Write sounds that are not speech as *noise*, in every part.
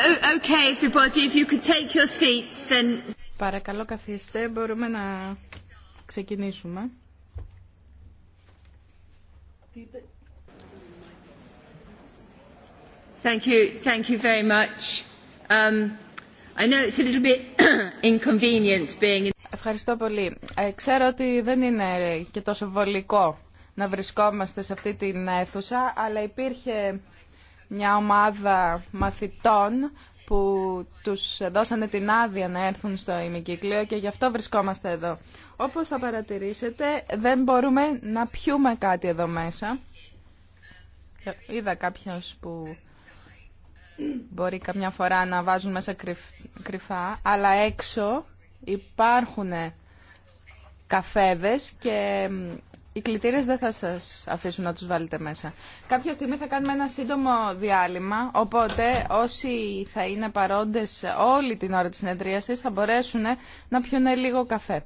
Oh, if you take your Παρακαλώ καθίστε, μπορούμε να ξεκινήσουμε. thank you Ευχαριστώ πολύ. Ε, ξέρω ότι δεν είναι και τόσο βολικό να βρισκόμαστε σε αυτή την αίθουσα, αλλά υπήρχε μια ομάδα μαθητών που τους δώσανε την άδεια να έρθουν στο ημικύκλιο και γι' αυτό βρισκόμαστε εδώ. Όπως θα παρατηρήσετε, δεν μπορούμε να πιούμε κάτι εδώ μέσα. Είδα κάποιος που μπορεί καμιά φορά να βάζουν μέσα κρυφά, αλλά έξω υπάρχουν καφέδες και οι κλητήρε δεν θα σας αφήσουν να τους βάλετε μέσα. Κάποια στιγμή θα κάνουμε ένα σύντομο διάλειμμα, οπότε όσοι θα είναι παρόντες όλη την ώρα της συνεδρίασης θα μπορέσουν να πιουν λίγο καφέ.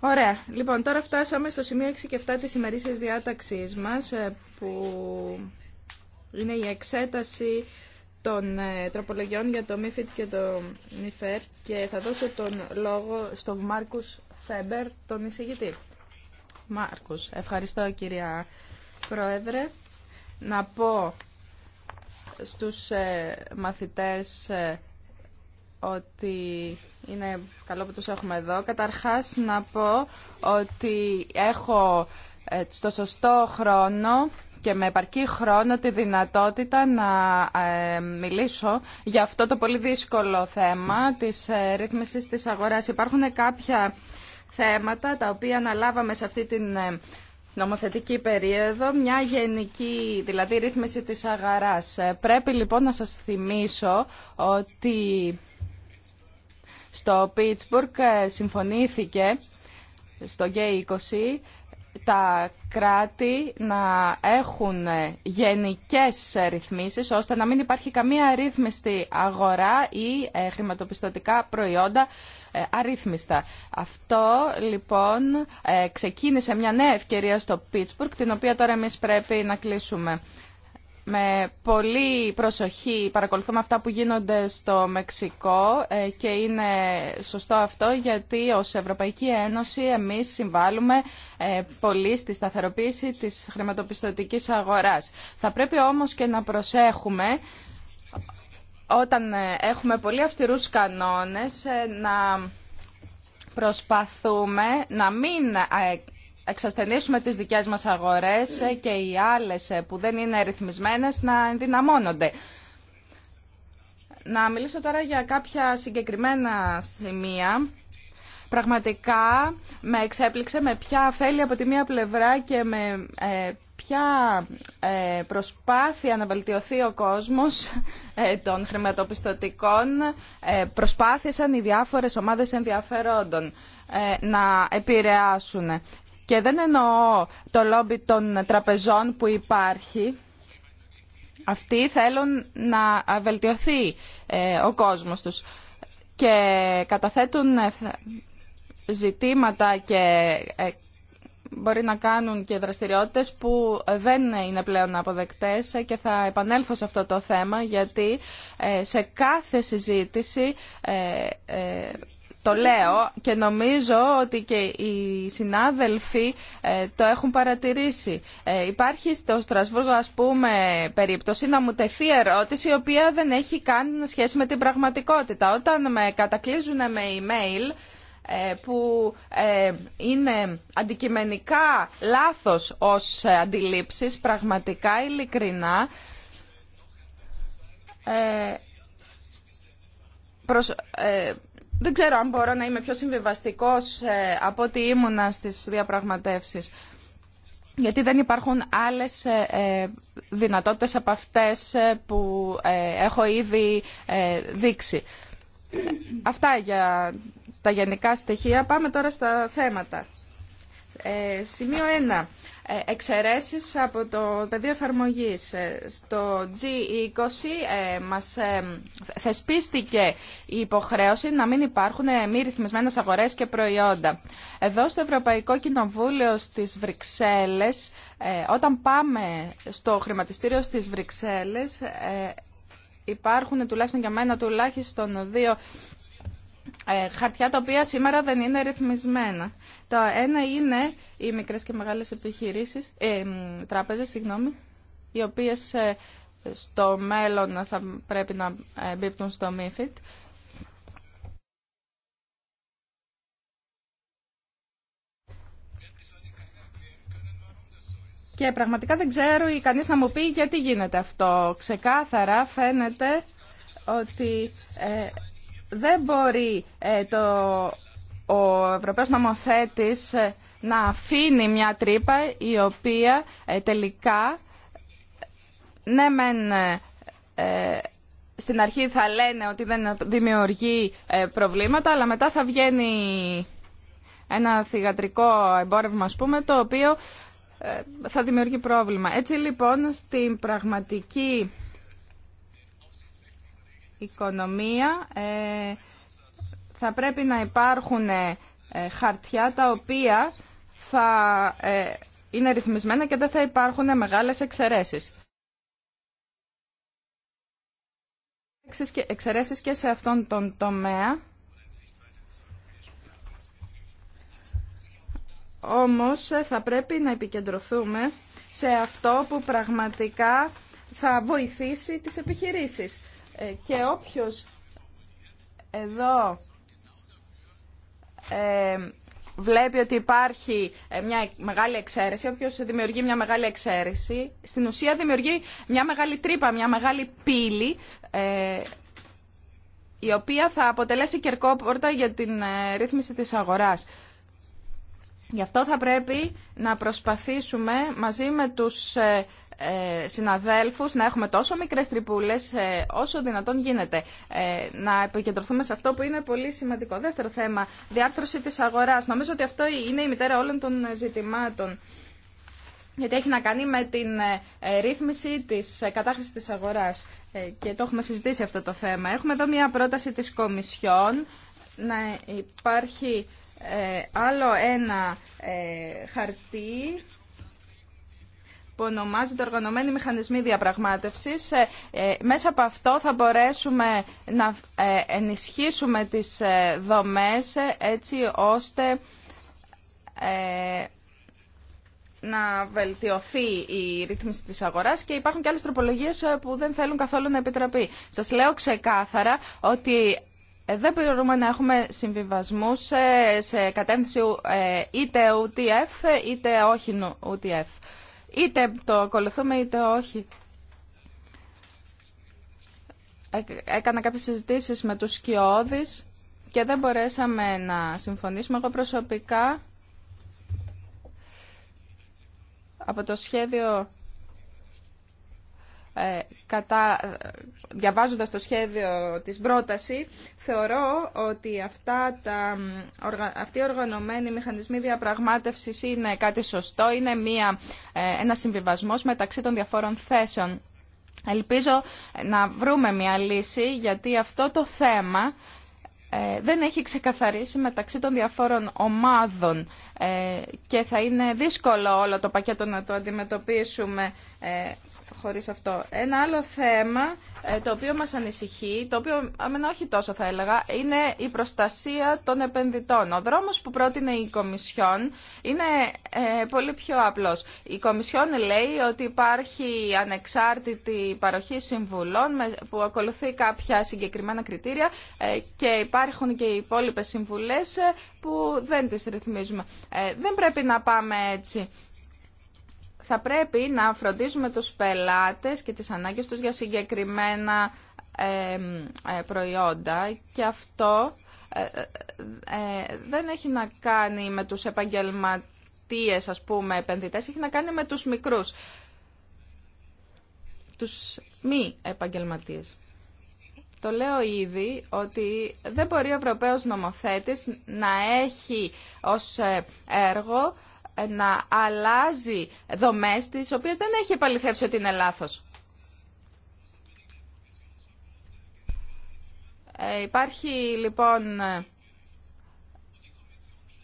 Ωραία. Λοιπόν, τώρα φτάσαμε στο σημείο 6 και 7 τη ημερήσιας διάταξή μας, ε, που είναι η εξέταση των ε, τροπολογιών για το ΜΥΦΙΤ και το Νιφέρ και θα δώσω τον λόγο στον Μάρκους Φέμπερ, τον εισηγητή. Μάρκους. Ευχαριστώ κυρία Πρόεδρε. Να πω στους ε, μαθητές ε, ότι είναι καλό που τους έχουμε εδώ. Καταρχάς να πω ότι έχω ε, στο σωστό χρόνο και με επαρκή χρόνο τη δυνατότητα να μιλήσω για αυτό το πολύ δύσκολο θέμα της ρύθμισης της αγοράς. Υπάρχουν κάποια θέματα τα οποία αναλάβαμε σε αυτή την ε, νομοθετική περίοδο, μια γενική, δηλαδή ρύθμιση της αγαράς. Ε, πρέπει λοιπόν να σας θυμίσω ότι στο Πίτσμπουργκ ε, συμφωνήθηκε στο G20 τα κράτη να έχουν γενικές ρυθμίσεις ώστε να μην υπάρχει καμία αρρύθμιστη αγορά ή ε, χρηματοπιστωτικά προϊόντα ε, αρρύθμιστα. Αυτό λοιπόν ε, ξεκίνησε μια νέα ευκαιρία στο Pittsburgh την οποία τώρα εμείς πρέπει να κλείσουμε με πολύ προσοχή παρακολουθούμε αυτά που γίνονται στο Μεξικό ε, και είναι σωστό αυτό γιατί ως Ευρωπαϊκή Ένωση εμείς συμβάλλουμε ε, πολύ στη σταθεροποίηση της χρηματοπιστωτικής αγοράς. Θα πρέπει όμως και να προσέχουμε όταν ε, έχουμε πολύ αυστηρούς κανόνες να προσπαθούμε να μην εξασθενήσουμε τις δικές μας αγορές ε, και οι άλλες ε, που δεν είναι ρυθμισμένες να ενδυναμώνονται. Να μιλήσω τώρα για κάποια συγκεκριμένα σημεία. Πραγματικά με εξέπληξε με ποια φέλια από τη μία πλευρά και με ε, ποια προσπάθεια να βελτιωθεί ο κόσμος των χρηματοπιστωτικών προσπάθησαν οι διάφορες ομάδες ενδιαφερόντων να επηρεάσουν. Και δεν εννοώ το λόμπι των τραπεζών που υπάρχει. Αυτοί θέλουν να βελτιωθεί ε, ο κόσμος τους και καταθέτουν ε, ζητήματα και ε, μπορεί να κάνουν και δραστηριότητες που δεν είναι πλέον αποδεκτές και θα επανέλθω σε αυτό το θέμα γιατί σε κάθε συζήτηση το λέω και νομίζω ότι και οι συνάδελφοι ε, το έχουν παρατηρήσει. Ε, υπάρχει στο Στρασβούργο, ας πούμε, περίπτωση να μου τεθεί ερώτηση η οποία δεν έχει καν σχέση με την πραγματικότητα. Όταν με κατακλείζουν με email ε, που είναι αντικειμενικά λάθος ως αντιλήψεις, πραγματικά ειλικρινά, δεν ξέρω αν μπορώ να είμαι πιο συμβιβαστικός ε, από ό,τι ήμουνα στις διαπραγματεύσεις. Γιατί δεν υπάρχουν άλλες ε, ε, δυνατότητες από αυτές που έχω ήδη δείξει. Αυτά για τα γενικά στοιχεία. Πάμε τώρα στα θέματα. Σημείο 1. Ε, εξαιρέσεις από το πεδίο εφαρμογής. Ε, στο G20 ε, μας θεσπίστηκε η υποχρέωση να μην υπάρχουν μη ρυθμισμένες αγορές και προϊόντα. Εδώ στο Ευρωπαϊκό Κοινοβούλιο στις Βρυξέλλες, όταν πάμε στο χρηματιστήριο στις Βρυξέλλες, υπάρχουν τουλάχιστον για μένα τουλάχιστον δύο ε, χαρτιά τα οποία σήμερα δεν είναι ρυθμισμένα. Το ένα είναι οι μικρές και μεγάλες επιχειρήσεις, ε, τράπεζες, συγγνώμη, οι οποίες ε, στο μέλλον θα πρέπει να μπίπτουν στο ΜΥΦΙΤ. Και πραγματικά δεν ξέρω ή κανείς να μου πει γιατί γίνεται αυτό. Ξεκάθαρα φαίνεται ότι ε, δεν μπορεί ε, το, ο Ευρωπαίος Νομοθέτης ε, να αφήνει μια τρύπα η οποία ε, τελικά ναι μεν στην αρχή θα λένε ότι δεν δημιουργεί προβλήματα αλλά μετά θα βγαίνει ένα θυγατρικό εμπόρευμα ας πούμε το οποίο θα δημιουργεί πρόβλημα. Έτσι λοιπόν στην πραγματική οικονομία ε, θα πρέπει να υπάρχουν ε, χαρτιά τα οποία θα ε, είναι ρυθμισμένα και δεν θα υπάρχουν μεγάλες εξαιρέσεις. Εξαιρέσεις και σε αυτόν τον τομέα. Όμως θα πρέπει να επικεντρωθούμε σε αυτό που πραγματικά θα βοηθήσει τις επιχειρήσεις. Ε, και όποιος εδώ ε, βλέπει ότι υπάρχει ε, μια μεγάλη εξαίρεση, όποιος δημιουργεί μια μεγάλη εξαίρεση, στην ουσία δημιουργεί μια μεγάλη τρύπα, μια μεγάλη πύλη, η οποία θα αποτελέσει κερκόπορτα για την ρύθμιση της αγοράς. Γι' αυτό θα πρέπει να προσπαθήσουμε μαζί με τους ε, συναδέλφους να έχουμε τόσο μικρές τρυπούλες ε, όσο δυνατόν γίνεται. Ε, να επικεντρωθούμε σε αυτό που είναι πολύ σημαντικό. Δεύτερο θέμα, διάρθρωση της αγοράς. Νομίζω ότι αυτό είναι η μητέρα όλων των ζητημάτων. Γιατί έχει να κάνει με την ρύθμιση της κατάχρησης της αγοράς. Και το έχουμε συζητήσει αυτό το θέμα. Έχουμε εδώ μια πρόταση της Κομισιόν να υπάρχει άλλο ένα χαρτί που ονομάζεται Οργανωμένοι Μηχανισμοί Διαπραγμάτευσης. Ε, ε, μέσα από αυτό θα μπορέσουμε να ε, ενισχύσουμε τις δομές έτσι ώστε να βελτιωθεί η ρύθμιση της αγοράς και υπάρχουν και άλλες τροπολογίες που δεν θέλουν καθόλου να επιτραπεί. Σας λέω ξεκάθαρα ότι δεν μπορούμε να έχουμε συμβιβασμούς σε κατεύθυνση είτε UTF είτε όχι UTF είτε το ακολουθούμε είτε όχι. Έκανα κάποιες συζητήσεις με τους σκιώδεις και δεν μπορέσαμε να συμφωνήσουμε. Εγώ προσωπικά από το σχέδιο ε, κατά, διαβάζοντας το σχέδιο της πρόταση, θεωρώ ότι αυτά τα, αυτοί οι οργανωμένοι μηχανισμοί διαπραγμάτευσης είναι κάτι σωστό, είναι μια, ε, ένα συμβιβασμός μεταξύ των διαφόρων θέσεων. Ελπίζω να βρούμε μια λύση, γιατί αυτό το θέμα ε, δεν έχει ξεκαθαρίσει μεταξύ των διαφόρων ομάδων και θα είναι δύσκολο όλο το πακέτο να το αντιμετωπίσουμε χωρίς αυτό. Ένα άλλο θέμα ε, το οποίο μας ανησυχεί, το οποίο αμένα όχι τόσο θα έλεγα, είναι η προστασία των επενδυτών. Ο δρόμος που πρότεινε η Κομισιόν είναι ε, πολύ πιο απλός. Η Κομισιόν λέει ότι υπάρχει ανεξάρτητη παροχή συμβουλών που ακολουθεί κάποια συγκεκριμένα κριτήρια ε, και υπάρχουν και οι υπόλοιπε συμβουλές που δεν τις ρυθμίζουμε. δεν πρέπει να πάμε έτσι θα πρέπει να φροντίζουμε τους πελάτες και τις ανάγκες τους για συγκεκριμένα ε, προϊόντα και αυτό ε, ε, δεν έχει να κάνει με τους επαγγελματίες, ας πούμε, επενδυτές, έχει να κάνει με τους μικρούς, τους μη επαγγελματίες. Το λέω ήδη ότι δεν μπορεί ο Ευρωπαίος νομοθέτης να έχει ως έργο να αλλάζει δομές ο οποίος δεν έχει επαληθεύσει ότι είναι λάθος. Ε, υπάρχει λοιπόν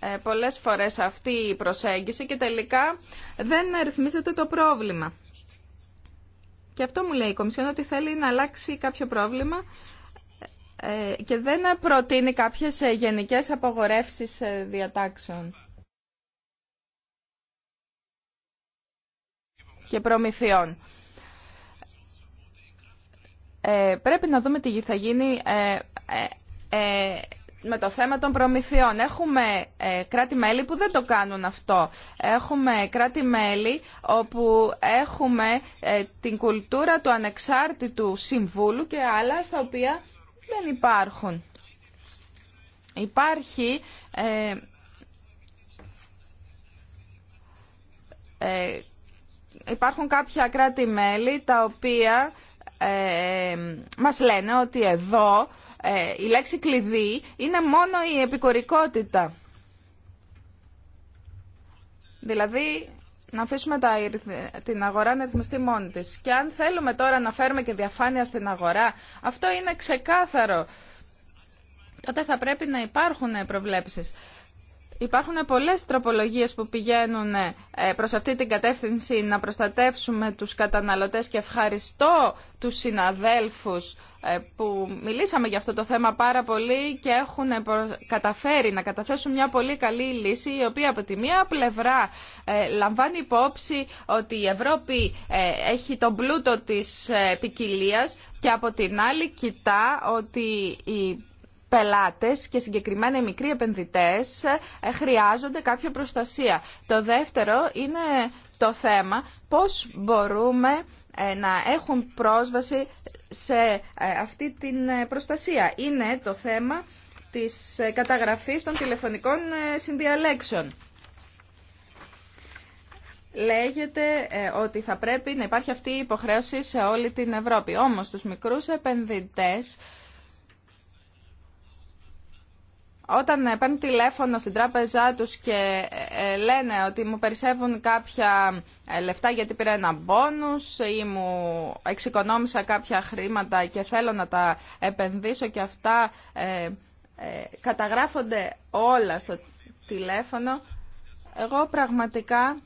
ε, πολλές φορές αυτή η προσέγγιση και τελικά δεν ρυθμίζεται το πρόβλημα. Και αυτό μου λέει η Κομισιόν ότι θέλει να αλλάξει κάποιο πρόβλημα ε, και δεν προτείνει κάποιες ε, γενικές απογορεύσεις διατάξεων. και προμηθειών. Ε, πρέπει να δούμε τι θα γίνει ε, ε, με το θέμα των προμηθειών. Έχουμε κράτη-μέλη που δεν το κάνουν αυτό. Έχουμε κράτη-μέλη όπου έχουμε την κουλτούρα του ανεξάρτητου συμβούλου και άλλα στα οποία δεν υπάρχουν. Υπάρχει υπάρχουν κάποια κράτη-μέλη τα οποία ε, μας λένε ότι εδώ ε, η λέξη κλειδί είναι μόνο η επικορικότητα. Δηλαδή να αφήσουμε τα, την αγορά να ρυθμιστεί μόνη της. Και αν θέλουμε τώρα να φέρουμε και διαφάνεια στην αγορά, αυτό είναι ξεκάθαρο. Τότε θα πρέπει να υπάρχουν προβλέψεις. Υπάρχουν πολλές τροπολογίες που πηγαίνουν ε, προς αυτή την κατεύθυνση να προστατεύσουμε τους καταναλωτές και ευχαριστώ τους συναδέλφους ε, που μιλήσαμε για αυτό το θέμα πάρα πολύ και έχουν καταφέρει να καταθέσουν μια πολύ καλή λύση η οποία από τη μία πλευρά ε, λαμβάνει υπόψη ότι η Ευρώπη έχει τον πλούτο της ποικιλία και από την άλλη κοιτά ότι η πελάτες και συγκεκριμένα οι μικροί επενδυτές ε, χρειάζονται κάποια προστασία. Το δεύτερο είναι το θέμα πώς μπορούμε ε, να έχουν πρόσβαση σε ε, αυτή την προστασία. Είναι το θέμα της καταγραφής των τηλεφωνικών συνδιαλέξεων. Λέγεται ότι θα πρέπει να υπάρχει αυτή η υποχρέωση σε όλη την Ευρώπη. Όμως τους μικρούς επενδυτές Όταν παίρνουν τηλέφωνο στην τράπεζά τους και ε, ε, λένε ότι μου περισσεύουν κάποια ε, λεφτά γιατί πήρα ένα μπόνους ή μου εξοικονόμησα κάποια χρήματα και θέλω να τα επενδύσω και αυτά καταγράφονται όλα στο τηλέφωνο, εγώ πραγματικά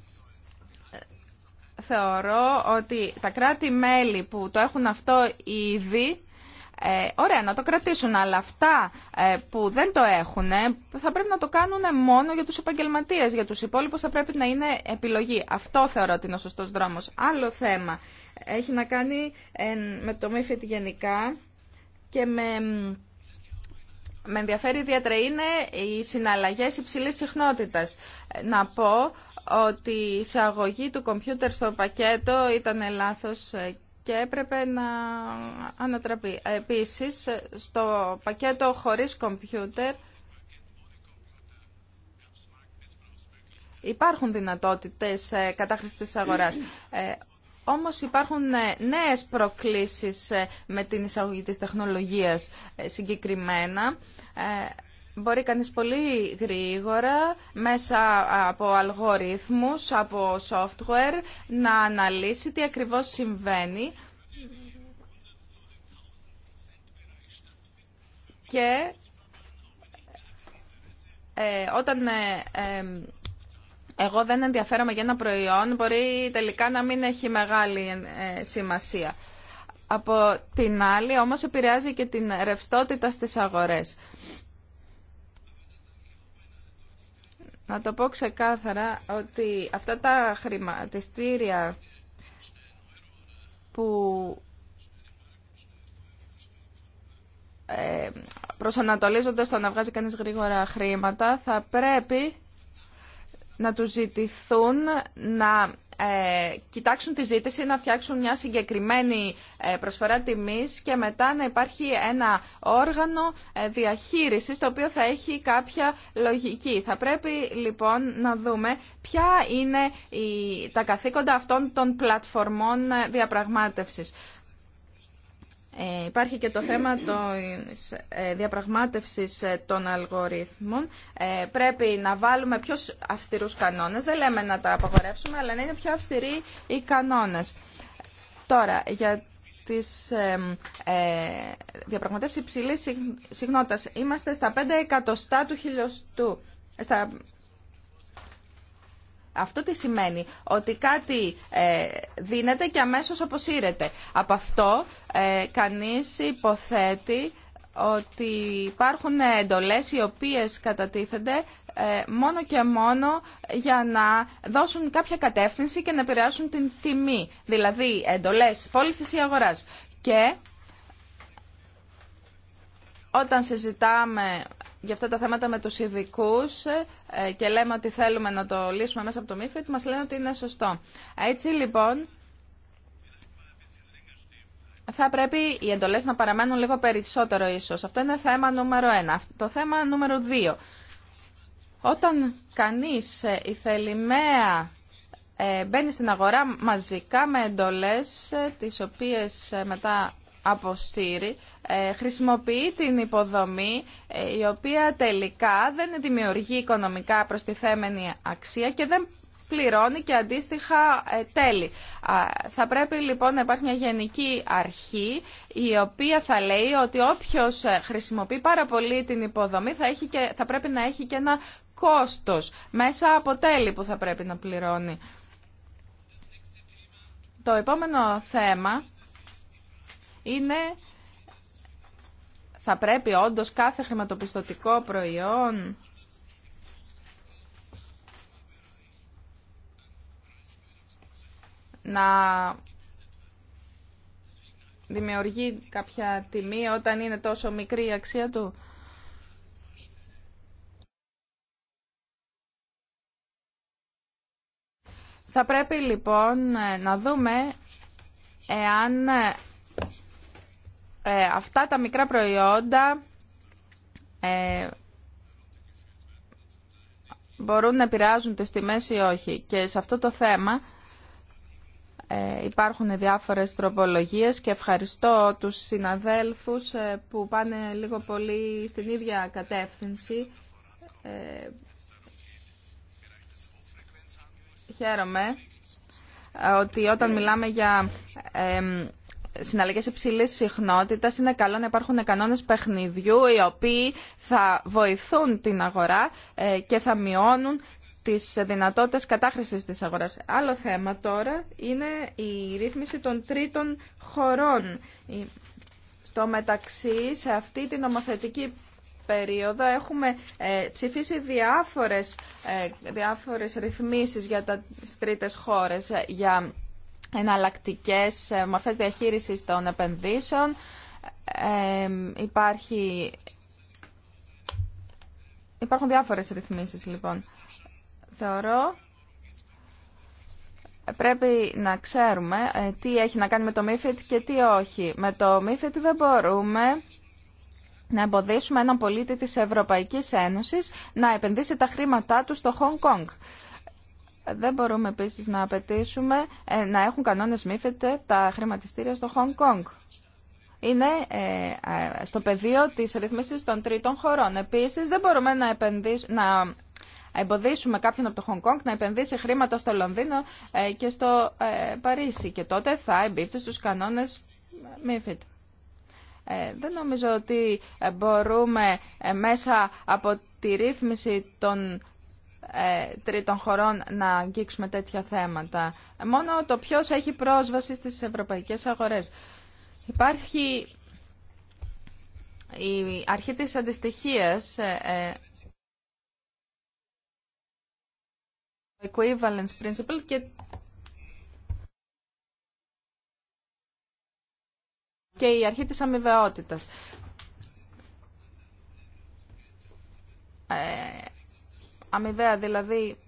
θεωρώ ότι τα κράτη-μέλη που το έχουν αυτό ήδη ε, ωραία, να το κρατήσουν, αλλά αυτά ε, που δεν το έχουν θα πρέπει να το κάνουν μόνο για τους επαγγελματίες. Για τους υπόλοιπου θα πρέπει να είναι επιλογή. Αυτό θεωρώ ότι είναι ο σωστό δρόμο. Άλλο θέμα έχει να κάνει ε, με το τη γενικά και με... Με ενδιαφέρει ιδιαίτερα είναι οι συναλλαγές υψηλής συχνότητας. Να πω ότι η εισαγωγή του κομπιούτερ στο πακέτο ήταν λάθος και έπρεπε να ανατραπεί. Επίσης, στο πακέτο χωρίς κομπιούτερ υπάρχουν δυνατότητες ε, κατάχρησης αγοράς. Ε, όμως υπάρχουν ε, νέες προκλήσεις με την εισαγωγή της τεχνολογίας συγκεκριμένα. Μπορεί κανείς πολύ γρήγορα μέσα από αλγορίθμους, από software να αναλύσει τι ακριβώς συμβαίνει και ε, όταν ε, ε εγώ δεν ενδιαφέρομαι για ένα προϊόν μπορεί τελικά να μην έχει μεγάλη ε, σημασία. Από την άλλη όμως επηρεάζει και την ρευστότητα στις αγορές. Να το πω ξεκάθαρα ότι αυτά τα χρηματιστήρια που ε, προσανατολίζονται στο να βγάζει κανείς γρήγορα χρήματα θα πρέπει να τους ζητηθούν να ε, κοιτάξουν τη ζήτηση, να φτιάξουν μια συγκεκριμένη ε, προσφορά τιμής και μετά να υπάρχει ένα όργανο ε, διαχείρισης το οποίο θα έχει κάποια λογική. Θα πρέπει λοιπόν να δούμε ποια είναι η, τα καθήκοντα αυτών των πλατφορμών ε, διαπραγμάτευσης. Ε, υπάρχει και το θέμα της ε, διαπραγμάτευσης ε, των αλγορίθμων. πρέπει να βάλουμε πιο αυστηρούς κανόνες. Δεν λέμε να τα απαγορεύσουμε, αλλά να είναι πιο αυστηροί οι κανόνες. Τώρα, για τις ε, ε, διαπραγματεύσεις υψηλής συχνότητας. Είμαστε στα 5 εκατοστά του χιλιοστού. Στα αυτό τι σημαίνει, ότι κάτι ε, δίνεται και αμέσως αποσύρεται. Από αυτό ε, κανείς υποθέτει ότι υπάρχουν εντολές οι οποίες κατατίθενται ε, μόνο και μόνο για να δώσουν κάποια κατεύθυνση και να επηρεάσουν την τιμή, δηλαδή εντολές πώληση ή αγοράς. Και όταν συζητάμε για αυτά τα θέματα με τους ειδικού ε, και λέμε ότι θέλουμε να το λύσουμε μέσα από το MIFID, μας λένε ότι είναι σωστό. Έτσι λοιπόν, θα πρέπει οι εντολές να παραμένουν λίγο περισσότερο ίσως. Αυτό είναι θέμα νούμερο ένα. Το θέμα νούμερο δύο. Όταν κανείς ε, η θελημαία ε, μπαίνει στην αγορά μαζικά με εντολές, τις οποίες μετά αποστήρει... Ε, χρησιμοποιεί την υποδομή ε, η οποία τελικά δεν δημιουργεί οικονομικά προστιθέμενη αξία και δεν πληρώνει και αντίστοιχα ε, τέλη. Θα πρέπει λοιπόν να υπάρχει μια γενική αρχή η οποία θα λέει ότι όποιος χρησιμοποιεί πάρα πολύ την υποδομή θα, έχει και, θα πρέπει να έχει και ένα κόστος μέσα από τέλη που θα πρέπει να πληρώνει. Το επόμενο θέμα είναι θα πρέπει όντως κάθε χρηματοπιστωτικό προϊόν να δημιουργεί κάποια τιμή όταν είναι τόσο μικρή η αξία του. Θα πρέπει λοιπόν να δούμε εάν ε, αυτά τα μικρά προϊόντα ε, μπορούν να επηρεάζουν τις τιμές ή όχι. Και σε αυτό το θέμα ε, υπάρχουν διάφορες τροπολογίες και ευχαριστώ τους συναδέλφους ε, που πάνε λίγο πολύ στην ίδια κατεύθυνση. Χαίρομαι ότι όταν μιλάμε για συναλλαγές υψηλής συχνότητας είναι καλό να υπάρχουν κανόνες παιχνιδιού οι οποίοι θα βοηθούν την αγορά ε, και θα μειώνουν τις δυνατότητες κατάχρησης της αγοράς. Άλλο θέμα τώρα είναι η ρύθμιση των τρίτων χωρών. Στο μεταξύ, σε αυτή την νομοθετική περίοδο έχουμε ε, ψηφίσει διάφορες, ε, διάφορες ρυθμίσεις για τα τρίτες χώρες, ε, Εναλλακτικέ ε, μορφές διαχείρισης των επενδύσεων. Ε, υπάρχει... Υπάρχουν διάφορες ρυθμίσεις, λοιπόν. Θεωρώ πρέπει να ξέρουμε ε, τι έχει να κάνει με το MIFID και τι όχι. Με το MIFID δεν μπορούμε να εμποδίσουμε έναν πολίτη της Ευρωπαϊκής Ένωσης να επενδύσει τα χρήματά του στο Hong Kong. Δεν μπορούμε επίση να απαιτήσουμε ε, να έχουν κανόνες μήφετ τα χρηματιστήρια στο Χονγκ Κονγκ. Είναι ε, στο πεδίο τη ρύθμιση των τρίτων χωρών. Επίση, δεν μπορούμε να, να εμποδίσουμε κάποιον από το Χονγκ Κονγκ να επενδύσει χρήματα στο Λονδίνο ε, και στο Παρίσι. Και τότε θα εμπίπτει στου κανόνες μήφετ. δεν νομίζω ότι μπορούμε μέσα από τη ρύθμιση των ε, τρίτων χωρών να αγγίξουμε τέτοια θέματα. Μόνο το ποιο έχει πρόσβαση στις ευρωπαϊκές αγορές. Υπάρχει η αρχή της αντιστοιχίας, ε, ε, equivalence principle και η αρχή της αμοιβαιότητας αμοιβαία, δηλαδή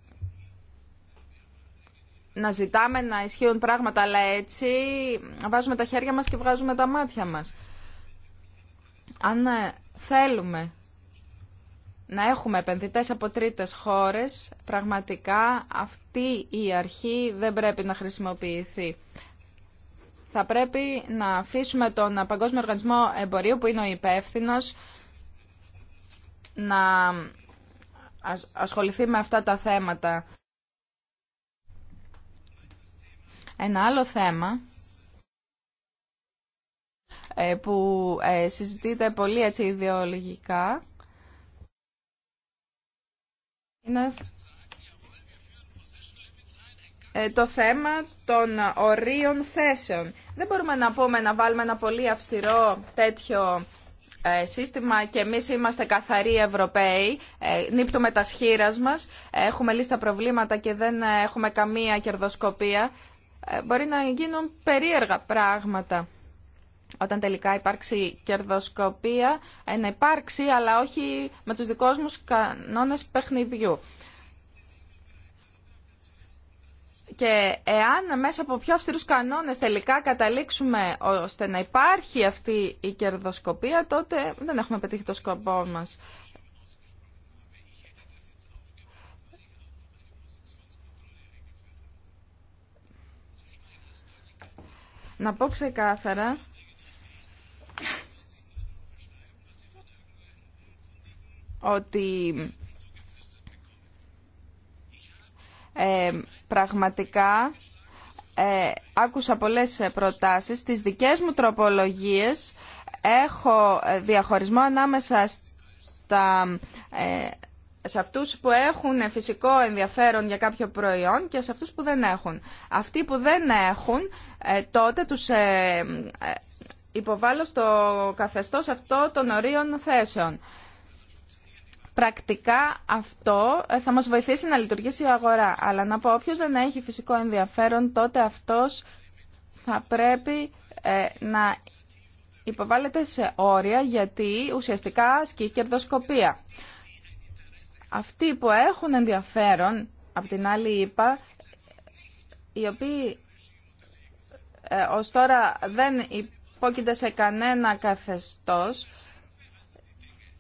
να ζητάμε να ισχύουν πράγματα, αλλά έτσι βάζουμε τα χέρια μας και βγάζουμε τα μάτια μας. Αν ε, θέλουμε να έχουμε επενδυτές από τρίτες χώρες, πραγματικά αυτή η αρχή δεν πρέπει να χρησιμοποιηθεί. Θα πρέπει να αφήσουμε τον Παγκόσμιο Οργανισμό Εμπορίου, που είναι ο υπεύθυνο να ασχοληθεί με αυτά τα θέματα. Ένα άλλο θέμα ε, που ε, συζητείται πολύ έτσι ιδεολογικά είναι ε, το θέμα των ορίων θέσεων. Δεν μπορούμε να πούμε να βάλουμε ένα πολύ αυστηρό τέτοιο ε, σύστημα και εμείς είμαστε καθαροί Ευρωπαίοι, ε, νύπτουμε τα σχήρας μας, έχουμε λίστα προβλήματα και δεν έχουμε καμία κερδοσκοπία. Ε, μπορεί να γίνουν περίεργα πράγματα όταν τελικά υπάρξει κερδοσκοπία, να υπάρξει αλλά όχι με τους δικούς μου κανόνες παιχνιδιού. Και εάν μέσα από πιο αυστηρούς κανόνε τελικά καταλήξουμε ώστε να υπάρχει αυτή η κερδοσκοπία, τότε δεν έχουμε πετύχει το σκοπό μα. Να πω ξεκάθαρα ότι Ε, πραγματικά ε, άκουσα πολλές προτάσεις. Στις δικές μου τροπολογίες έχω διαχωρισμό ανάμεσα στα, ε, σε αυτούς που έχουν φυσικό ενδιαφέρον για κάποιο προϊόν και σε αυτούς που δεν έχουν. Αυτοί που δεν έχουν, ε, τότε τους υποβάλλω στο καθεστώς αυτό των ορίων θέσεων πρακτικά αυτό ε, θα μας βοηθήσει να λειτουργήσει η αγορά. Αλλά να πω, όποιος δεν έχει φυσικό ενδιαφέρον, τότε αυτός θα πρέπει ε, να υποβάλλεται σε όρια γιατί ουσιαστικά ασκεί κερδοσκοπία. Αυτοί που έχουν ενδιαφέρον, από την άλλη είπα, οι οποίοι ε, ως τώρα δεν υπόκεινται σε κανένα καθεστώς,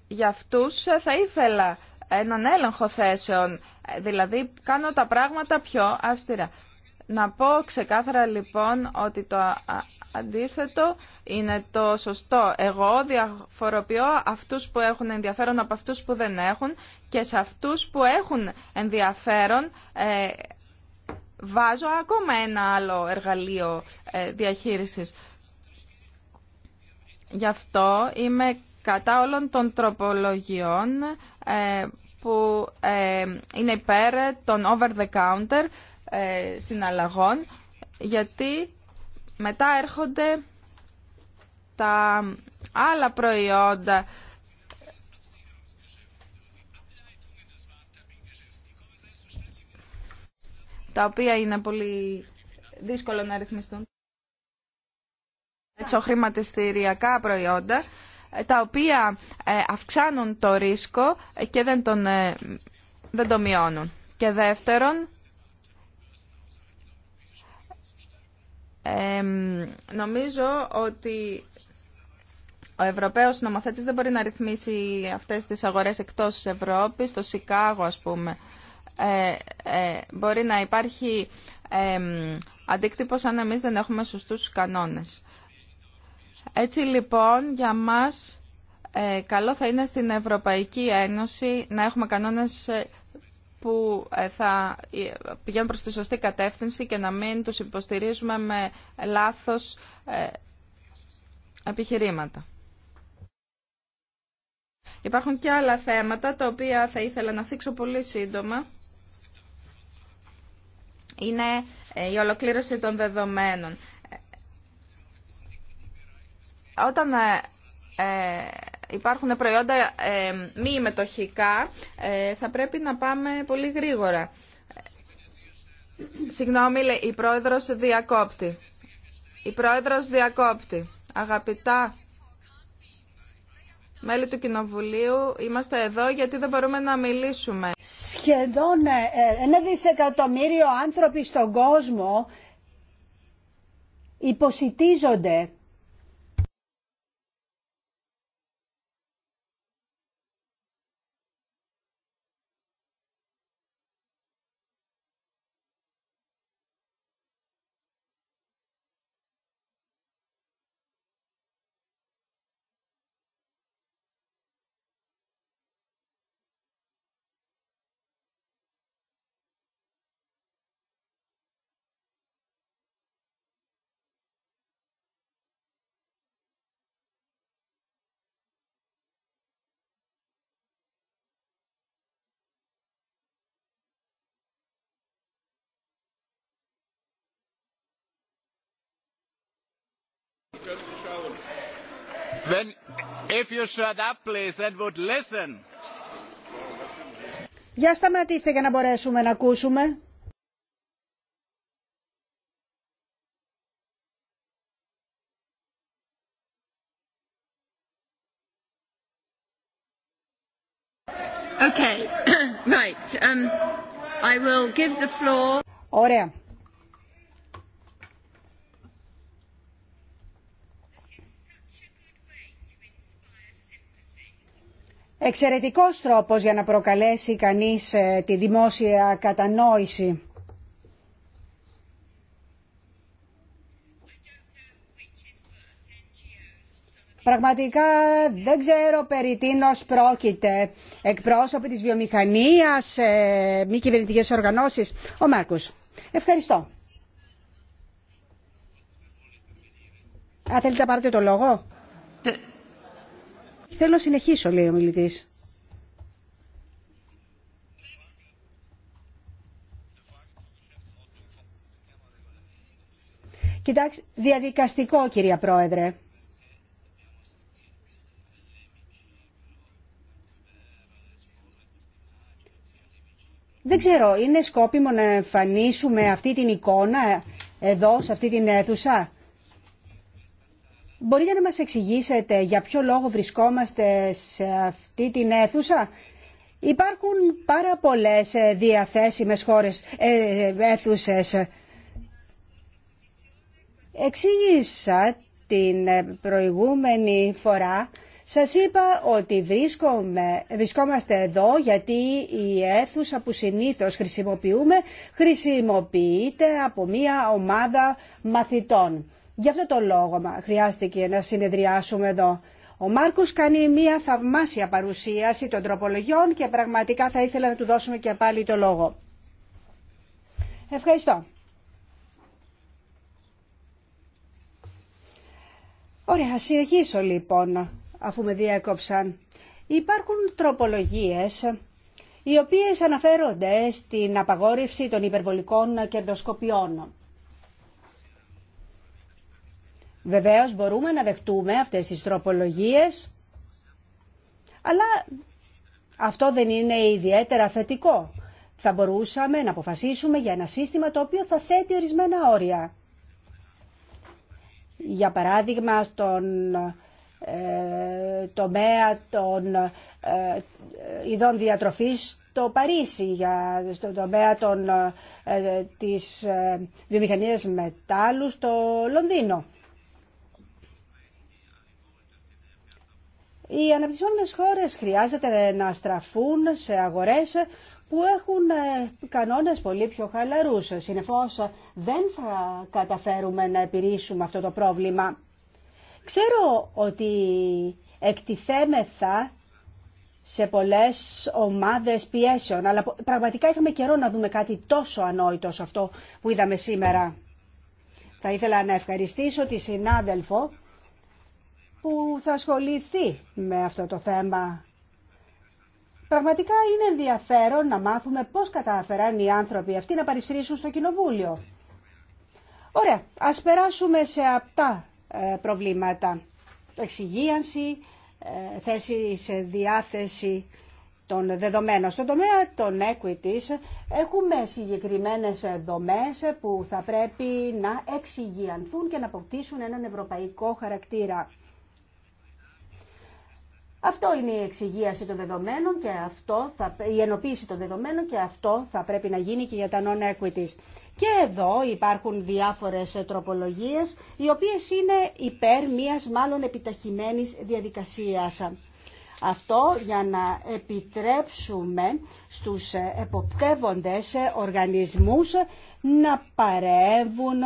για αυτούς ε, θα ήθελα έναν έλεγχο θέσεων, ε, δηλαδή κάνω τα πράγματα πιο αυστηρά. Να πω ξεκάθαρα λοιπόν ότι το αντίθετο είναι το σωστό. Εγώ διαφοροποιώ αυτούς που έχουν ενδιαφέρον από αυτούς που δεν έχουν και σε αυτούς που έχουν ενδιαφέρον ε, βάζω ακόμα ένα άλλο εργαλείο ε, διαχείρισης. Γι' αυτό είμαι κατά όλων των τροπολογιών ε, που ε, είναι υπέρ των over-the-counter ε, συναλλαγών, γιατί μετά έρχονται τα άλλα προϊόντα τα οποία είναι πολύ δύσκολο να ρυθμιστούν. έτσι χρηματιστηριακά προϊόντα τα οποία ε, αυξάνουν το ρίσκο και δεν, τον, ε, δεν το μειώνουν. Και δεύτερον, νομίζω ότι ο Ευρωπαίος νομοθέτης δεν μπορεί να ρυθμίσει αυτές τις αγορές εκτός της Ευρώπης, στο Σικάγο ας πούμε. Ε, μπορεί να υπάρχει ε, αντίκτυπος αν εμείς δεν έχουμε σωστούς κανόνες. Έτσι λοιπόν για μας ε, καλό θα είναι στην Ευρωπαϊκή Ένωση να έχουμε κανόνες ε, που ε, θα πηγαίνουν προς τη σωστή κατεύθυνση και να μην τους υποστηρίζουμε με λάθος επιχειρήματα. Υπάρχουν και άλλα θέματα τα οποία θα ήθελα να θίξω πολύ σύντομα. Είναι η ολοκλήρωση των δεδομένων όταν ε, ε, υπάρχουν προϊόντα ε, μη μετοχικά, θα πρέπει να πάμε πολύ γρήγορα. Συγγνώμη, λέει, η πρόεδρος διακόπτη. Η πρόεδρος διακόπτη. Αγαπητά μέλη του Κοινοβουλίου, είμαστε εδώ γιατί δεν μπορούμε να μιλήσουμε. Σχεδόν ένα δισεκατομμύριο άνθρωποι στον κόσμο υποσυτίζονται When, if you shut up, please, and would listen. Για σταματήστε για να μπορέσουμε να ακούσουμε. Okay, right. Um, I will give the floor. Ωραία. εξαιρετικός τρόπος για να προκαλέσει κανείς ε, τη δημόσια κατανόηση. Πραγματικά δεν ξέρω περί τίνος πρόκειται. Εκπρόσωποι της βιομηχανίας, ε, μη κυβερνητικέ οργανώσεις. Ο Μάρκος. Ευχαριστώ. Α, θέλετε να πάρετε το λόγο. Θέλω να συνεχίσω, λέει ο μιλητής. Κοιτάξτε, διαδικαστικό, κυρία Πρόεδρε. Δεν ξέρω, είναι σκόπιμο να εμφανίσουμε αυτή την εικόνα εδώ, σε αυτή την αίθουσα. Μπορείτε να μας εξηγήσετε για ποιο λόγο βρισκόμαστε σε αυτή την αίθουσα. Υπάρχουν πάρα πολλές ε, διαθέσιμες χώρες, ε, αίθουσες. Εξήγησα την ε, προηγούμενη φορά σας είπα ότι βρισκόμαστε εδώ γιατί η αίθουσα που συνήθως χρησιμοποιούμε χρησιμοποιείται από μία ομάδα μαθητών. Γι' αυτό το λόγο μα χρειάστηκε να συνεδριάσουμε εδώ. Ο Μάρκο κάνει μια θαυμάσια παρουσίαση των τροπολογιών και πραγματικά θα ήθελα να του δώσουμε και πάλι το λόγο. Ευχαριστώ. Ωραία, συνεχίσω λοιπόν, αφού με διέκοψαν. Υπάρχουν τροπολογίες οι οποίες αναφέρονται στην απαγόρευση των υπερβολικών κερδοσκοπιών. Βεβαίως μπορούμε να δεχτούμε αυτές τις τροπολογίες, αλλά αυτό δεν είναι ιδιαίτερα θετικό. Θα μπορούσαμε να αποφασίσουμε για ένα σύστημα το οποίο θα θέτει ορισμένα όρια. Για παράδειγμα, στον ε, τομέα των ε, ειδών διατροφής στο Παρίσι, για, στον τομέα των, ε, της ε, βιομηχανίας μετάλλου στο Λονδίνο. Οι αναπτυσσόμενες χώρες χρειάζεται να στραφούν σε αγορές που έχουν ε, κανόνες πολύ πιο χαλαρούς. Συνεφώς δεν θα καταφέρουμε να επιρρήσουμε αυτό το πρόβλημα. Ξέρω ότι εκτιθέμεθα σε πολλές ομάδες πιέσεων, αλλά πραγματικά είχαμε καιρό να δούμε κάτι τόσο ανόητο σε αυτό που είδαμε σήμερα. Θα ήθελα να ευχαριστήσω τη συνάδελφο που θα ασχοληθεί με αυτό το θέμα. Πραγματικά είναι ενδιαφέρον να μάθουμε πώς κατάφεραν οι άνθρωποι αυτοί να παρισφρήσουν στο Κοινοβούλιο. Ωραία, ας περάσουμε σε αυτά ε, προβλήματα. Εξυγίανση, ε, θέση σε διάθεση των δεδομένων. Στον τομέα των equities έχουμε συγκεκριμένες δομές που θα πρέπει να εξυγιανθούν και να αποκτήσουν έναν ευρωπαϊκό χαρακτήρα. Αυτό είναι η εξηγίαση των δεδομένων και αυτό θα, η ενοποίηση των δεδομένων και αυτό θα πρέπει να γίνει και για τα non-equities. Και εδώ υπάρχουν διάφορες τροπολογίες οι οποίες είναι υπέρ μιας μάλλον επιταχυμένης διαδικασίας. Αυτό για να επιτρέψουμε στους εποπτεύοντες οργανισμούς να παρεύουν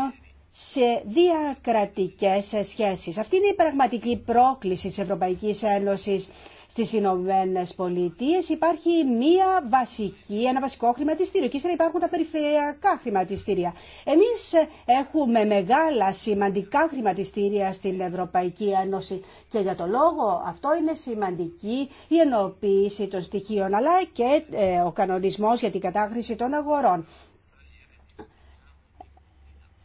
σε διακρατικές σχέσεις. Αυτή είναι η πραγματική πρόκληση της Ευρωπαϊκής Ένωσης στις Ηνωμένε Πολιτείε. Υπάρχει μία βασική, ένα βασικό χρηματιστήριο και ύστερα υπάρχουν τα περιφερειακά χρηματιστήρια. Εμείς έχουμε μεγάλα σημαντικά χρηματιστήρια στην Ευρωπαϊκή Ένωση και για το λόγο αυτό είναι σημαντική η ενοποίηση των στοιχείων αλλά και ε, ο κανονισμός για την κατάχρηση των αγορών.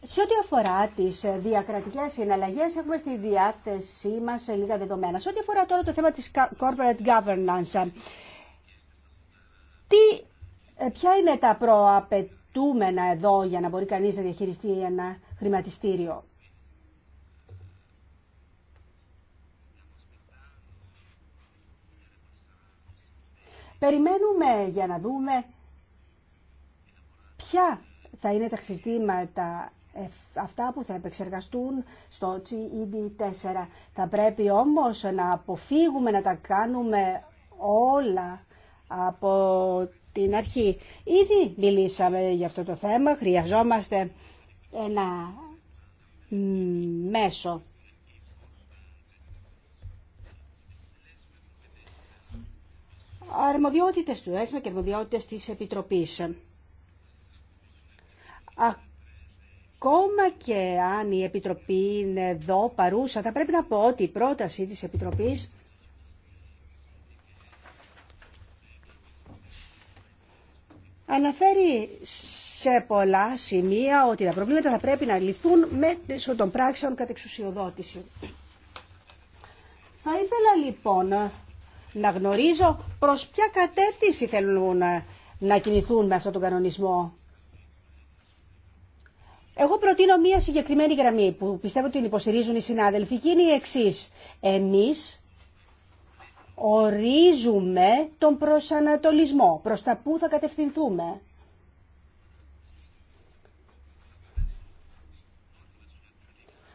Σε ό,τι αφορά τι ε, διακρατικές συναλλαγές έχουμε στη διάθεσή μας ε, λίγα δεδομένα. Σε ό,τι αφορά τώρα το θέμα της corporate governance, τι, ε, ποια είναι τα προαπαιτούμενα εδώ για να μπορεί κανείς να διαχειριστεί ένα χρηματιστήριο. Περιμένουμε για να δούμε ποια θα είναι τα συστήματα ε, αυτά που θα επεξεργαστούν στο GED4. Θα πρέπει όμως να αποφύγουμε να τα κάνουμε όλα από την αρχή. Ήδη μιλήσαμε για αυτό το θέμα, χρειαζόμαστε ένα μέσο. Αρμοδιότητες του ΕΣΜΕ και αρμοδιότητες της Επιτροπής ακόμα και αν η Επιτροπή είναι εδώ παρούσα, θα πρέπει να πω ότι η πρόταση της Επιτροπής αναφέρει σε πολλά σημεία ότι τα προβλήματα θα πρέπει να λυθούν μέσω των πράξεων κατ' εξουσιοδότηση. Θα ήθελα λοιπόν να γνωρίζω προς ποια κατεύθυνση θέλουν να κινηθούν με αυτόν τον κανονισμό. Εγώ προτείνω μία συγκεκριμένη γραμμή που πιστεύω ότι την υποστηρίζουν οι συνάδελφοι και είναι η εξή. Εμείς ορίζουμε τον προσανατολισμό, προς τα πού θα κατευθυνθούμε.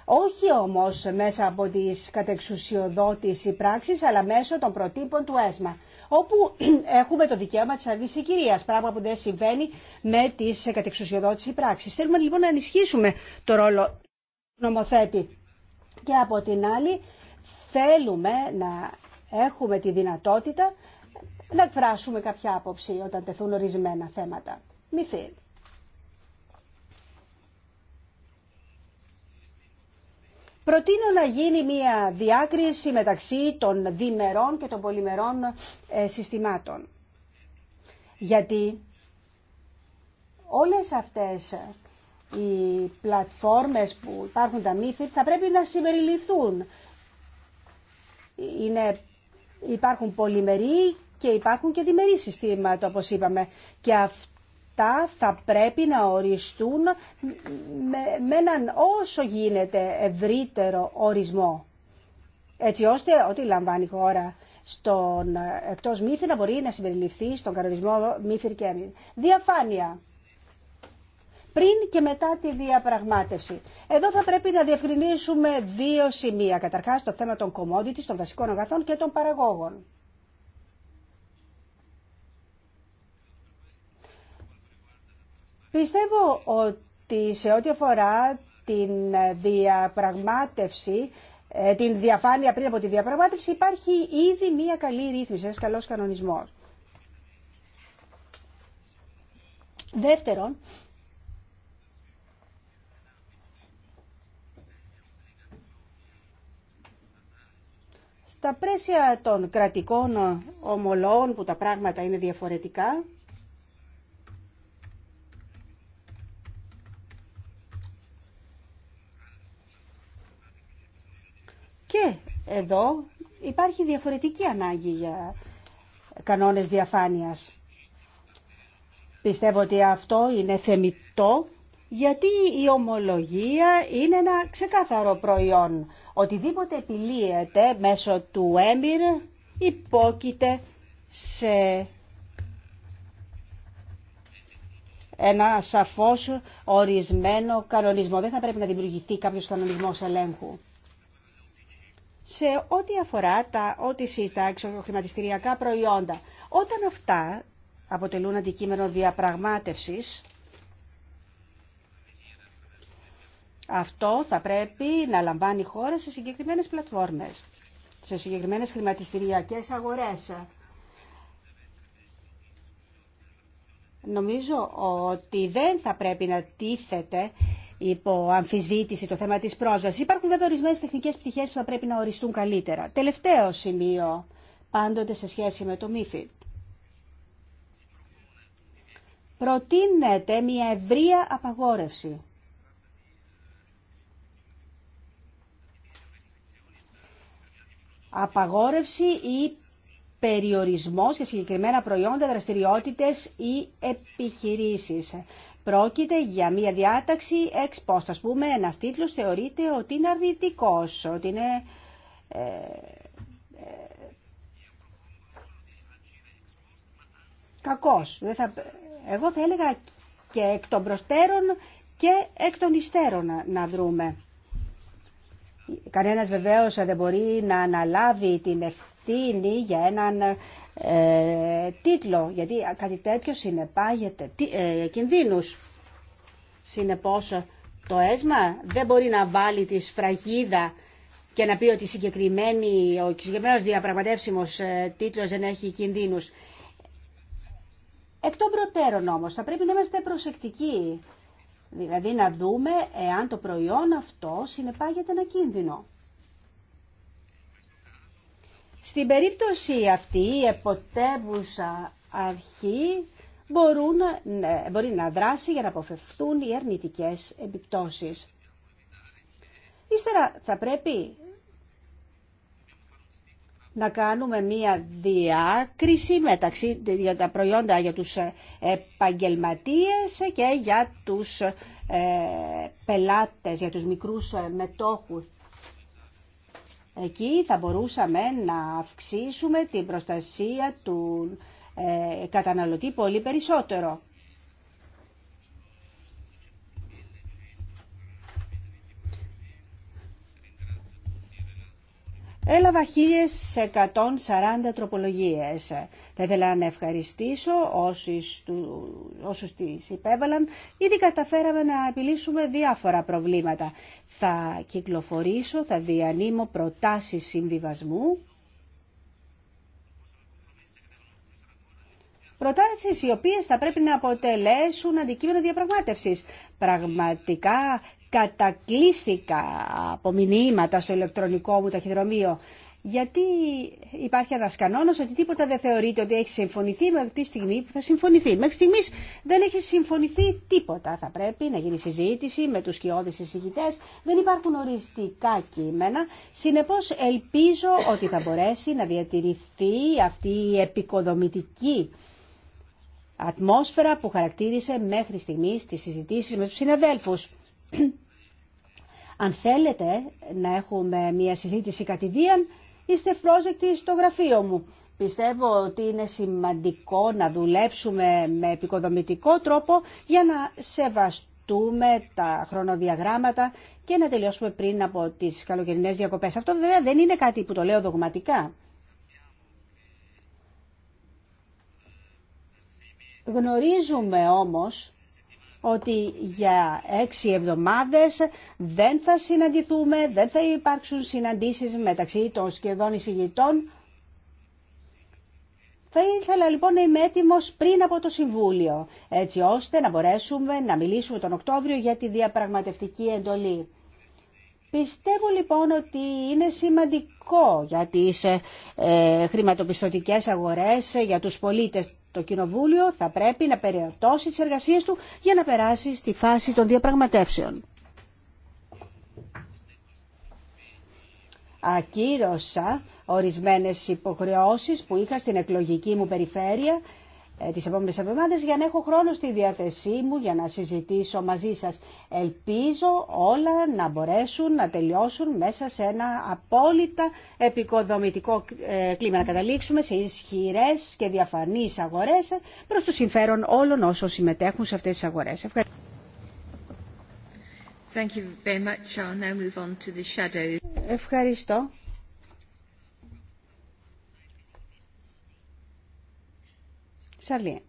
Όχι όμως μέσα από τις κατεξουσιοδότηση πράξεις, αλλά μέσω των προτύπων του ΕΣΜΑ όπου *clears throat* έχουμε το δικαίωμα τη αργή πράγμα που δεν συμβαίνει με τι κατεξουσιοδότηση πράξεις. Θέλουμε λοιπόν να ενισχύσουμε το ρόλο νομοθέτη. Και από την άλλη θέλουμε να έχουμε τη δυνατότητα να εκφράσουμε κάποια άποψη όταν τεθούν ορισμένα θέματα. Μη φύγει. Προτείνω να γίνει μια διάκριση μεταξύ των διμερών και των πολυμερών ε, συστημάτων. Γιατί όλες αυτές οι πλατφόρμες που υπάρχουν τα μύθη θα πρέπει να συμπεριληφθούν. Είναι, υπάρχουν πολυμεροί και υπάρχουν και διμεροί συστήματα, όπως είπαμε. Και αυτό θα πρέπει να οριστούν με, έναν όσο γίνεται ευρύτερο ορισμό. Έτσι ώστε ό,τι λαμβάνει η χώρα στον, εκτός μύθι να μπορεί να συμπεριληφθεί στον κανονισμό μύθιρ και Διαφάνεια. Πριν και μετά τη διαπραγμάτευση. Εδώ θα πρέπει να διευκρινίσουμε δύο σημεία. Καταρχάς το θέμα των commodities, των βασικών αγαθών και των παραγόγων. Πιστεύω ότι σε ό,τι αφορά την διαπραγμάτευση, ε, την διαφάνεια πριν από τη διαπραγμάτευση, υπάρχει ήδη μια καλή ρύθμιση, ένας καλός κανονισμός. Δεύτερον, στα πρέσια των κρατικών ομολόγων που τα πράγματα είναι διαφορετικά, Και εδώ υπάρχει διαφορετική ανάγκη για κανόνες διαφάνειας. Πιστεύω ότι αυτό είναι θεμητό γιατί η ομολογία είναι ένα ξεκάθαρο προϊόν. Οτιδήποτε επιλύεται μέσω του έμπειρ υπόκειται σε ένα σαφώς ορισμένο κανονισμό. Δεν θα πρέπει να δημιουργηθεί κάποιος κανονισμός ελέγχου σε ό,τι αφορά τα ό,τι σύστα χρηματιστηριακά προϊόντα. Όταν αυτά αποτελούν αντικείμενο διαπραγμάτευσης, αυτό θα πρέπει να λαμβάνει χώρα σε συγκεκριμένες πλατφόρμες, σε συγκεκριμένες χρηματιστηριακές αγορές. Νομίζω ότι δεν θα πρέπει να τίθεται υπό αμφισβήτηση το θέμα της πρόσβασης. Υπάρχουν βέβαια ορισμένε τεχνικές πτυχές που θα πρέπει να οριστούν καλύτερα. Τελευταίο σημείο, πάντοτε σε σχέση με το ΜΥΦΙ. Προτείνεται μια ευρεία απαγόρευση. Απαγόρευση ή περιορισμός για συγκεκριμένα προϊόντα, δραστηριότητες ή επιχειρήσεις. Πρόκειται για μια διάταξη εξ ας πούμε, ένας τίτλος θεωρείται ότι είναι αρνητικός, ότι είναι... Ε, ε κακός. εγώ θα έλεγα και εκ των προστέρων και εκ των υστέρων να, βρούμε. δρούμε. Κανένας βεβαίως δεν μπορεί να αναλάβει την ευθύνη για έναν ε, τίτλο, γιατί κάτι τέτοιο συνεπάγεται ε, κινδύνους. Συνεπώς το ΕΣΜΑ δεν μπορεί να βάλει τη σφραγίδα και να πει ότι συγκεκριμένη, ο συγκεκριμένος διαπραγματεύσιμος ε, τίτλος δεν έχει κινδύνους. Εκ των προτέρων όμως θα πρέπει να είμαστε προσεκτικοί, δηλαδή να δούμε εάν το προϊόν αυτό συνεπάγεται ένα κίνδυνο. Στην περίπτωση αυτή η εποτεύουσα αρχή μπορούν, ναι, μπορεί να δράσει για να αποφευθούν οι αρνητικές επιπτώσεις. Ύστερα θα πρέπει να κάνουμε μία διάκριση μεταξύ για τα προϊόντα για τους ε, επαγγελματίες και για τους ε, πελάτες, για τους μικρούς ε, μετόχους. Εκεί θα μπορούσαμε να αυξήσουμε την προστασία του ε, καταναλωτή πολύ περισσότερο. Έλαβα 1140 τροπολογίες. Θα ήθελα να ευχαριστήσω όσους, του, όσους τις υπέβαλαν. Ήδη καταφέραμε να επιλύσουμε διάφορα προβλήματα. Θα κυκλοφορήσω, θα διανύμω προτάσεις συμβιβασμού. Προτάσεις οι οποίες θα πρέπει να αποτελέσουν αντικείμενο διαπραγμάτευσης. Πραγματικά κατακλείστηκα από μηνύματα στο ηλεκτρονικό μου ταχυδρομείο. Γιατί υπάρχει ένα κανόνα ότι τίποτα δεν θεωρείται ότι έχει συμφωνηθεί αυτή τη στιγμή που θα συμφωνηθεί. Μέχρι στιγμή δεν έχει συμφωνηθεί τίποτα. Θα πρέπει να γίνει συζήτηση με του σκιώδει συζητητέ. Δεν υπάρχουν οριστικά κείμενα. Συνεπώ ελπίζω ότι θα μπορέσει να διατηρηθεί αυτή η επικοδομητική ατμόσφαιρα που χαρακτήρισε μέχρι στιγμή τι συζητήσει με του συναδέλφου. *clears throat* Αν θέλετε να έχουμε μια συζήτηση κατηδίαν, είστε πρόσδεκτοι στο γραφείο μου. Πιστεύω ότι είναι σημαντικό να δουλέψουμε με επικοδομητικό τρόπο για να σεβαστούμε τα χρονοδιαγράμματα και να τελειώσουμε πριν από τις καλοκαιρινές διακοπές. Αυτό βέβαια δεν είναι κάτι που το λέω δογματικά. Γνωρίζουμε όμως ότι για έξι εβδομάδες δεν θα συναντηθούμε, δεν θα υπάρξουν συναντήσεις μεταξύ των σχεδόν εισηγητών. Θα ήθελα λοιπόν να είμαι έτοιμο πριν από το Συμβούλιο, έτσι ώστε να μπορέσουμε να μιλήσουμε τον Οκτώβριο για τη διαπραγματευτική εντολή. Πιστεύω λοιπόν ότι είναι σημαντικό για τις ε, χρηματοπιστωτικές αγορές, ε, για τους πολίτες. Το Κοινοβούλιο θα πρέπει να περιοτώσει τις εργασίες του για να περάσει στη φάση των διαπραγματεύσεων. Ακύρωσα ορισμένες υποχρεώσεις που είχα στην εκλογική μου περιφέρεια ε, τις επόμενες εβδομάδες για να έχω χρόνο στη διάθεσή μου για να συζητήσω μαζί σας. Ελπίζω όλα να μπορέσουν να τελειώσουν μέσα σε ένα απόλυτα επικοδομητικό ε, κλίμα. Να καταλήξουμε σε ισχυρές και διαφανείς αγορές προς το συμφέρον όλων όσων συμμετέχουν σε αυτές τις αγορές. Ευχαριστώ. Thank you very much. I'll now move on to the Ευχαριστώ. Σαλή.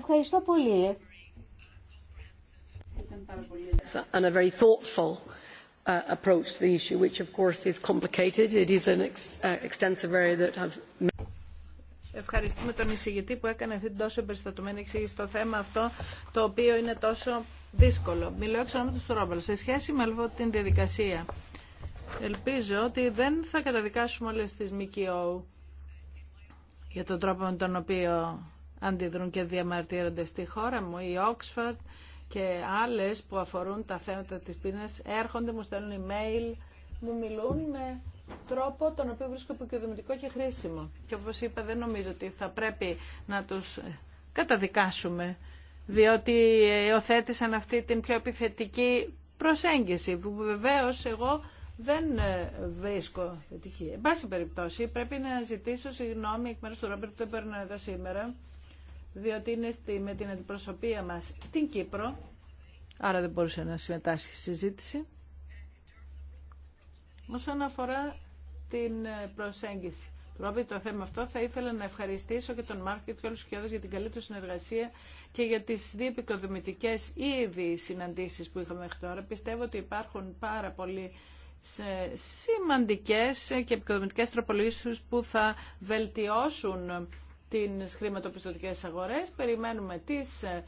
Ευχαριστώ πολύ. And a very thoughtful uh, approach to the issue, which of course is complicated. It is an uh, extensive area that have. Ευχαριστούμε τον εισηγητή που έκανε αυτή την τόσο εμπεριστατωμένη εξήγηση στο θέμα αυτό, το οποίο είναι τόσο δύσκολο. Μιλώ εξ ονόματο του Ρόμπελ. Σε σχέση με λοιπόν την διαδικασία, ελπίζω ότι δεν θα καταδικάσουμε όλε τι ΜΚΟ για τον τρόπο με τον οποίο αντιδρούν και διαμαρτύρονται στη χώρα μου. Η Oxford και άλλες που αφορούν τα θέματα της πείνας έρχονται, μου στέλνουν email, μου μιλούν με τρόπο τον οποίο βρίσκω επικοδομητικό και χρήσιμο. Και όπως είπα δεν νομίζω ότι θα πρέπει να τους ε, καταδικάσουμε διότι ε, υιοθέτησαν αυτή την πιο επιθετική προσέγγιση που βεβαίως εγώ δεν ε, βρίσκω θετική. Εν πάση περιπτώσει, πρέπει να ζητήσω συγγνώμη εκ μέρου του Ρόμπερτ που δεν παίρνω εδώ σήμερα, διότι είναι στη, με την αντιπροσωπεία μα στην Κύπρο, άρα δεν μπορούσε να συμμετάσχει στη συζήτηση. Όσον αφορά την ε, προσέγγιση. Ρόμπι, το θέμα αυτό θα ήθελα να ευχαριστήσω και τον Μάρκο και όλου του για την καλή του συνεργασία και για τι δύο επικοδομητικέ ήδη συναντήσει που είχαμε μέχρι τώρα. Πιστεύω ότι υπάρχουν πάρα πολλοί σε σημαντικές και επικοδομητικές τροπολογίες που θα βελτιώσουν την χρηματοπιστωτικές αγορές. Περιμένουμε τις ε,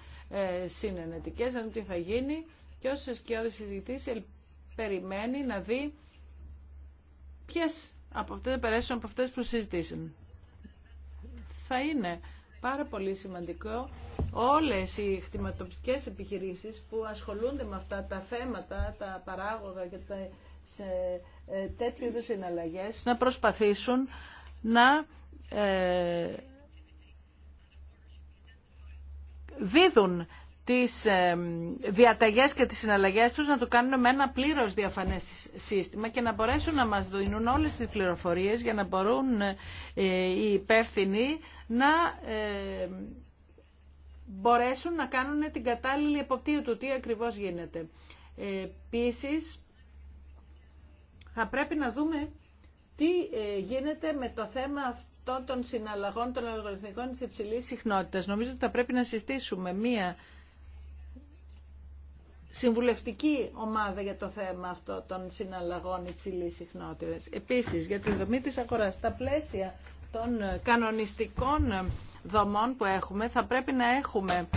συνενετικές, να δούμε τι θα γίνει και ως οι συζητήσεις περιμένει να δει ποιες από αυτές θα περάσουν από αυτές που συζητήσουν. Θα είναι πάρα πολύ σημαντικό όλες οι χρηματοπιστικές επιχειρήσεις που ασχολούνται με αυτά τα θέματα, τα παράγωγα και τα σε ε, τέτοιου είδους συναλλαγές να προσπαθήσουν να ε, δίδουν τις ε, διαταγές και τις συναλλαγές τους να το κάνουν με ένα πλήρως διαφανές σύστημα και να μπορέσουν να μας δίνουν όλες τις πληροφορίες για να μπορούν οι υπεύθυνοι να μπορέσουν να κάνουν την κατάλληλη εποπτεία του τι ακριβώς γίνεται. Επίσης, θα πρέπει να δούμε τι ε, γίνεται με το θέμα αυτών των συναλλαγών των αλγοριθμικών της υψηλής συχνότητας. Νομίζω ότι θα πρέπει να συστήσουμε μία συμβουλευτική ομάδα για το θέμα αυτό των συναλλαγών υψηλής συχνότητας. Επίσης, για τη δομή της αγοράς, στα πλαίσια των ε, κανονιστικών ε, δομών που έχουμε, θα πρέπει να έχουμε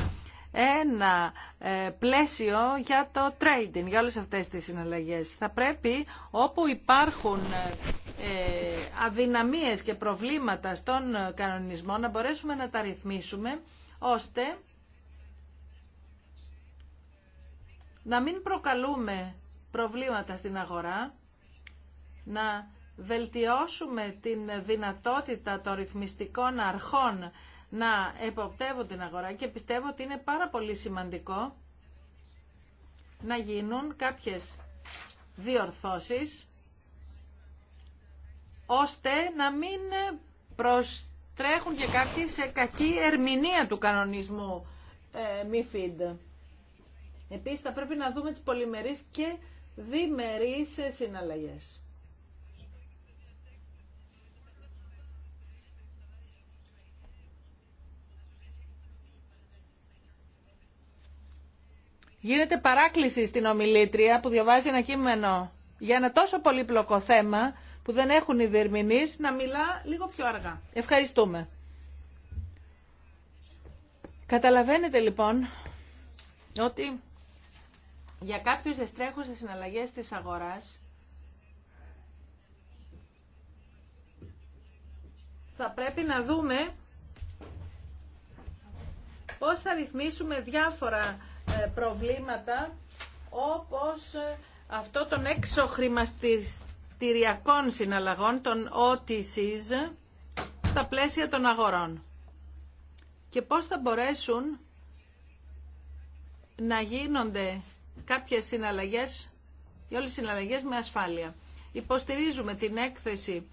ένα ε, πλαίσιο για το trading, για όλες αυτές τις συναλλαγές. Θα πρέπει όπου υπάρχουν ε, ε, αδυναμίες και προβλήματα στον κανονισμό να μπορέσουμε να τα ρυθμίσουμε ώστε να μην προκαλούμε προβλήματα στην αγορά, να βελτιώσουμε την δυνατότητα των ρυθμιστικών αρχών να εποπτεύω την αγορά και πιστεύω ότι είναι πάρα πολύ σημαντικό να γίνουν κάποιες διορθώσεις ώστε να μην προστρέχουν και κάποιοι σε κακή ερμηνεία του κανονισμού ε, μη Επίσης θα πρέπει να δούμε τις πολυμερείς και διμερείς συναλλαγές. γίνεται παράκληση στην ομιλήτρια που διαβάζει ένα κείμενο για ένα τόσο πολύπλοκο θέμα που δεν έχουν οι διερμηνείς να μιλά λίγο πιο αργά. Ευχαριστούμε. Καταλαβαίνετε λοιπόν ότι για κάποιους δεστρέχουσες συναλλαγές της αγοράς θα πρέπει να δούμε πώς θα ρυθμίσουμε διάφορα ε, προβλήματα όπως ε, αυτό των έξω χρηματιστηριακών συναλλαγών, των OTCs, στα πλαίσια των αγορών. Και πώς θα μπορέσουν να γίνονται κάποιες συναλλαγές, οι όλες οι συναλλαγές με ασφάλεια. Υποστηρίζουμε την έκθεση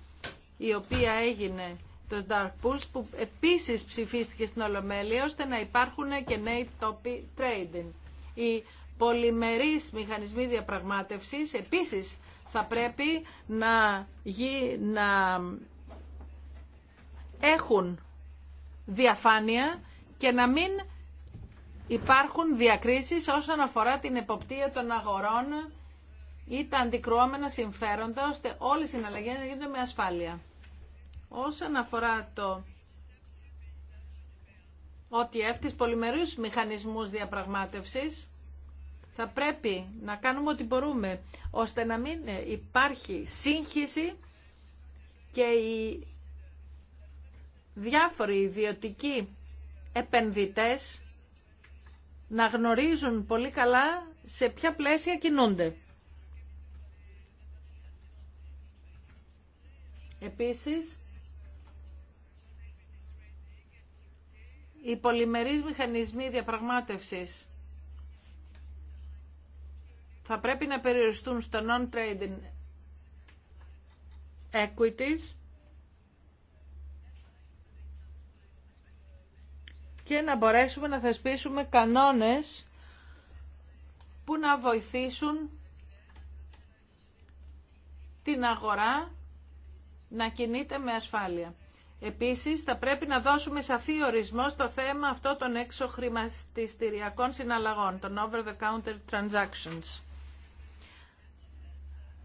η οποία έγινε το Dark Pools που επίσης ψηφίστηκε στην Ολομέλεια ώστε να υπάρχουν και νέοι τόποι trading. Οι πολυμερείς μηχανισμοί διαπραγμάτευσης επίσης θα πρέπει να, γι, να έχουν διαφάνεια και να μην υπάρχουν διακρίσεις όσον αφορά την εποπτεία των αγορών ή τα αντικρουόμενα συμφέροντα, ώστε όλες οι συναλλαγές να γίνονται με ασφάλεια. Όσον αφορά το ότι εύτης πολυμερούς μηχανισμούς διαπραγμάτευσης, θα πρέπει να κάνουμε ό,τι μπορούμε, ώστε να μην ε, υπάρχει σύγχυση και οι διάφοροι ιδιωτικοί επενδυτές να γνωρίζουν πολύ καλά σε ποια πλαίσια κινούνται. Επίσης, οι πολυμερείς μηχανισμοί διαπραγμάτευσης θα πρέπει να περιοριστούν στο non-trading equities και να μπορέσουμε να θεσπίσουμε κανόνες που να βοηθήσουν την αγορά να κινείται με ασφάλεια. Επίσης, θα πρέπει να δώσουμε σαφή ορισμό στο θέμα αυτό των έξω χρηματιστηριακών συναλλαγών, των over-the-counter transactions.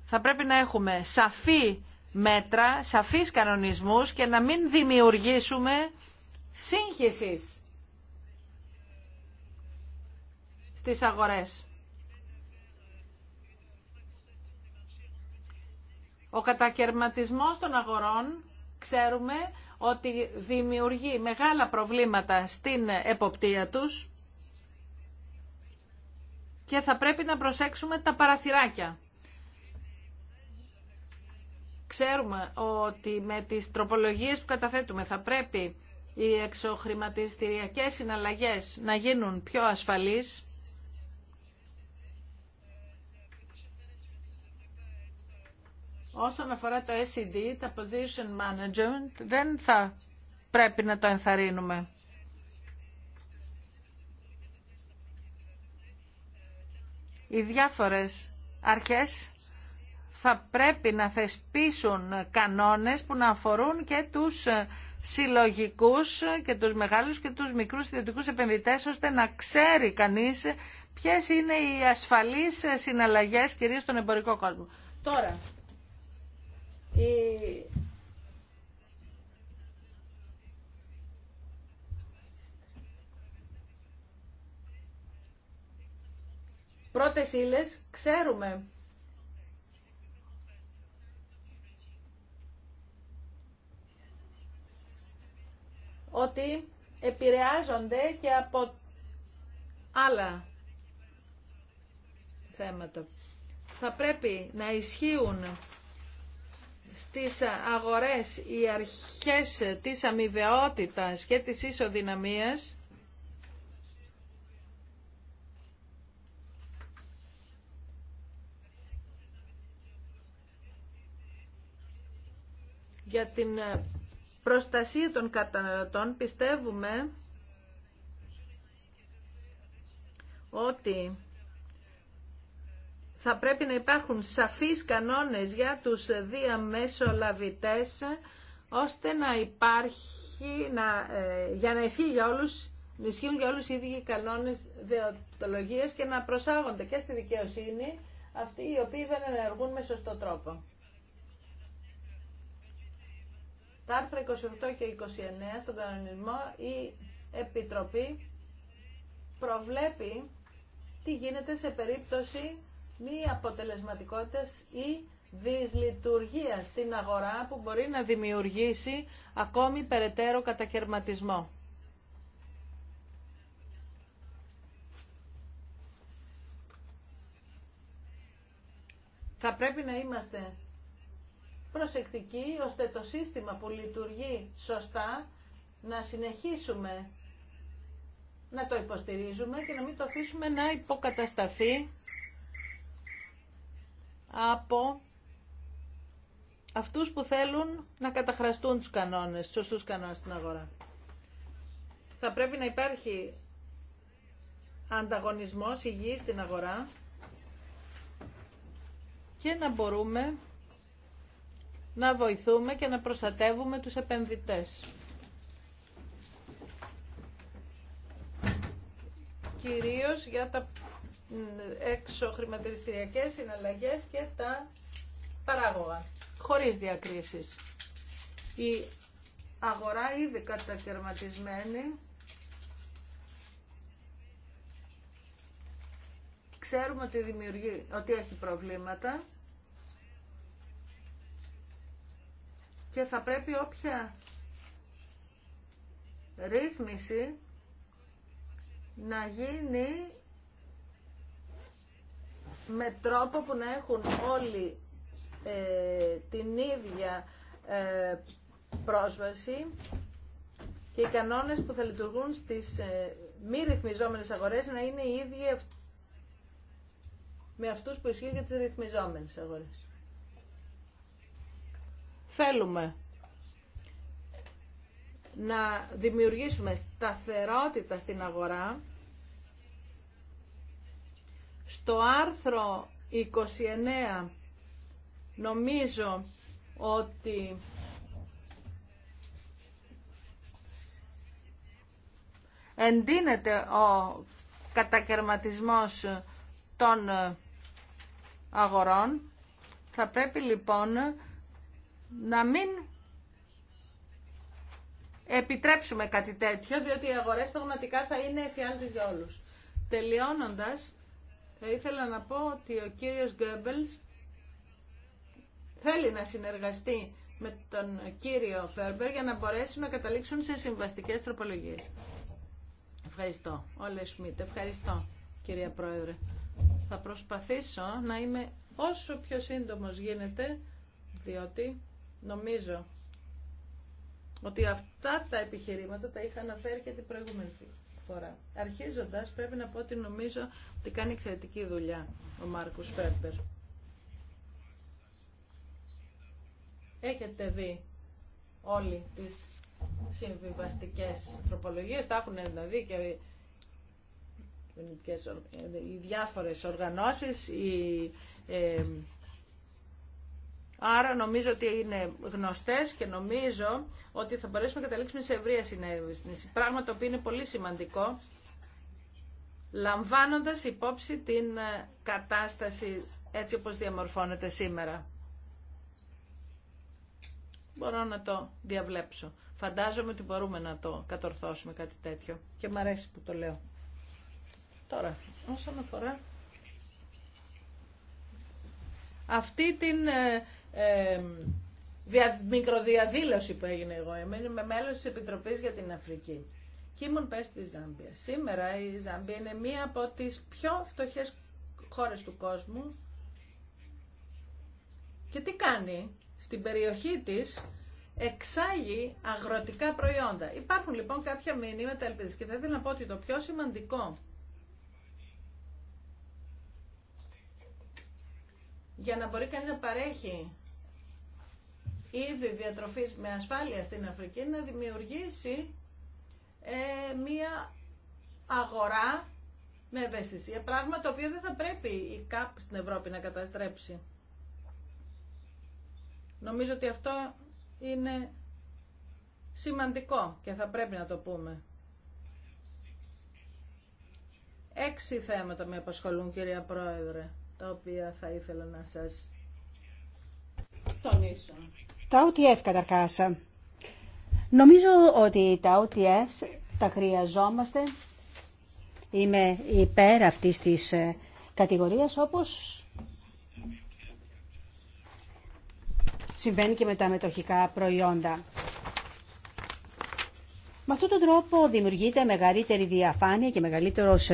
Θα πρέπει να έχουμε σαφή μέτρα, σαφείς κανονισμούς και να μην δημιουργήσουμε σύγχυση στις αγορές. Ο κατακαιρματισμός των αγορών ξέρουμε ότι δημιουργεί μεγάλα προβλήματα στην εποπτεία τους και θα πρέπει να προσέξουμε τα παραθυράκια. Ξέρουμε ότι με τις τροπολογίες που καταθέτουμε θα πρέπει οι εξοχρηματιστηριακές συναλλαγές να γίνουν πιο ασφαλείς Όσον αφορά το SED, τα Position Management, δεν θα πρέπει να το ενθαρρύνουμε. Οι διάφορες αρχές θα πρέπει να θεσπίσουν κανόνες που να αφορούν και τους συλλογικούς και τους μεγάλους και τους μικρούς ιδιωτικούς επενδυτές ώστε να ξέρει κανείς ποιες είναι οι ασφαλείς συναλλαγές κυρίως στον εμπορικό κόσμο. Τώρα, ε πρώτες ύλες ξέρουμε ότι επηρεάζονται και από άλλα θέματα. Θα πρέπει να ισχύουν στις αγορές οι αρχές της αμοιβαιότητας και της ισοδυναμίας για την προστασία των καταναλωτών πιστεύουμε ότι θα πρέπει να υπάρχουν σαφείς κανόνες για τους διαμεσολαβητές ώστε να υπάρχει, να, ε, για να ισχύει για όλους να ισχύουν για όλους οι ίδιοι κανόνες δεοντολογίας και να προσάγονται και στη δικαιοσύνη αυτοί οι οποίοι δεν ενεργούν με σωστό τρόπο. Τα άρθρα 28 και 29 στον κανονισμό η Επιτροπή προβλέπει τι γίνεται σε περίπτωση μη αποτελεσματικότητας ή δυσλειτουργία στην αγορά που μπορεί να δημιουργήσει ακόμη περαιτέρω κατακαιρματισμό. Θα πρέπει να είμαστε προσεκτικοί ώστε το σύστημα που λειτουργεί σωστά να συνεχίσουμε να το υποστηρίζουμε και να μην το αφήσουμε να υποκατασταθεί από αυτούς που θέλουν να καταχραστούν τους κανόνες, τους σωστούς κανόνες στην αγορά. Θα πρέπει να υπάρχει ανταγωνισμός υγιής στην αγορά και να μπορούμε να βοηθούμε και να προστατεύουμε τους επενδυτές. Κυρίως για τα έξω χρηματιστηριακές συναλλαγές και τα παράγωγα, χωρίς διακρίσεις. Η αγορά ήδη κατακαιρματισμένη. Ξέρουμε ότι, δημιουργεί, ότι έχει προβλήματα και θα πρέπει όποια ρύθμιση να γίνει με τρόπο που να έχουν όλοι ε, την ίδια ε, πρόσβαση και οι κανόνες που θα λειτουργούν στις ε, μη ρυθμιζόμενες αγορές να είναι οι ίδιοι με αυτούς που ισχύουν για τις ρυθμιζόμενες αγορές. Θέλουμε να δημιουργήσουμε σταθερότητα στην αγορά στο άρθρο 29 νομίζω ότι εντείνεται ο κατακαιρματισμός των αγορών. Θα πρέπει λοιπόν να μην επιτρέψουμε κάτι τέτοιο, διότι οι αγορές πραγματικά θα είναι εφιάλτης για όλους. Τελειώνοντας, ε, ήθελα να πω ότι ο κύριος Γκέμπελς θέλει να συνεργαστεί με τον κύριο Φέρμπερ για να μπορέσουν να καταλήξουν σε συμβαστικές τροπολογίες. Ευχαριστώ. Όλε Σμιτ. Ευχαριστώ, κυρία Πρόεδρε. Θα προσπαθήσω να είμαι όσο πιο σύντομος γίνεται, διότι νομίζω ότι αυτά τα επιχειρήματα τα είχα αναφέρει και την προηγούμενη φορά. Αρχίζοντας πρέπει να πω ότι νομίζω ότι κάνει εξαιρετική δουλειά ο Μάρκους Φέρμπερ. Έχετε δει όλοι τις συμβιβαστικές τροπολογίες, τα έχουν δει δηλαδή και οι διάφορες οργανώσεις, οι ε, Άρα νομίζω ότι είναι γνωστές και νομίζω ότι θα μπορέσουμε να καταλήξουμε σε ευρεία συνέντευξη. Πράγμα το οποίο είναι πολύ σημαντικό, λαμβάνοντας υπόψη την ε, κατάσταση έτσι όπως διαμορφώνεται σήμερα. Μπορώ να το διαβλέψω. Φαντάζομαι ότι μπορούμε να το κατορθώσουμε κάτι τέτοιο. Και μου αρέσει που το λέω. Τώρα, όσον αφορά αυτή την ε, δια, μικροδιαδήλωση που έγινε εγώ. Εμένα είμαι μέλος της Επιτροπής για την Αφρική. Και ήμουν πέρσι στη Ζάμπια. Σήμερα η Ζάμπια είναι μία από τις πιο φτωχές χώρες του κόσμου. Και τι κάνει στην περιοχή της εξάγει αγροτικά προϊόντα. Υπάρχουν λοιπόν κάποια μηνύματα ελπίδας και θα ήθελα να πω ότι το πιο σημαντικό για να μπορεί κανείς να παρέχει Ήδη διατροφής με ασφάλεια στην Αφρική να δημιουργήσει ε, μία αγορά με ευαισθησία, πράγμα το οποίο δεν θα πρέπει η ΚΑΠ στην Ευρώπη να καταστρέψει. Νομίζω ότι αυτό είναι σημαντικό και θα πρέπει να το πούμε. Έξι θέματα με απασχολούν, κυρία Πρόεδρε, τα οποία θα ήθελα να σας τονίσω. Τα OTF καταρχά. Νομίζω ότι τα OTF τα χρειαζόμαστε. Είμαι υπέρ αυτής της ε, κατηγορίας όπως συμβαίνει και με τα μετοχικά προϊόντα. Με αυτόν τον τρόπο δημιουργείται μεγαλύτερη διαφάνεια και μεγαλύτερος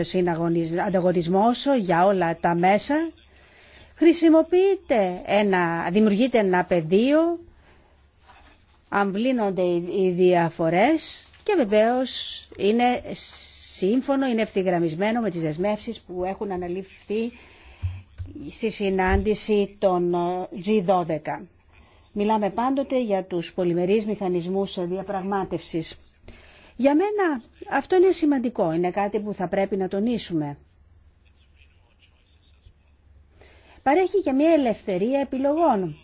ανταγωνισμό για όλα τα μέσα. Χρησιμοποιείται ένα, δημιουργείται ένα πεδίο αμβλύνονται οι διαφορές και βεβαίως είναι σύμφωνο, είναι ευθυγραμμισμένο με τις δεσμεύσεις που έχουν αναλυφθεί στη συνάντηση των ε, G12. Μιλάμε πάντοτε για τους πολυμερείς μηχανισμούς διαπραγμάτευσης. Για μένα αυτό είναι σημαντικό, είναι κάτι που θα πρέπει να τονίσουμε. Παρέχει και μια ελευθερία επιλογών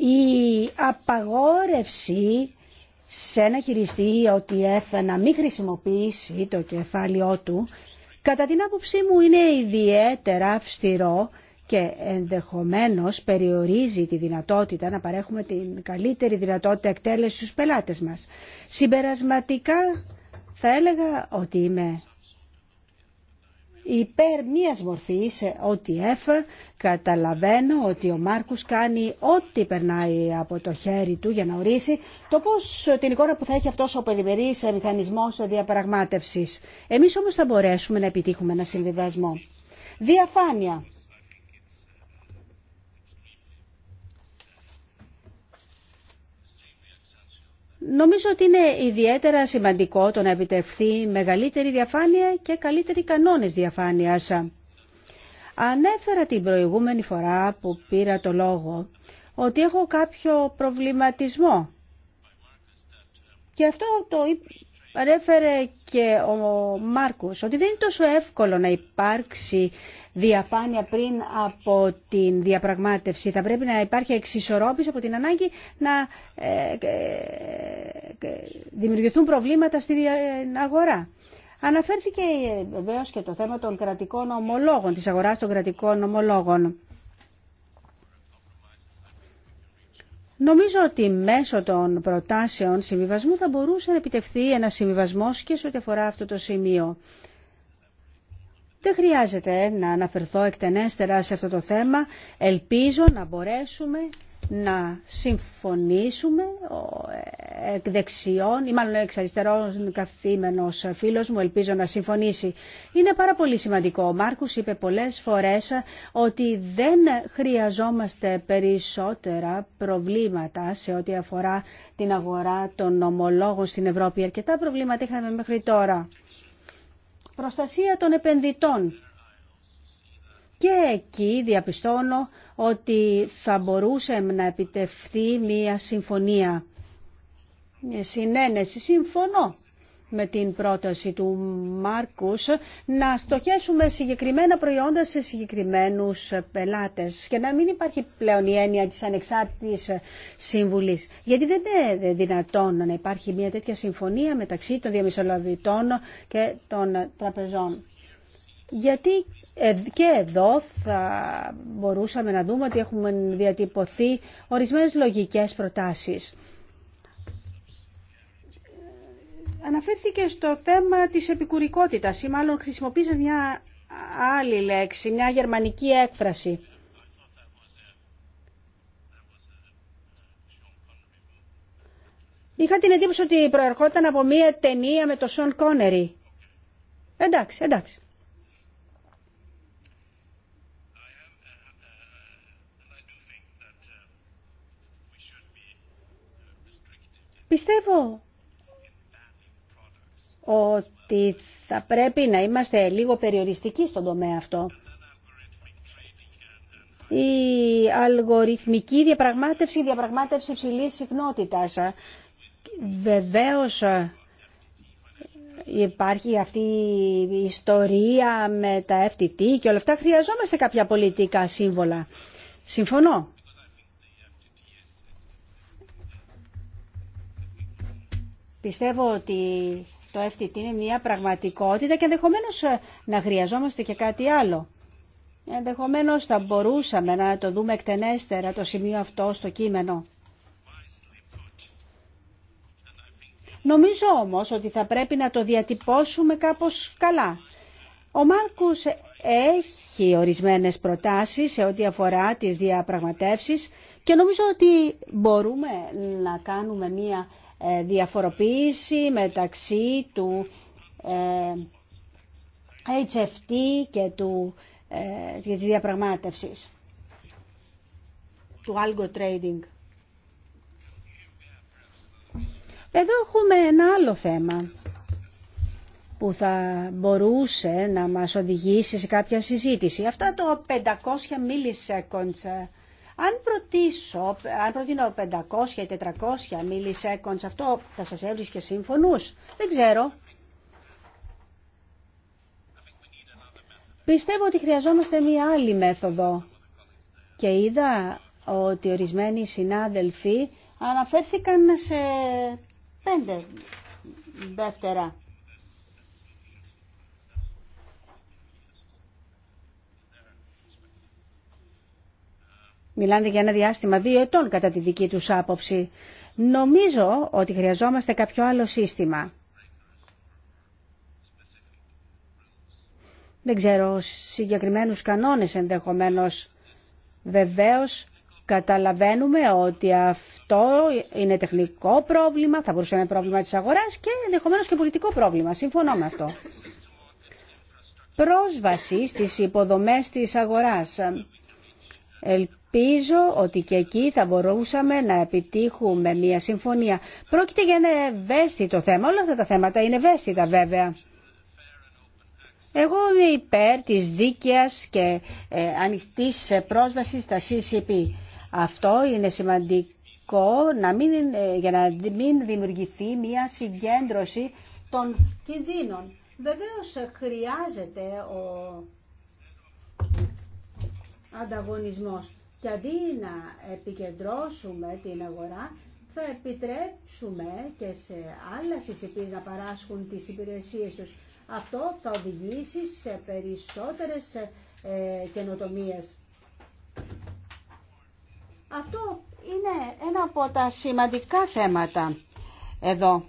η απαγόρευση σε ένα χειριστή ότι να μην χρησιμοποιήσει το κεφάλαιό του, κατά την άποψή μου είναι ιδιαίτερα αυστηρό και ενδεχομένως περιορίζει τη δυνατότητα να παρέχουμε την καλύτερη δυνατότητα εκτέλεση στους πελάτες μας. Συμπερασματικά θα έλεγα ότι είμαι υπέρ μίας μορφής OTF. Καταλαβαίνω ότι ο Μάρκους κάνει ό,τι περνάει από το χέρι του για να ορίσει το πώς, την εικόνα που θα έχει αυτός ο περιμερής μηχανισμός διαπραγμάτευσης. Εμείς όμως θα μπορέσουμε να επιτύχουμε ένα συμβιβασμό. Διαφάνεια. Νομίζω ότι είναι ιδιαίτερα σημαντικό το να επιτευχθεί μεγαλύτερη διαφάνεια και καλύτεροι κανόνες διαφάνειας. Ανέφερα την προηγούμενη φορά που πήρα το λόγο ότι έχω κάποιο προβληματισμό. Και αυτό το Παρέφερε και ο Μάρκους ότι δεν είναι τόσο εύκολο να υπάρξει διαφάνεια πριν από την διαπραγμάτευση. Θα πρέπει να υπάρχει εξισορρόπηση από την ανάγκη να ε, ε, ε, δημιουργηθούν προβλήματα στην αγορά. Αναφέρθηκε βεβαίω και το θέμα των κρατικών ομολόγων, της αγοράς των κρατικών ομολόγων. Νομίζω ότι μέσω των προτάσεων συμβιβασμού θα μπορούσε να επιτευχθεί ένα συμβιβασμό και σε ό,τι αφορά αυτό το σημείο. Δεν χρειάζεται να αναφερθώ εκτενέστερα σε αυτό το θέμα. Ελπίζω να μπορέσουμε να συμφωνήσουμε ε, εκ δεξιών ή μάλλον εξ αριστερών καθήμενος φίλος μου ελπίζω να συμφωνήσει. Είναι πάρα πολύ σημαντικό. Ο Μάρκους είπε πολλές φορές ότι δεν χρειαζόμαστε περισσότερα προβλήματα σε ό,τι αφορά την αγορά των ομολόγων στην Ευρώπη. Αρκετά προβλήματα είχαμε μέχρι τώρα. Προστασία των επενδυτών. Και εκεί διαπιστώνω ότι θα μπορούσε να επιτευχθεί μια συμφωνία. Ε, συνένεση, συμφωνώ με την πρόταση του Μάρκους να στοχεύσουμε συγκεκριμένα προϊόντα σε συγκεκριμένους πελάτες και να μην υπάρχει πλέον η έννοια της ανεξάρτητης συμβουλής. Γιατί δεν είναι δυνατόν να υπάρχει μια τέτοια συμφωνία μεταξύ των διαμεσολαβητών και των τραπεζών γιατί και εδώ θα μπορούσαμε να δούμε ότι έχουμε διατυπωθεί ορισμένες λογικές προτάσεις. Αναφέρθηκε στο θέμα της επικουρικότητας ή μάλλον χρησιμοποίησε μια άλλη λέξη, μια γερμανική έκφραση. Είχα την εντύπωση ότι προερχόταν από μια ταινία με τον Σον Κόνερι. Εντάξει, εντάξει. Πιστεύω ότι θα πρέπει να είμαστε λίγο περιοριστικοί στον τομέα αυτό. Η αλγοριθμική διαπραγμάτευση, διαπραγμάτευση ψηλής συχνότητας. Βεβαίως υπάρχει αυτή η ιστορία με τα FTT και όλα αυτά. Χρειαζόμαστε κάποια πολιτικά σύμβολα. Συμφωνώ. Πιστεύω ότι το FTT είναι μια πραγματικότητα και ενδεχομένω ε, να χρειαζόμαστε και κάτι άλλο. Ενδεχομένω θα μπορούσαμε να το δούμε εκτενέστερα το σημείο αυτό στο κείμενο. Νομίζω όμως ότι θα πρέπει να το διατυπώσουμε κάπως καλά. Ο Μάρκους έχει ορισμένες προτάσεις σε ό,τι αφορά τις διαπραγματεύσεις και νομίζω ότι μπορούμε να κάνουμε μία ε, διαφοροποίηση μεταξύ του ε, HFT και του, ε, και της διαπραγμάτευσης του algo trading. Εδώ έχουμε ένα άλλο θέμα που θα μπορούσε να μας οδηγήσει σε κάποια συζήτηση. Αυτά το 500 milliseconds αν, αν προτείνω 500 ή 400 μιλισέκοντς, αυτό θα σας έβρισκε σύμφωνους. Δεν ξέρω. Πιστεύω ότι χρειαζόμαστε μία άλλη μέθοδο. Και είδα ότι ορισμένοι συνάδελφοι αναφέρθηκαν σε πέντε δεύτερα. Μιλάνε για ένα διάστημα δύο ετών κατά τη δική τους άποψη. Νομίζω ότι χρειαζόμαστε κάποιο άλλο σύστημα. Δεν ξέρω, συγκεκριμένους κανόνες ενδεχομένως. Βεβαίως καταλαβαίνουμε ότι αυτό είναι τεχνικό πρόβλημα, θα μπορούσε να είναι πρόβλημα της αγοράς και ενδεχομένως και πολιτικό πρόβλημα. Συμφωνώ με αυτό. Πρόσβαση στις υποδομές της αγοράς. Ελπίζω ότι και εκεί θα μπορούσαμε να επιτύχουμε μια συμφωνία. Πρόκειται για ένα ευαίσθητο θέμα. Όλα αυτά τα θέματα είναι ευαίσθητα βέβαια. Εγώ είμαι υπέρ της δίκαιας και ε, ανοιχτής πρόσβασης στα CCP. Αυτό είναι σημαντικό να μην, ε, για να μην δημιουργηθεί μια συγκέντρωση των κινδύνων. Βεβαίως ε, χρειάζεται ο ανταγωνισμός. Και αντί να επικεντρώσουμε την αγορά, θα επιτρέψουμε και σε άλλες συσυπείς να παράσχουν τις υπηρεσίες τους. Αυτό θα οδηγήσει σε περισσότερες ε, καινοτομίες. Αυτό είναι ένα από τα σημαντικά θέματα εδώ.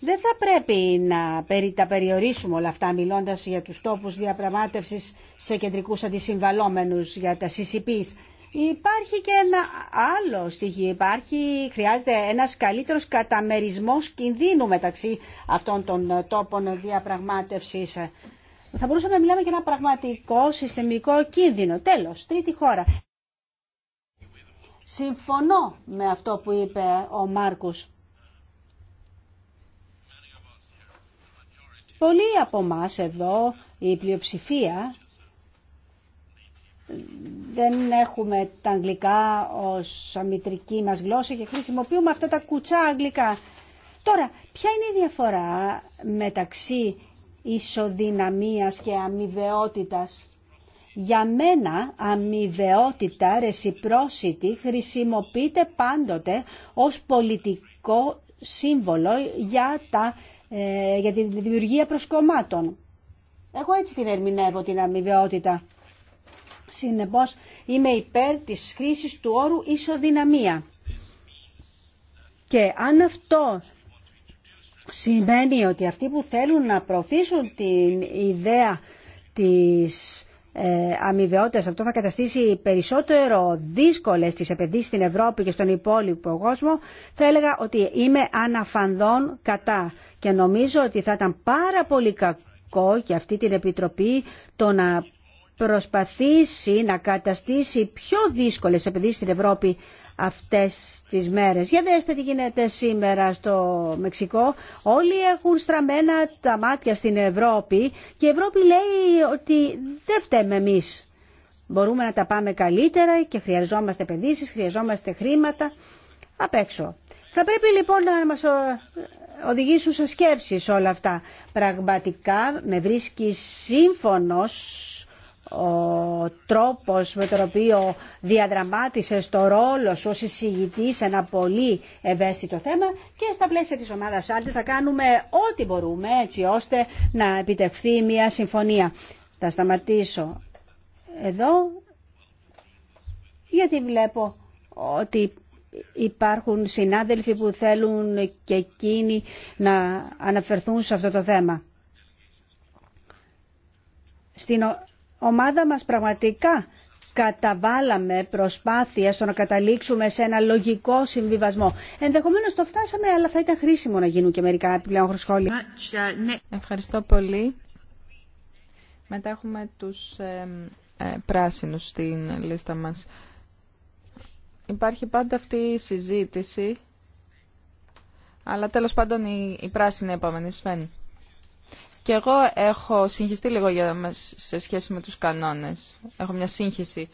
Δεν θα πρέπει να περι, τα περιορίσουμε όλα αυτά μιλώντας για τους τόπους διαπραγμάτευσης σε κεντρικούς αντισυμβαλόμενους για τα CCPs. Υπάρχει και ένα άλλο στοιχείο. Υπάρχει, χρειάζεται ένας καλύτερος καταμερισμός κινδύνου μεταξύ αυτών των τόπων διαπραγμάτευσης. Θα μπορούσαμε να μιλάμε για ένα πραγματικό συστημικό κίνδυνο. Τέλος, τρίτη χώρα. Συμφωνώ με αυτό που είπε ο Μάρκος. Πολλοί από εμά εδώ, η πλειοψηφία, δεν έχουμε τα αγγλικά ως αμυτρική μας γλώσσα και χρησιμοποιούμε αυτά τα κουτσά αγγλικά. Τώρα, ποια είναι η διαφορά μεταξύ ισοδυναμίας και αμοιβαιότητας. Για μένα αμοιβαιότητα ρεσιπρόσιτη χρησιμοποιείται πάντοτε ως πολιτικό σύμβολο για τα ε, για τη δημιουργία προσκομμάτων. Εγώ έτσι την ερμηνεύω την αμοιβαιότητα. Συνεπώς είμαι υπέρ της χρήσης του όρου ισοδυναμία. Και αν αυτό σημαίνει ότι αυτοί που θέλουν να προωθήσουν την ιδέα της ε, αμοιβαιότητας. Αυτό θα καταστήσει περισσότερο δύσκολες τις επενδύσεις στην Ευρώπη και στον υπόλοιπο κόσμο. Θα έλεγα ότι είμαι αναφανδόν κατά και νομίζω ότι θα ήταν πάρα πολύ κακό και αυτή την Επιτροπή το να προσπαθήσει να καταστήσει πιο δύσκολες επενδύσεις στην Ευρώπη αυτές τις μέρες. Για δέστε τι γίνεται σήμερα στο Μεξικό. Όλοι έχουν στραμμένα τα μάτια στην Ευρώπη και η Ευρώπη λέει ότι δεν φταίμε εμείς. Μπορούμε να τα πάμε καλύτερα και χρειαζόμαστε επενδύσει, χρειαζόμαστε χρήματα απ' έξω. Θα πρέπει λοιπόν να μας ε, οδηγήσουν σε σκέψεις όλα αυτά. Πραγματικά με βρίσκει σύμφωνος ο τρόπος με τον οποίο διαδραμάτισες το ρόλο σου ως εισηγητή σε ένα πολύ ευαίσθητο θέμα και στα πλαίσια της ομάδας Άλτη θα κάνουμε ό,τι μπορούμε έτσι ώστε να επιτευχθεί μια συμφωνία. Θα σταματήσω εδώ γιατί βλέπω ότι υπάρχουν συνάδελφοι που θέλουν και εκείνοι να αναφερθούν σε αυτό το θέμα. Στην ομάδα μας πραγματικά καταβάλαμε προσπάθεια στο να καταλήξουμε σε ένα λογικό συμβιβασμό. Ενδεχομένως το φτάσαμε, αλλά θα ήταν χρήσιμο να γίνουν και μερικά επιπλέον σχόλια. Ευχαριστώ πολύ. Μετά έχουμε τους ε, πράσινους στην λίστα μας. Υπάρχει πάντα αυτή η συζήτηση, αλλά τέλος πάντων η πράσινη πράσινοι επόμενοι. Σφέν. Και εγώ έχω συγχυστεί λίγο για, σε σχέση με τους κανόνες. Έχω μια σύγχυση.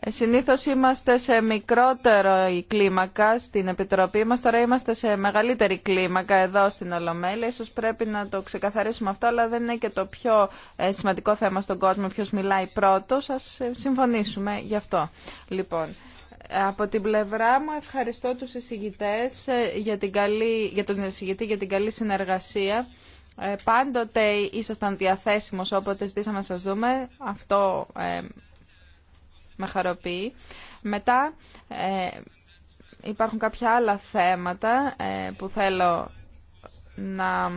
Ε, συνήθως είμαστε σε μικρότερο κλίμακα στην Επιτροπή μας, τώρα είμαστε σε μεγαλύτερη κλίμακα εδώ στην Ολομέλεια. Ίσως πρέπει να το ξεκαθαρίσουμε αυτό, αλλά δεν είναι και το πιο ε, σημαντικό θέμα στον κόσμο, ποιος μιλάει πρώτος. Ας ε, συμφωνήσουμε γι' αυτό. Λοιπόν, από την πλευρά μου ευχαριστώ τους εισηγητές ε, για, την καλή, για τον εισηγητή για την καλή συνεργασία. Ε, πάντοτε ήσασταν διαθέσιμος όποτε ζητήσαμε να σας δούμε. Αυτό ε, με χαροποιεί. Μετά ε, υπάρχουν κάποια άλλα θέματα ε, που θέλω να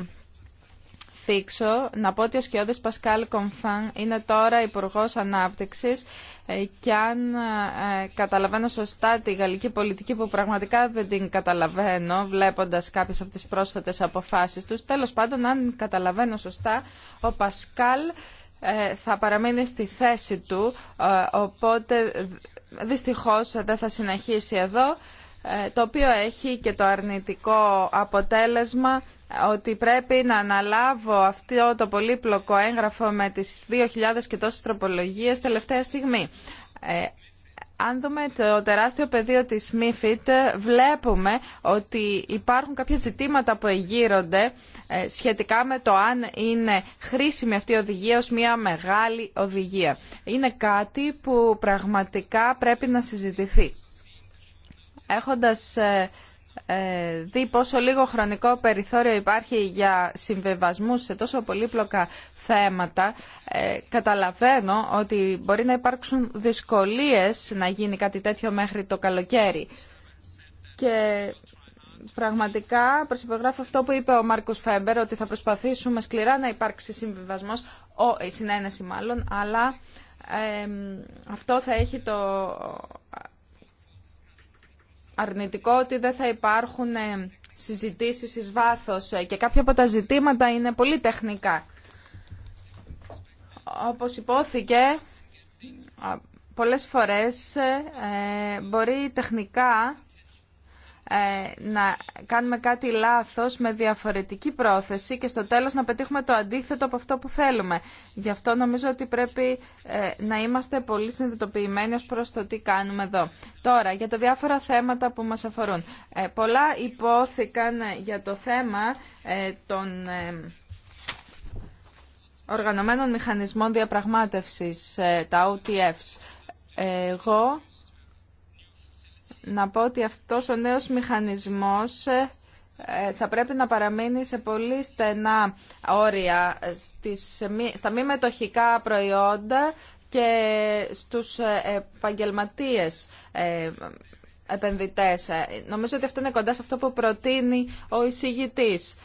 θίξω. Να πω ότι ο Σκιώδης Πασκάλ Κομφάν είναι τώρα Υπουργός Ανάπτυξης ε, και αν ε, καταλαβαίνω σωστά τη γαλλική πολιτική που πραγματικά δεν την καταλαβαίνω βλέποντας κάποιες από τις πρόσφατες αποφάσεις τους, τέλος πάντων αν καταλαβαίνω σωστά ο Πασκάλ ε, θα παραμείνει στη θέση του, οπότε δυστυχώς δεν θα συνεχίσει εδώ, το οποίο έχει και το αρνητικό αποτέλεσμα ότι πρέπει να αναλάβω αυτό το πολύπλοκο έγγραφο με τις 2.000 και τόσες τροπολογίες τελευταία στιγμή. Ε, αν δούμε το τεράστιο πεδίο της ΜΥΦΙΤ, βλέπουμε ότι υπάρχουν κάποια ζητήματα που εγείρονται ε, σχετικά με το αν είναι χρήσιμη αυτή η οδηγία ως μια μεγάλη οδηγία. Είναι κάτι που πραγματικά πρέπει να συζητηθεί. Έχοντας ε, ε, δει πόσο λίγο χρονικό περιθώριο υπάρχει για συμβεβασμούς σε τόσο πολύπλοκα θέματα, ε, καταλαβαίνω ότι μπορεί να υπάρξουν δυσκολίες να γίνει κάτι τέτοιο μέχρι το καλοκαίρι. Και πραγματικά προσυπογράφω αυτό που είπε ο Μάρκος Φέμπερ, ότι θα προσπαθήσουμε σκληρά να υπάρξει συμβιβασμός, ο, η συνένεση μάλλον, αλλά αυτό θα έχει το αρνητικό ότι δεν θα υπάρχουν ε, συζητήσεις εις βάθος ε, και κάποια από τα ζητήματα είναι πολύ τεχνικά. Όπως υπόθηκε, πολλές φορές ε, μπορεί τεχνικά ε, να κάνουμε κάτι λάθος με διαφορετική πρόθεση και στο τέλος να πετύχουμε το αντίθετο από αυτό που θέλουμε. Γι' αυτό νομίζω ότι πρέπει ε, να είμαστε πολύ συνειδητοποιημένοι ως προς το τι κάνουμε εδώ. Τώρα, για τα διάφορα θέματα που μας αφορούν. Ε, πολλά υπόθηκαν για το θέμα των οργανωμένων μηχανισμών διαπραγμάτευσης, τα OTFs. Εγώ να πω ότι αυτός ο νέος μηχανισμός ε, ε, θα πρέπει να παραμείνει σε πολύ στενά όρια στα μη μετοχικά προϊόντα και στους ε, επαγγελματίε επενδυτές. Νομίζω ότι αυτό είναι κοντά σε αυτό που προτείνει ο εισηγητής.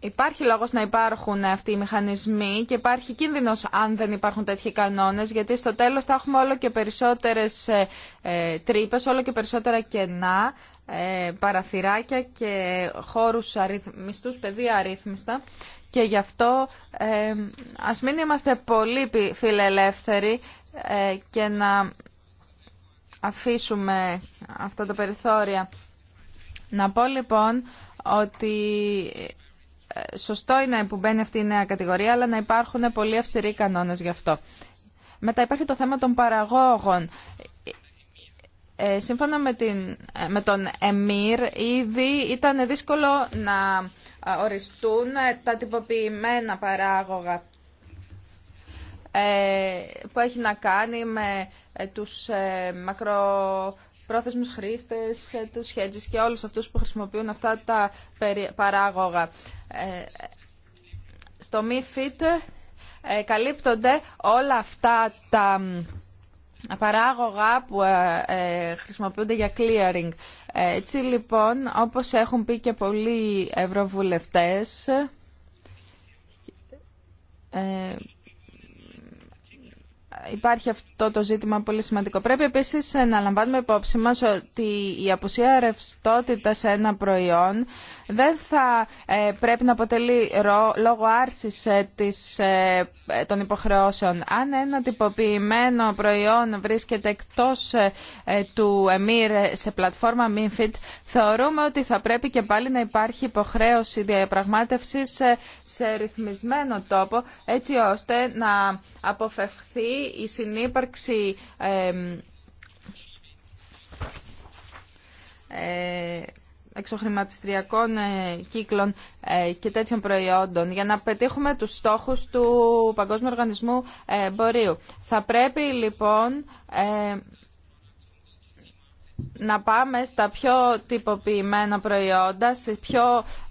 Υπάρχει λόγος να υπάρχουν αυτοί οι μηχανισμοί και υπάρχει κίνδυνος αν δεν υπάρχουν τέτοιοι κανόνες γιατί στο τέλος θα έχουμε όλο και περισσότερες ε, ε, τρύπες, όλο και περισσότερα κενά, ε, παραθυράκια και χώρους αριθμιστούς, πεδία αρρύθμιστα και γι' αυτό ας μην είμαστε πολύ φιλελεύθεροι και να αφήσουμε αυτά τα περιθώρια. Να πω λοιπόν ότι σωστό είναι που μπαίνει αυτή η νέα κατηγορία, αλλά να υπάρχουν πολύ αυστηροί κανόνες γι' αυτό. Μετά υπάρχει το θέμα των παραγόγων. Ε, σύμφωνα με, την, ε, με τον Εμμύρ, ήδη ήταν δύσκολο να ε, οριστούν ε, τα τυποποιημένα παράγωγα ε, που έχει να κάνει με τους μακρο πρόθεσμους χρήστες, ε, του hedges και όλους αυτούς που χρησιμοποιούν αυτά τα παράγωγα. Ε, στο MIFID ε, καλύπτονται όλα αυτά τα παράγωγα που χρησιμοποιούνται για clearing. Έτσι λοιπόν, όπως έχουν πει και πολλοί ευρωβουλευτές, υπάρχει αυτό το ζήτημα πολύ σημαντικό. Πρέπει επίσης να λαμβάνουμε υπόψη μας ότι η απουσία ρευστότητα σε ένα προϊόν δεν θα ε, πρέπει να αποτελεί λόγο άρσης ε, της, ε, των υποχρεώσεων. Αν ένα τυποποιημένο προϊόν βρίσκεται εκτός του ΕΜΗΡ σε πλατφόρμα MIFID, θεωρούμε ότι θα πρέπει και πάλι να υπάρχει υποχρέωση διαπραγμάτευσης σε ρυθμισμένο τόπο, έτσι ώστε να αποφευχθεί η συνύπαρξη ε, εξοχρηματιστριακών ε, κύκλων ε, και τέτοιων προϊόντων για να πετύχουμε τους στόχους του Παγκόσμιου Οργανισμού Εμπορίου. Θα πρέπει λοιπόν να πάμε στα πιο τυποποιημένα προϊόντα, σε πιο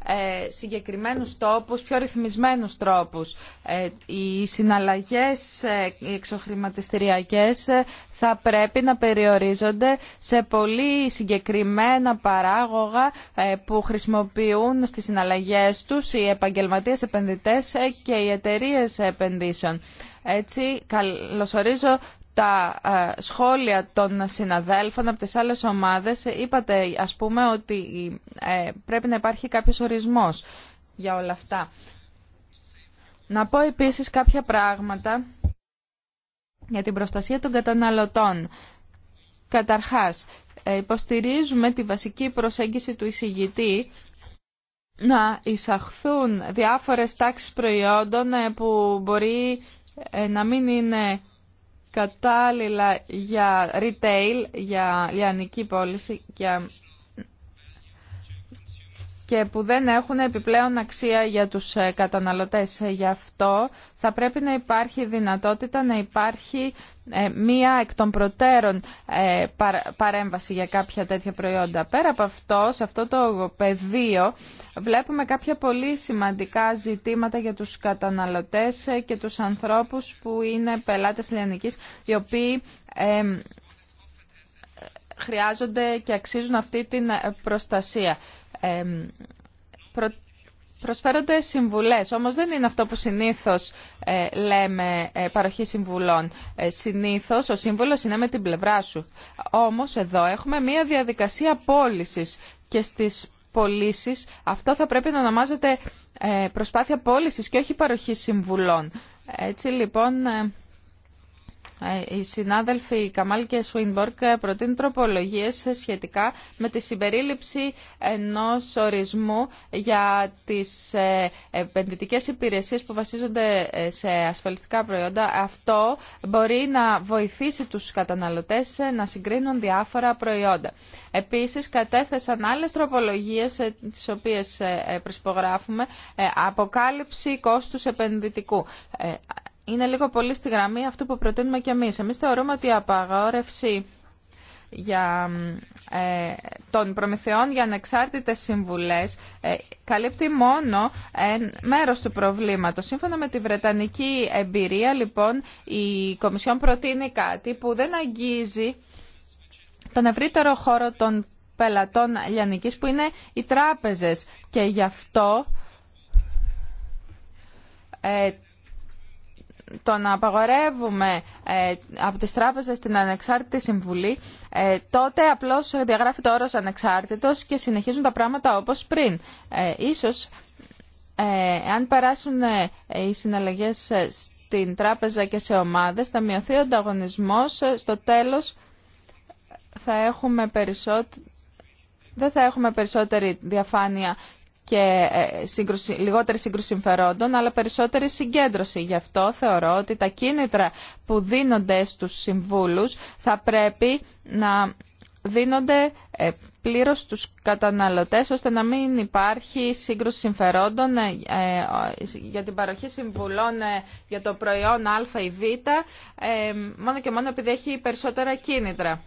ε, συγκεκριμένους τόπους, πιο ρυθμισμένους τρόπους. Ε, οι συναλλαγές ε, οι εξοχρηματιστηριακές ε, θα πρέπει να περιορίζονται σε πολύ συγκεκριμένα παράγωγα που χρησιμοποιούν στις συναλλαγές τους οι επαγγελματίες επενδυτές και οι εταιρείες επενδύσεων. Έτσι, καλωσορίζω τα ε, σχόλια των συναδέλφων από τις άλλες ομάδες ε, είπατε ας πούμε ότι ε, πρέπει να υπάρχει κάποιος ορισμός για όλα αυτά. Να πω επίσης κάποια πράγματα για την προστασία των καταναλωτών. Καταρχάς, υποστηρίζουμε τη βασική προσέγγιση του εισηγητή να εισαχθούν διάφορες τάξεις προϊόντων που μπορεί να μην είναι κατάλληλα για retail, για λιανική πώληση, και και που δεν έχουν επιπλέον αξία για τους ε, καταναλωτές. Γι' αυτό θα πρέπει να υπάρχει δυνατότητα να υπάρχει ε, μία εκ των προτέρων ε, παρέμβαση για κάποια τέτοια προϊόντα. Πέρα από αυτό, σε αυτό το πεδίο βλέπουμε κάποια πολύ σημαντικά ζητήματα για τους καταναλωτές και τους ανθρώπους που είναι πελάτες λιανικής, οι οποίοι χρειάζονται και αξίζουν αυτή την προστασία προσφέρονται συμβουλές, όμως δεν είναι αυτό που συνήθως ε, λέμε ε, παροχή συμβουλών. Ε, συνήθως ο σύμβουλος είναι με την πλευρά σου. Όμως εδώ έχουμε μία διαδικασία πώλησης και στις πωλήσει αυτό θα πρέπει να ονομάζεται προσπάθεια πώλησης και όχι παροχή συμβουλών. Έτσι λοιπόν ε, οι συνάδελφοι Καμάλ και Σουίνμπορκ προτείνουν τροπολογίε σχετικά με τη συμπερίληψη ενός ορισμού για τις ε, επενδυτικές υπηρεσίε που βασίζονται ε, σε ασφαλιστικά προϊόντα. Αυτό μπορεί να βοηθήσει τους καταναλωτές να συγκρίνουν διάφορα προϊόντα. Επίσης, κατέθεσαν άλλες τροπολογίες, τις οποίες προσπογράφουμε, αποκάλυψη κόστου επενδυτικού είναι λίγο πολύ στη γραμμή αυτού που προτείνουμε κι εμείς. Εμείς θεωρούμε ότι η απαγόρευση για, ε, των προμηθειών για ανεξάρτητες συμβουλές ε, καλύπτει μόνο ε, μέρος του προβλήματος. Σύμφωνα με τη Βρετανική εμπειρία, λοιπόν, η Κομισιόν προτείνει κάτι που δεν αγγίζει τον ευρύτερο χώρο των πελατών λιανικής που είναι οι τράπεζες και γι' αυτό ε, το να απαγορεύουμε ε, από τις τράπεζες την ανεξάρτητη συμβουλή, ε, τότε απλώς διαγράφει το όρος ανεξάρτητος και συνεχίζουν τα πράγματα όπως πριν. Ε, ίσως, αν περάσουν οι συναλλαγές στην τράπεζα και σε ομάδες, θα μειωθεί ο ανταγωνισμός. Στο τέλος, θα έχουμε δεν θα έχουμε περισσότερη διαφάνεια και ε, σύγκρουση, λιγότερη σύγκρουση συμφερόντων, αλλά περισσότερη συγκέντρωση. Γι' αυτό θεωρώ ότι τα κίνητρα που δίνονται στους συμβούλους θα πρέπει να δίνονται ε, πλήρως στους καταναλωτές ώστε να μην υπάρχει σύγκρουση συμφερόντων ε, για την παροχή συμβουλών για το προϊόν Α ή Β μόνο και μόνο επειδή έχει περισσότερα κίνητρα.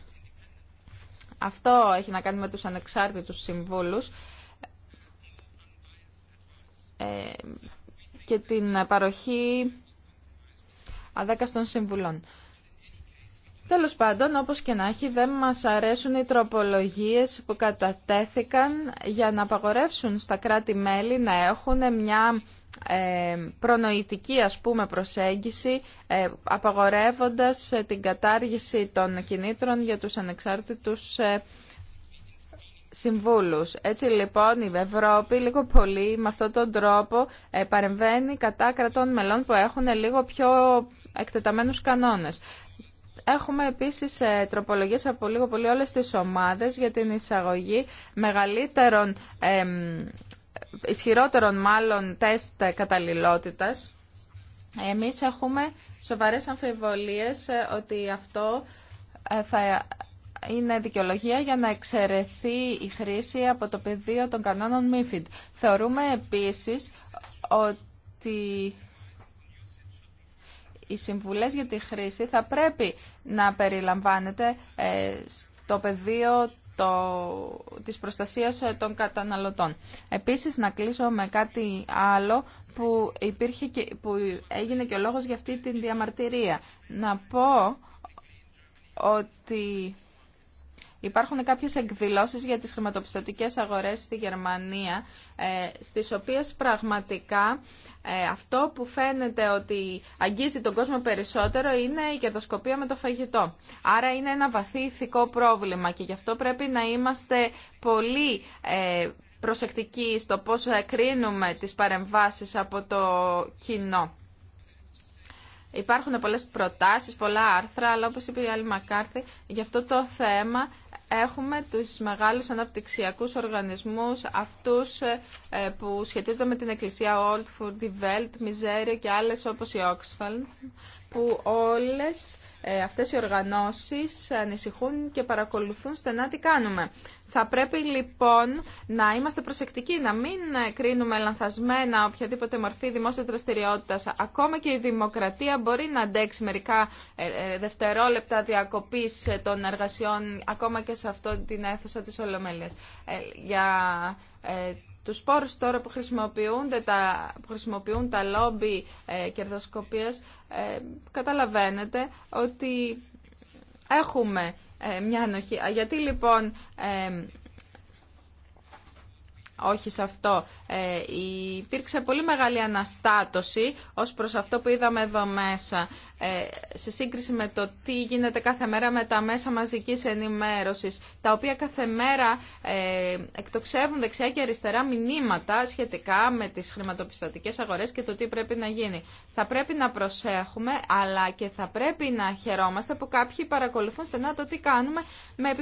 Αυτό έχει να κάνει με τους ανεξάρτητους συμβούλους ε, και την παροχή αδέκαστων συμβουλών. Τέλος πάντων, όπως και να έχει, δεν μας αρέσουν οι τροπολογίες που κατατέθηκαν για να απαγορεύσουν στα κράτη-μέλη να έχουν μια ε, προνοητική ας πούμε προσέγγιση ε, απαγορεύοντας την κατάργηση των κινήτρων για τους ανεξάρτητους συμβούλους. Έτσι λοιπόν η Ευρώπη λίγο πολύ με αυτόν τον τρόπο ε, παρεμβαίνει κατά κρατών μελών που έχουν λίγο πιο εκτεταμένους κανόνες. Έχουμε επίσης ε, τροπολογίες από λίγο πολύ όλες τις ομάδες για την εισαγωγή μεγαλύτερων, ισχυρότερων μάλλον τεστ καταλληλότητας. Εμείς έχουμε σοβαρές αμφιβολίες ε, ότι αυτό θα είναι δικαιολογία για να εξαιρεθεί η χρήση από το πεδίο των κανόνων MIFID. Θεωρούμε επίσης ότι οι συμβουλές για τη χρήση θα πρέπει να περιλαμβάνεται ε, στο πεδίο το, της προστασίας των καταναλωτών. Επίσης, να κλείσω με κάτι άλλο που, υπήρχε και, που έγινε και ο λόγος για αυτή την διαμαρτυρία. Να πω ότι Υπάρχουν κάποιες εκδηλώσεις για τις χρηματοπιστωτικές αγορές στη Γερμανία, ε, στις οποίες πραγματικά ε, αυτό που φαίνεται ότι αγγίζει τον κόσμο περισσότερο είναι η κερδοσκοπία με το φαγητό. Άρα είναι ένα βαθύ ηθικό πρόβλημα και γι' αυτό πρέπει να είμαστε πολύ ε, προσεκτικοί στο πόσο εκρίνουμε τις παρεμβάσεις από το κοινό. Υπάρχουν πολλές προτάσεις, πολλά άρθρα, αλλά όπως είπε η Άλλη Μακάρθη, γι' αυτό το θέμα έχουμε τους μεγάλους αναπτυξιακούς οργανισμούς, αυτούς ε, που σχετίζονται με την Εκκλησία Oldford, Die Welt, Miseria και άλλες όπως η Oxfam, που όλες ε, αυτές οι οργανώσεις ανησυχούν και παρακολουθούν στενά τι κάνουμε. Θα πρέπει λοιπόν να είμαστε προσεκτικοί, να μην κρίνουμε λανθασμένα οποιαδήποτε μορφή δημόσια δραστηριότητα. Ακόμα και η δημοκρατία μπορεί να αντέξει μερικά ε, δευτερόλεπτα διακοπής των εργασιών, ακόμα και σε αυτό την αίθουσα της Ολομέλειας. Ε, για ε, τους πόρους τώρα που, χρησιμοποιούνται τα, που χρησιμοποιούν τα λόμπι ε, κερδοσκοπίας, ε, καταλαβαίνετε ότι έχουμε μια ανοχή. Γιατί λοιπόν όχι σε αυτό. Ε, υπήρξε πολύ μεγάλη αναστάτωση ως προς αυτό που είδαμε εδώ μέσα. Ε, σε σύγκριση με το τι γίνεται κάθε μέρα με τα μέσα μαζικής ενημέρωσης, τα οποία κάθε μέρα ε, εκτοξεύουν δεξιά και αριστερά μηνύματα σχετικά με τις χρηματοπιστωτικές αγορές και το τι πρέπει να γίνει. Θα πρέπει να προσέχουμε, αλλά και θα πρέπει να χαιρόμαστε που κάποιοι παρακολουθούν στενά το τι κάνουμε με,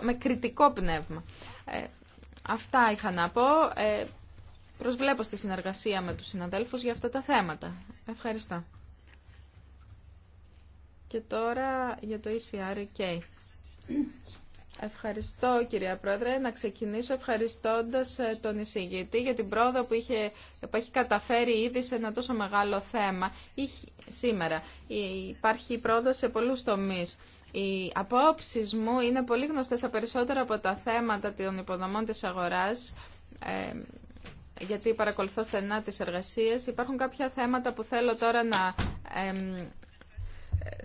με κριτικό πνεύμα. Αυτά είχα να πω. Ε, προσβλέπω στη συνεργασία με τους συναδέλφους για αυτά τα θέματα. Ευχαριστώ. Και τώρα για το ECRK. Ευχαριστώ κυρία Πρόεδρε. Να ξεκινήσω ευχαριστώντας ε, τον εισηγητή για την πρόοδο που, είχε, που έχει καταφέρει ήδη σε ένα τόσο μεγάλο θέμα σήμερα. Υπάρχει πρόοδο σε πολλούς τομείς. Οι απόψει μου είναι πολύ γνωστές στα περισσότερα από τα θέματα των υποδομών της αγοράς, ε, γιατί παρακολουθώ στενά τις εργασίες. Υπάρχουν κάποια θέματα που θέλω τώρα να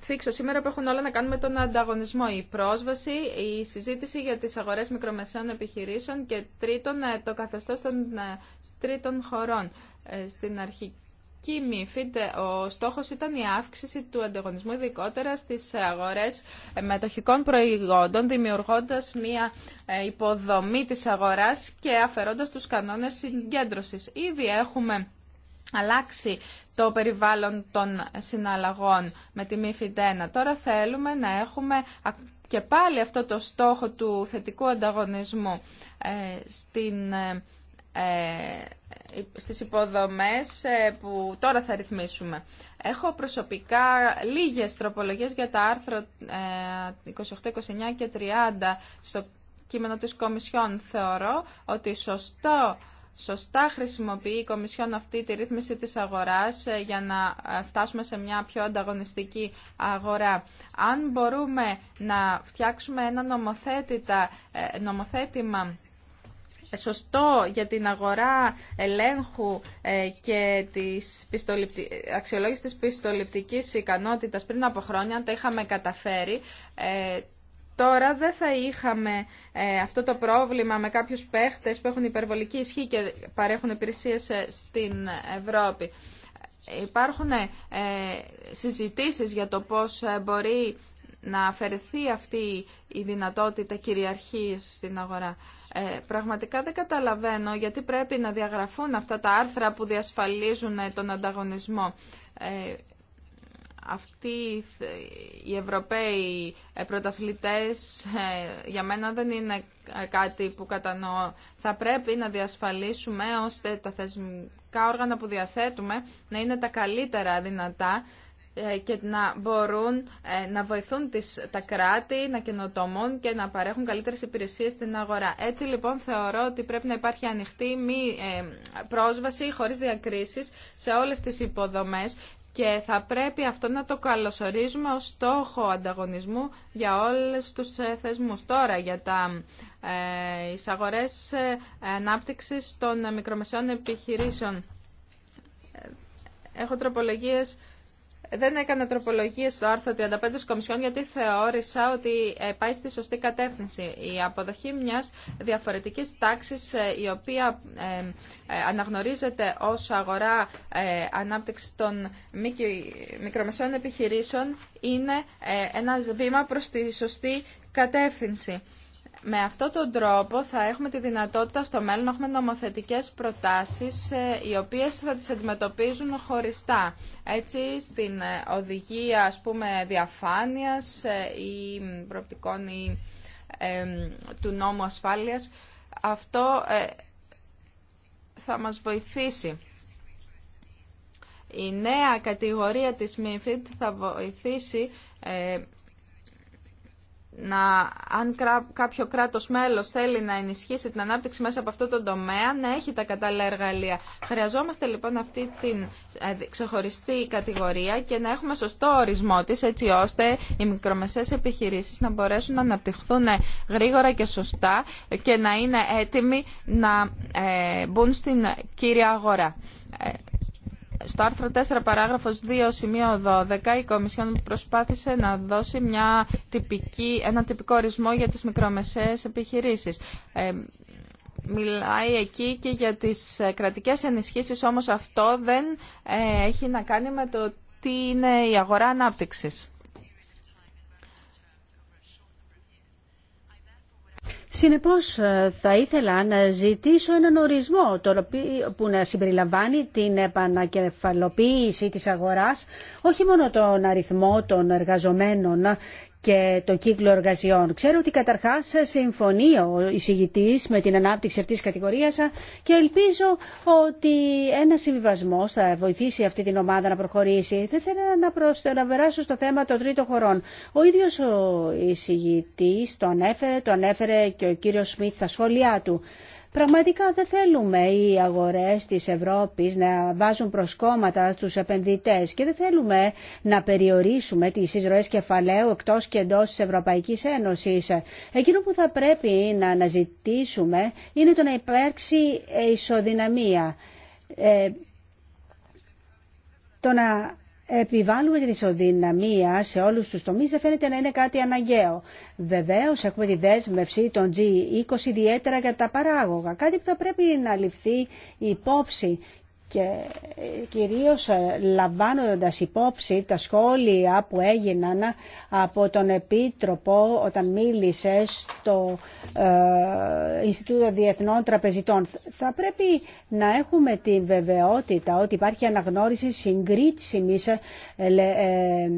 θίξω σήμερα που έχουν όλα να κάνουν με τον ανταγωνισμό. Η πρόσβαση, η συζήτηση για τις αγορές μικρομεσαίων επιχειρήσεων και τρίτον ε, το καθεστώς των ε, τρίτων χωρών. Στην αρχική και ο στόχος ήταν η αύξηση του ανταγωνισμού ειδικότερα στις αγορές μετοχικών προϊόντων, δημιουργώντας μια ε, υποδομή της αγοράς και αφαιρώντας τους κανόνες συγκέντρωσης. Ήδη έχουμε αλλάξει το περιβάλλον των συναλλαγών με τη MIFID 1. Τώρα θέλουμε να έχουμε και πάλι αυτό το στόχο του θετικού ανταγωνισμού ε, στην ε, στις υποδομές ε, που τώρα θα ρυθμίσουμε. Έχω προσωπικά λίγες τροπολογίες για τα άρθρα 28, 29 και 30 στο κείμενο της Κομισιόν. Θεωρώ ότι σωστό σωστά χρησιμοποιεί η Κομισιόν αυτή τη ρύθμιση της αγοράς ε, για να ε, φτάσουμε σε μια πιο ανταγωνιστική αγορά. Αν μπορούμε να φτιάξουμε ένα νομοθέτημα ε, σωστό για την αγορά ελέγχου ε, και της αξιολόγησης της πιστοληπτικής ικανότητας πριν από χρόνια, αν τα είχαμε καταφέρει, ε, Τώρα δεν θα είχαμε αυτό το πρόβλημα με κάποιους παίχτες που έχουν υπερβολική ισχύ και παρέχουν υπηρεσίες στην Ευρώπη. Υπάρχουν συζητήσεις για το πώς μπορεί να αφαιρεθεί αυτή η δυνατότητα κυριαρχίας στην αγορά. Ε, πραγματικά δεν καταλαβαίνω γιατί πρέπει να διαγραφούν αυτά τα άρθρα που διασφαλίζουν ε, τον ανταγωνισμό. Ε, αυτοί οι Ευρωπαίοι ε, πρωταθλητές ε, για μένα δεν είναι κάτι που κατανοώ. Θα πρέπει να διασφαλίσουμε ώστε τα θεσμικά όργανα που διαθέτουμε να είναι τα καλύτερα δυνατά ε, και να μπορούν ε, να βοηθούν τις, τα κράτη να καινοτομούν και να παρέχουν καλύτερες υπηρεσίες στην αγορά. Έτσι λοιπόν θεωρώ ότι πρέπει να υπάρχει ανοιχτή μη, ε, πρόσβαση χωρίς διακρίσεις σε όλες τις υποδομές και θα πρέπει αυτό να το καλωσορίζουμε ως στόχο ανταγωνισμού για όλες τους θεσμούς. Τώρα για τα ε, αγορές ανάπτυξης των μικρομεσαίων επιχειρήσεων. Έχω τροπολογίες δεν έκανα τροπολογίε στο άρθρο 35 της Κομισιόν γιατί θεώρησα ότι ε, πάει στη σωστή κατεύθυνση. Η αποδοχή μιας διαφορετικής τάξης ε, η οποία ε, αναγνωρίζεται ως αγορά ανάπτυξη των μικρομεσαίων επιχειρήσεων είναι ένα βήμα προς τη σωστή κατεύθυνση. Με αυτόν τον τρόπο θα έχουμε τη δυνατότητα στο μέλλον να έχουμε νομοθετικές προτάσεις ε, οι οποίες θα τις αντιμετωπίζουν χωριστά. Έτσι στην ε, οδηγία ας πούμε διαφάνειας ε, ή προοπτικών του νόμου ασφάλειας αυτό θα μας βοηθήσει. Η νέα κατηγορία της MIFID θα βοηθήσει να, αν κάποιο κράτος μέλος θέλει να ενισχύσει την ανάπτυξη μέσα από αυτό το τομέα, να έχει τα κατάλληλα εργαλεία. Χρειαζόμαστε λοιπόν αυτή την ε, ξεχωριστή κατηγορία και να έχουμε σωστό ορισμό της, έτσι ώστε οι μικρομεσαίες επιχειρήσεις να μπορέσουν να αναπτυχθούν ε, γρήγορα και σωστά και να είναι έτοιμοι να ε, μπουν στην κύρια αγορά στο άρθρο 4 παράγραφος 2 σημείο 12 η Κομισιόν προσπάθησε να δώσει μια τυπική, ένα τυπικό ορισμό για τις μικρομεσαίες επιχειρήσεις. Ε, μιλάει εκεί και για τις ε, κρατικές ενισχύσεις, όμως αυτό δεν ε, έχει να κάνει με το τι είναι η αγορά ανάπτυξης. Συνεπώς ε, θα ήθελα να ζητήσω έναν ορισμό που να συμπεριλαμβάνει την επανακεφαλοποίηση της αγοράς όχι μόνο τον αριθμό των εργαζομένων και τον κύκλο εργασιών. Ξέρω ότι καταρχάς συμφωνεί ο εισηγητής με την ανάπτυξη αυτής της κατηγορίας και ελπίζω ότι ένα συμβιβασμό θα βοηθήσει αυτή την ομάδα να προχωρήσει. Δεν θέλω να, προσ... περάσω στο θέμα των τρίτων χωρών. Ο ίδιος ο εισηγητής το ανέφερε, το ανέφερε και ο κύριος Σμιτ στα σχόλιά του. Πραγματικά δεν θέλουμε οι αγορές της Ευρώπης να βάζουν προσκόμματα στους επενδυτές και δεν θέλουμε να περιορίσουμε τις εισρωές κεφαλαίου εκτός και εντός της Ευρωπαϊκής Ένωσης. Εκείνο που θα πρέπει να αναζητήσουμε είναι το να υπάρξει ισοδυναμία. Ε, το να επιβάλλουμε την ισοδυναμία σε όλους τους τομείς δεν φαίνεται να είναι κάτι αναγκαίο. Βεβαίως έχουμε τη δέσμευση των G20 ιδιαίτερα για τα παράγωγα, κάτι που θα πρέπει να ληφθεί υπόψη και ε, κυρίως ε, λαμβάνοντας υπόψη τα σχόλια που έγιναν από τον Επίτροπο όταν μίλησε στο ε, Ινστιτούτο Διεθνών Τραπεζιτών. Θα πρέπει να έχουμε τη βεβαιότητα ότι υπάρχει αναγνώριση συγκρίσιμης ε,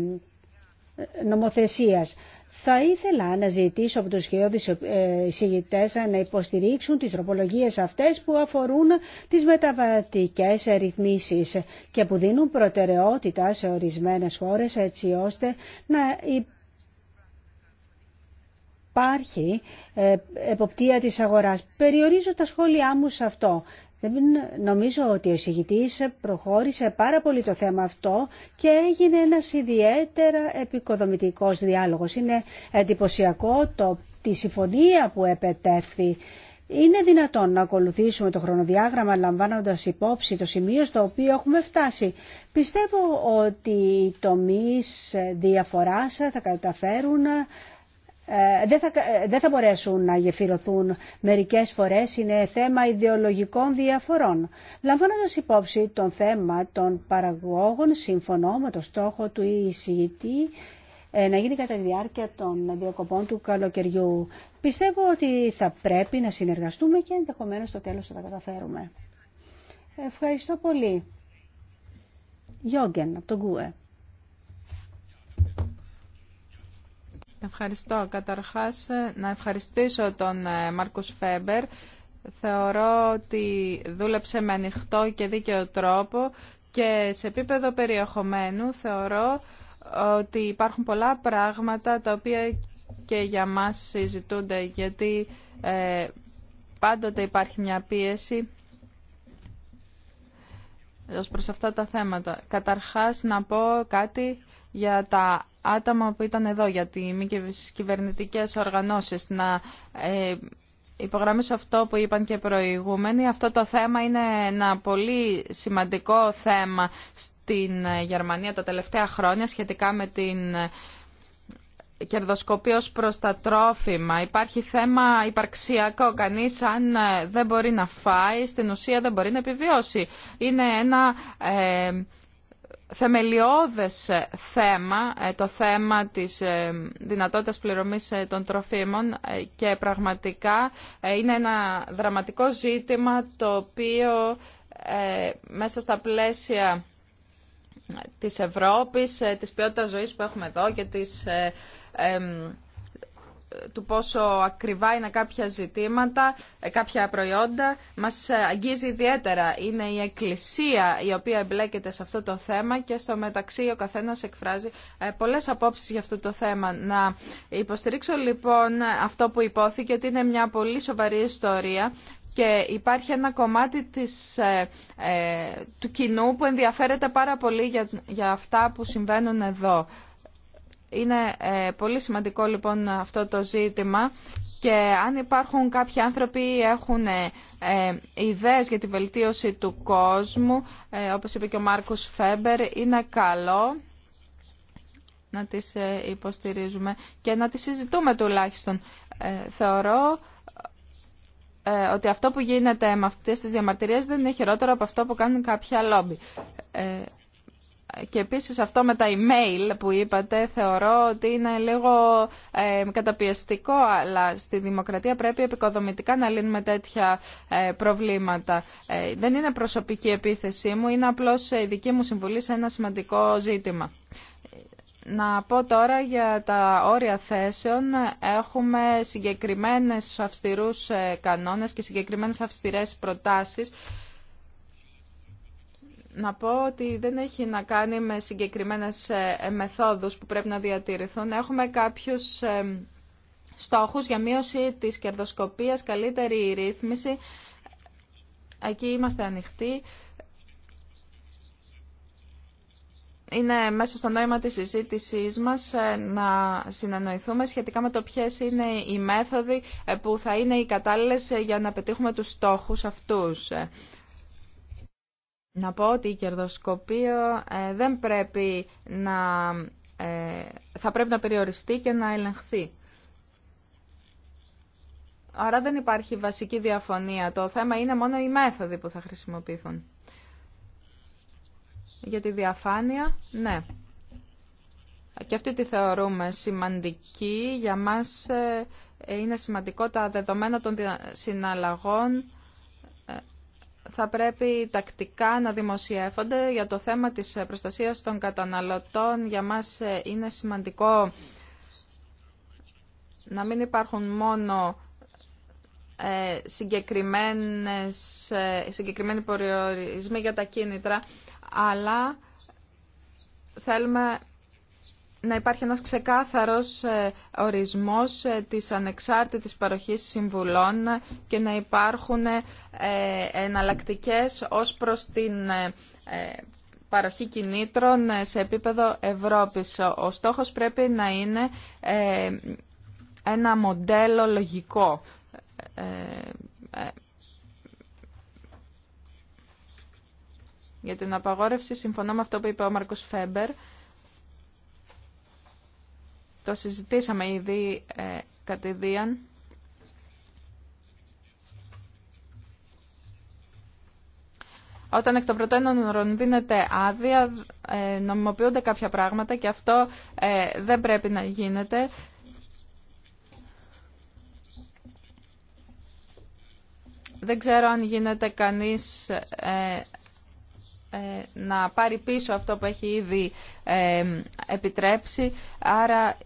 νομοθεσίας. Θα ήθελα να ζητήσω από τους σχεδόντες ε, εισηγητές να υποστηρίξουν τις τροπολογίες αυτές που αφορούν τις μεταβατικές ρυθμίσεις και που δίνουν προτεραιότητα σε ορισμένες χώρες έτσι ώστε να υπάρχει ε, εποπτεία της αγοράς. Περιορίζω τα σχόλιά μου σε αυτό νομίζω ότι ο εισηγητής προχώρησε πάρα πολύ το θέμα αυτό και έγινε ένας ιδιαίτερα επικοδομητικός διάλογος. Είναι εντυπωσιακό το, τη συμφωνία που επετεύθη. Είναι δυνατόν να ακολουθήσουμε το χρονοδιάγραμμα λαμβάνοντας υπόψη το σημείο στο οποίο έχουμε φτάσει. Πιστεύω ότι οι τομείς διαφοράς θα καταφέρουν ε, δεν θα, ε, δεν μπορέσουν να γεφυρωθούν. Μερικές φορές είναι θέμα ιδεολογικών διαφορών. Λαμβάνοντας υπόψη τον θέμα των παραγωγών, συμφωνώ με το στόχο του εισηγητή ε, να γίνει κατά τη διάρκεια των διακοπών του καλοκαιριού. Πιστεύω ότι θα πρέπει να συνεργαστούμε και ενδεχομένως στο τέλος θα τα καταφέρουμε. Ευχαριστώ πολύ. Γιόγκεν από τον Ευχαριστώ. Καταρχάς, ε, να ευχαριστήσω τον ε, Μάρκους Φέμπερ. Θεωρώ ότι δούλεψε με ανοιχτό και δίκαιο τρόπο και σε επίπεδο περιεχομένου θεωρώ ότι υπάρχουν πολλά πράγματα τα οποία και για μας συζητούνται γιατί ε, πάντοτε υπάρχει μια πίεση ως προς αυτά τα θέματα. Καταρχάς να πω κάτι για τα άτομα που ήταν εδώ για τι μη κυβερνητικέ οργανώσει. να ε, υπογραμμίσω αυτό που είπαν και προηγούμενοι. Αυτό το θέμα είναι ένα πολύ σημαντικό θέμα στην ε, Γερμανία τα τελευταία χρόνια σχετικά με την ε, κερδοσκοπία ως προς τα τρόφιμα. Υπάρχει θέμα υπαρξιακό. Κανείς αν ε, δεν μπορεί να φάει, στην ουσία δεν μπορεί να επιβιώσει. Είναι ένα θεμελιώδες ε, θέμα, ε, το θέμα της ε, δυνατότητας πληρωμής των τροφίμων και πραγματικά είναι ένα δραματικό ζήτημα το οποίο μέσα στα πλαίσια της Ευρώπης, της ποιότητας ζωής που έχουμε εδώ και της του πόσο ακριβά είναι κάποια ζητήματα, ε, κάποια προϊόντα. Μας ε, αγγίζει ιδιαίτερα. Είναι η Εκκλησία η οποία εμπλέκεται σε αυτό το θέμα και στο μεταξύ ο καθένας εκφράζει ε, πολλές απόψεις για αυτό το θέμα. Να υποστηρίξω λοιπόν αυτό που υπόθηκε ότι είναι μια πολύ σοβαρή ιστορία και υπάρχει ένα κομμάτι της, του κοινού που ενδιαφέρεται πάρα πολύ για, για αυτά που συμβαίνουν εδώ. Είναι ε, πολύ σημαντικό λοιπόν αυτό το ζήτημα και αν υπάρχουν κάποιοι άνθρωποι που έχουν ε, ε, ιδέες για τη βελτίωση του κόσμου, όπως είπε και ο Μάρκος Φέμπερ, είναι καλό να τις υποστηρίζουμε και να τις συζητούμε τουλάχιστον. Θεωρώ ότι αυτό που γίνεται με αυτές τις διαμαρτυρίες δεν είναι χειρότερο από αυτό που κάνουν κάποια λόμπι. Και επίσης αυτό με τα email που είπατε θεωρώ ότι είναι λίγο ε, καταπιεστικό αλλά στη δημοκρατία πρέπει επικοδομητικά να λύνουμε τέτοια ε, προβλήματα. Ε, δεν είναι προσωπική επίθεσή μου, είναι απλώς η δική μου συμβουλή σε ένα σημαντικό ζήτημα. Να πω τώρα για τα όρια θέσεων. Έχουμε συγκεκριμένες αυστηρούς κανόνες και συγκεκριμένες αυστηρές προτάσεις να πω ότι δεν έχει να κάνει με συγκεκριμένες ε, μεθόδους που πρέπει να διατηρηθούν. Έχουμε κάποιους ε, στόχους για μείωση της κερδοσκοπίας, καλύτερη ρύθμιση. Εκεί είμαστε ανοιχτοί. Είναι μέσα στο νόημα της συζήτησή μας ε, να συνεννοηθούμε σχετικά με το ποιες είναι οι μέθοδοι που θα είναι οι κατάλληλες για να πετύχουμε τους στόχους αυτούς να πω ότι η κερδοσκοπία ε, δεν πρέπει να, ε, θα πρέπει να περιοριστεί και να ελεγχθεί. Άρα δεν υπάρχει βασική διαφωνία. Το θέμα είναι μόνο οι μέθοδοι που θα χρησιμοποιηθούν. Για τη διαφάνεια, ναι. Και αυτή τη θεωρούμε σημαντική. Για μας ε, είναι σημαντικό τα δεδομένα των συναλλαγών θα πρέπει τακτικά να δημοσιεύονται για το θέμα της προστασίας των καταναλωτών. Για μας ε, είναι σημαντικό να μην υπάρχουν μόνο ε, συγκεκριμένες, ε, συγκεκριμένοι περιορισμοί για τα κίνητρα, αλλά θέλουμε να υπάρχει ένας ξεκάθαρος ε, ορισμός ε, της ανεξάρτητης παροχής συμβουλών και να υπάρχουν ε, εναλλακτικές ως προς την παροχή κινήτρων σε επίπεδο Ευρώπης. Ο στόχος πρέπει να είναι ένα μοντέλο λογικό. Για την απαγόρευση συμφωνώ με αυτό που είπε ο Μάρκος Φέμπερ. Το συζητήσαμε ήδη ε, κατηδίαν. Όταν εκ των πρωτένων δίνεται άδεια, ε, νομιμοποιούνται κάποια πράγματα και αυτό ε, δεν πρέπει να γίνεται. Δεν ξέρω αν γίνεται κανείς ε, να πάρει πίσω αυτό που έχει ήδη επιτρέψει. Άρα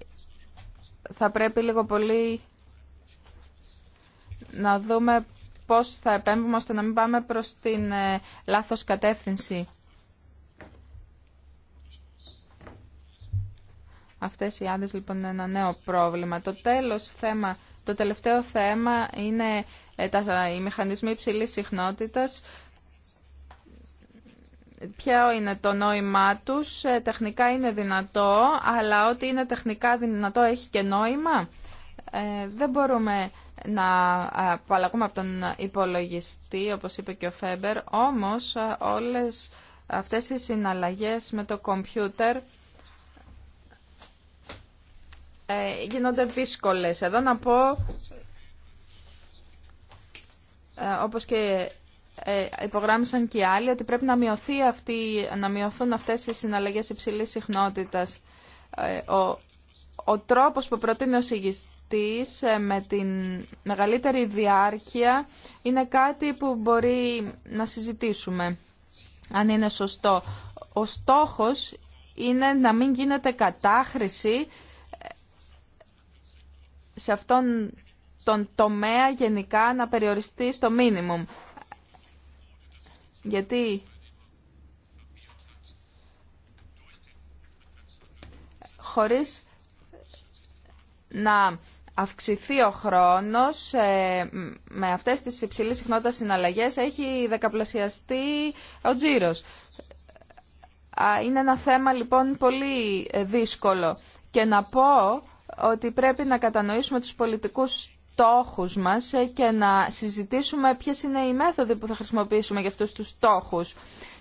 θα πρέπει λίγο πολύ να δούμε πώς θα επέμβουμε ώστε να μην πάμε προς την ε, λάθος κατεύθυνση. Αυτές οι άδειες λοιπόν είναι ένα νέο πρόβλημα. Το τέλος θέμα, το τελευταίο θέμα είναι ε, τα, οι μηχανισμοί υψηλής συχνότητας ποιο είναι το νόημά τους. Ε, τεχνικά είναι δυνατό, αλλά ό,τι είναι τεχνικά δυνατό έχει και νόημα. Ε, δεν μπορούμε να ε, απαλλαγούμε από τον υπολογιστή, όπως είπε και ο Φέμπερ, όμως ε, όλες αυτές οι συναλλαγές με το κομπιούτερ ε, γίνονται δύσκολες. Εδώ να πω, όπως και ε, υπογράμμισαν και οι άλλοι ότι πρέπει να, μειωθεί αυτή, να μειωθούν αυτές οι συναλλαγές υψηλής συχνότητας. Ε, ο, ο τρόπος που προτείνει ο συγγιστής ε, με την μεγαλύτερη διάρκεια είναι κάτι που μπορεί να συζητήσουμε αν είναι σωστό. Ο στόχος είναι να μην γίνεται κατάχρηση σε αυτόν τον τομέα γενικά να περιοριστεί στο μίνιμουμ γιατί χωρίς να αυξηθεί ο χρόνος ε, με αυτές τις υψηλές συχνότητες συναλλαγές έχει δεκαπλασιαστεί ο τζίρος. Είναι ένα θέμα λοιπόν πολύ ε, δύσκολο και να πω ότι πρέπει να κατανοήσουμε τους πολιτικούς στόχους μας και να συζητήσουμε ποιες είναι οι μέθοδοι που θα χρησιμοποιήσουμε για αυτούς τους στόχους.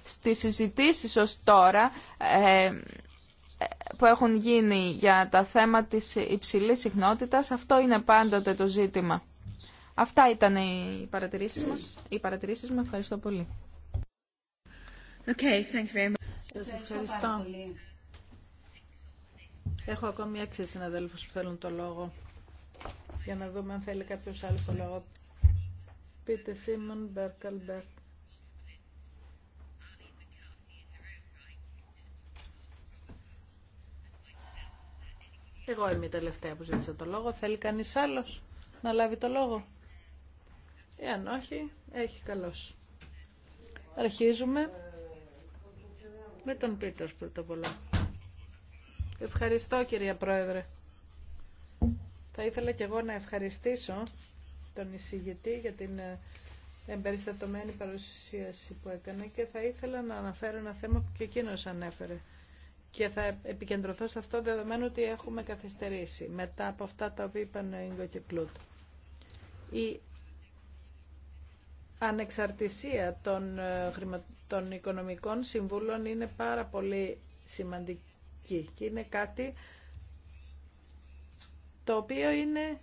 Στις συζητήσεις ως τώρα ε, που έχουν γίνει για τα θέματα της υψηλής συχνότητας, αυτό είναι πάντοτε το ζήτημα. Αυτά ήταν οι παρατηρήσεις μας. Οι παρατηρήσεις μου ευχαριστώ πολύ. Okay, thank you very much. Σας ευχαριστώ. Έχω ακόμη έξι συναδέλφους που θέλουν το λόγο. Για να δούμε αν θέλει κάποιος άλλο το λόγο. Πείτε Σίμον Μπέρκαλμπερκ. Εγώ είμαι η τελευταία που ζήτησα το λόγο. Θέλει κανείς άλλος να λάβει το λόγο. Εάν όχι, έχει καλώς. Αρχίζουμε με τον Πίτερ πρώτα απ' όλα. Ευχαριστώ κυρία Πρόεδρε. Θα ήθελα και εγώ να ευχαριστήσω τον εισηγητή για την ε, εμπεριστατωμένη παρουσίαση που έκανε και θα ήθελα να αναφέρω ένα θέμα που και εκείνο ανέφερε. Και θα επικεντρωθώ σε αυτό δεδομένου ότι έχουμε καθυστερήσει μετά από αυτά τα οποία είπαν ο Ίγκο και Κλούτ. Η ανεξαρτησία των, ε, των οικονομικών συμβούλων είναι πάρα πολύ σημαντική και είναι κάτι το οποίο είναι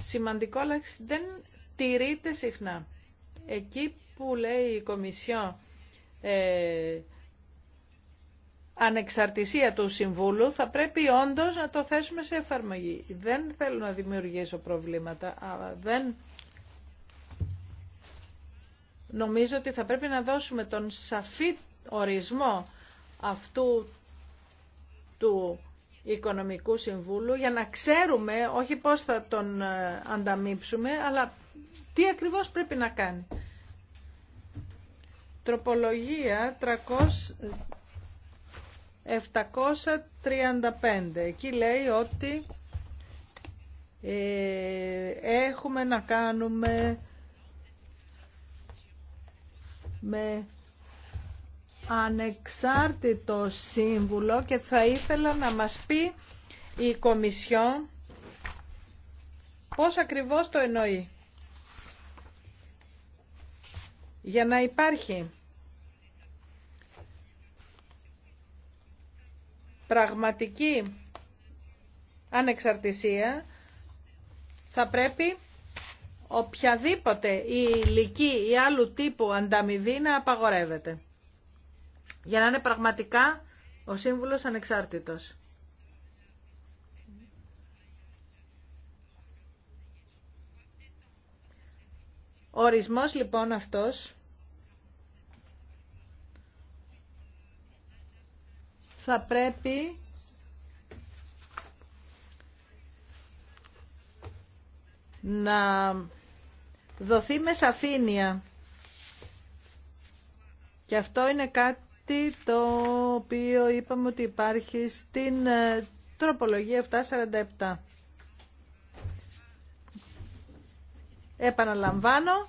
σημαντικό, αλλά δεν τηρείται συχνά. Εκεί που λέει η Κομισιό ε, ανεξαρτησία του Συμβούλου, θα πρέπει όντως να το θέσουμε σε εφαρμογή. Δεν θέλω να δημιουργήσω προβλήματα, αλλά δεν... Νομίζω ότι θα πρέπει να δώσουμε τον σαφή ορισμό αυτού του Οικονομικού Συμβούλου για να ξέρουμε όχι πώς θα τον ε, ανταμείψουμε, αλλά τι ακριβώς πρέπει να κάνει. Τροπολογία 735. Εκεί λέει ότι ε, έχουμε να κάνουμε με ανεξάρτητο σύμβουλο και θα ήθελα να μας πει η Κομισιόν πώς ακριβώς το εννοεί. Για να υπάρχει πραγματική ανεξαρτησία θα πρέπει οποιαδήποτε η ηλική ή άλλου τύπου ανταμοιβή να απαγορεύεται για να είναι πραγματικά ο σύμβουλος ανεξάρτητος. Ο ορισμός λοιπόν αυτός θα πρέπει να δοθεί με σαφήνεια. Και αυτό είναι κάτι το οποίο είπαμε ότι υπάρχει στην ε, τροπολογία 747. Επαναλαμβάνω,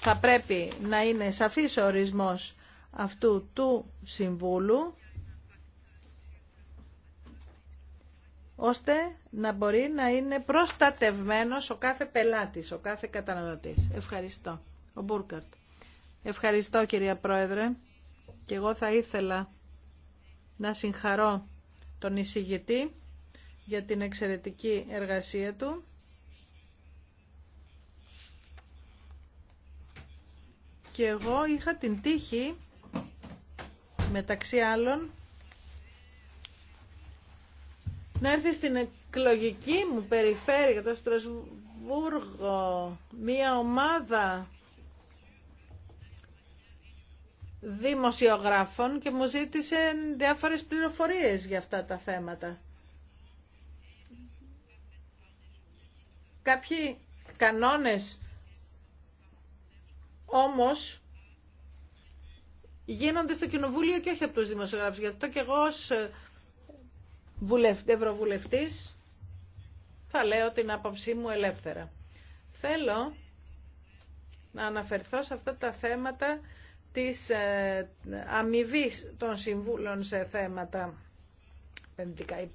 θα πρέπει να είναι σαφής ο ορισμός αυτού του Συμβούλου, ώστε να μπορεί να είναι προστατευμένος ο κάθε πελάτης, ο κάθε καταναλωτής. Ευχαριστώ. Ο Μπούρκαρτ. Ευχαριστώ κυρία Πρόεδρε. Και εγώ θα ήθελα να συγχαρώ τον εισηγητή για την εξαιρετική εργασία του. Και εγώ είχα την τύχη, μεταξύ άλλων, να έρθει στην εκλογική μου περιφέρεια, το Στρασβούργο, μία ομάδα δημοσιογράφων και μου ζήτησε διάφορες πληροφορίες για αυτά τα θέματα. Κάποιοι κανόνες όμως γίνονται στο κοινοβούλιο και όχι από τους δημοσιογράφους. Γι' αυτό και εγώ ως ε, ευρωβουλευτής θα λέω την άποψή μου ελεύθερα. Θέλω να αναφερθώ σε αυτά τα θέματα της ε, αμοιβή των συμβούλων σε θέματα Η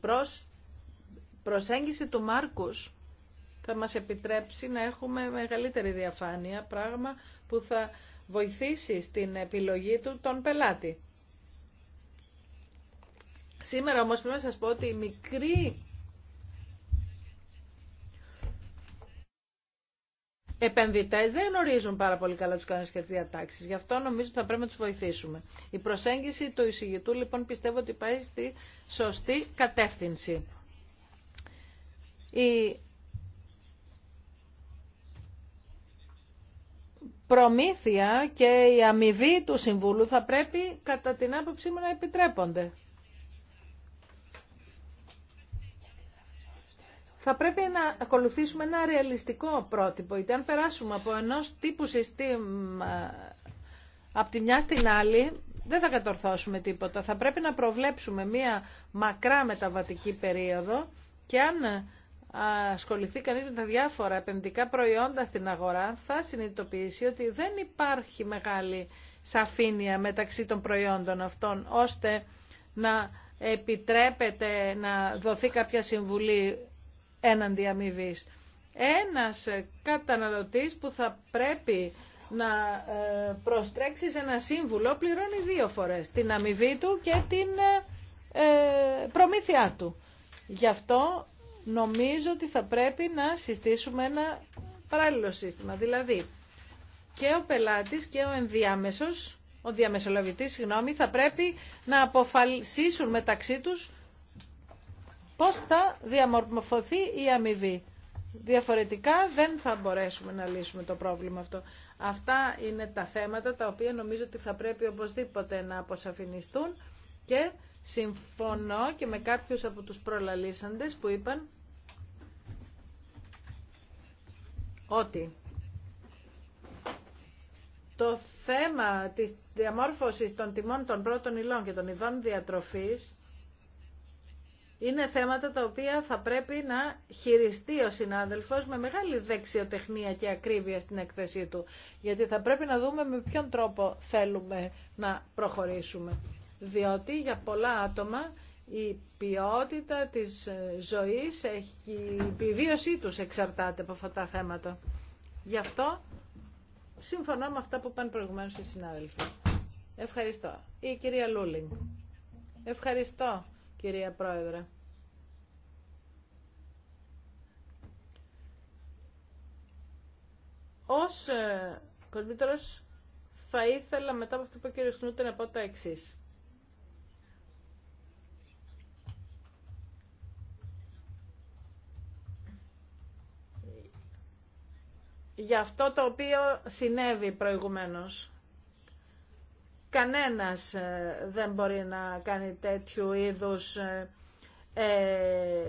προσέγγιση του Μάρκους θα μας επιτρέψει να έχουμε μεγαλύτερη διαφάνεια, πράγμα που θα βοηθήσει στην επιλογή του τον πελάτη. Σήμερα όμως πρέπει να σας πω ότι η μικρή Επενδυτέ δεν γνωρίζουν πάρα πολύ καλά τους κανόνε και τι διατάξει. Γι' αυτό νομίζω θα πρέπει να τους βοηθήσουμε. Η προσέγγιση του εισηγητού λοιπόν πιστεύω ότι πάει στη σωστή κατεύθυνση. Η προμήθεια και η αμοιβή του Συμβούλου θα πρέπει κατά την άποψή μου να επιτρέπονται. θα πρέπει να ακολουθήσουμε ένα ρεαλιστικό πρότυπο, γιατί αν περάσουμε από ενός τύπου συστήμα ε, από τη μια στην άλλη, δεν θα κατορθώσουμε τίποτα. Θα πρέπει να προβλέψουμε μία μακρά μεταβατική περίοδο και αν ε, ασχοληθεί κανείς με τα διάφορα επενδυτικά προϊόντα στην αγορά, θα συνειδητοποιήσει ότι δεν υπάρχει μεγάλη σαφήνεια μεταξύ των προϊόντων αυτών, ώστε να επιτρέπεται να δοθεί κάποια συμβουλή έναντι αμοιβή. Ένας καταναλωτής που θα πρέπει να ε, προστρέξει σε ένα σύμβουλο πληρώνει δύο φορές την αμοιβή του και την ε, ε, προμήθειά του. Γι' αυτό νομίζω ότι θα πρέπει να συστήσουμε ένα παράλληλο σύστημα. Δηλαδή και ο πελάτης και ο ενδιάμεσος, ο διαμεσολαβητής, συγγνώμη, θα πρέπει να αποφασίσουν μεταξύ τους πώς θα διαμορφωθεί η αμοιβή. Διαφορετικά δεν θα μπορέσουμε να λύσουμε το πρόβλημα αυτό. Αυτά είναι τα θέματα τα οποία νομίζω ότι θα πρέπει οπωσδήποτε να αποσαφινιστούν και συμφωνώ και με κάποιους από τους προλαλήσαντες που είπαν ότι το θέμα της διαμόρφωσης των τιμών των πρώτων υλών και των ειδών διατροφής είναι θέματα τα οποία θα πρέπει να χειριστεί ο συνάδελφος με μεγάλη δεξιοτεχνία και ακρίβεια στην εκθεσή του. Γιατί θα πρέπει να δούμε με ποιον τρόπο θέλουμε να προχωρήσουμε. Διότι για πολλά άτομα η ποιότητα της ζωής, η επιβίωσή τους εξαρτάται από αυτά τα θέματα. Γι' αυτό συμφωνώ με αυτά που πάνε προηγουμένως οι συνάδελφοι. Ευχαριστώ. Η κυρία Λούλινγκ. Ευχαριστώ κυρία Πρόεδρε. Ως ε, Κοσμήτερος θα ήθελα μετά από αυτό που είπε ο κ. Σνούτε να πω τα εξή. Για αυτό το οποίο συνέβη προηγουμένως. Κανένας ε, δεν μπορεί να κάνει τέτοιου είδους ε, ε,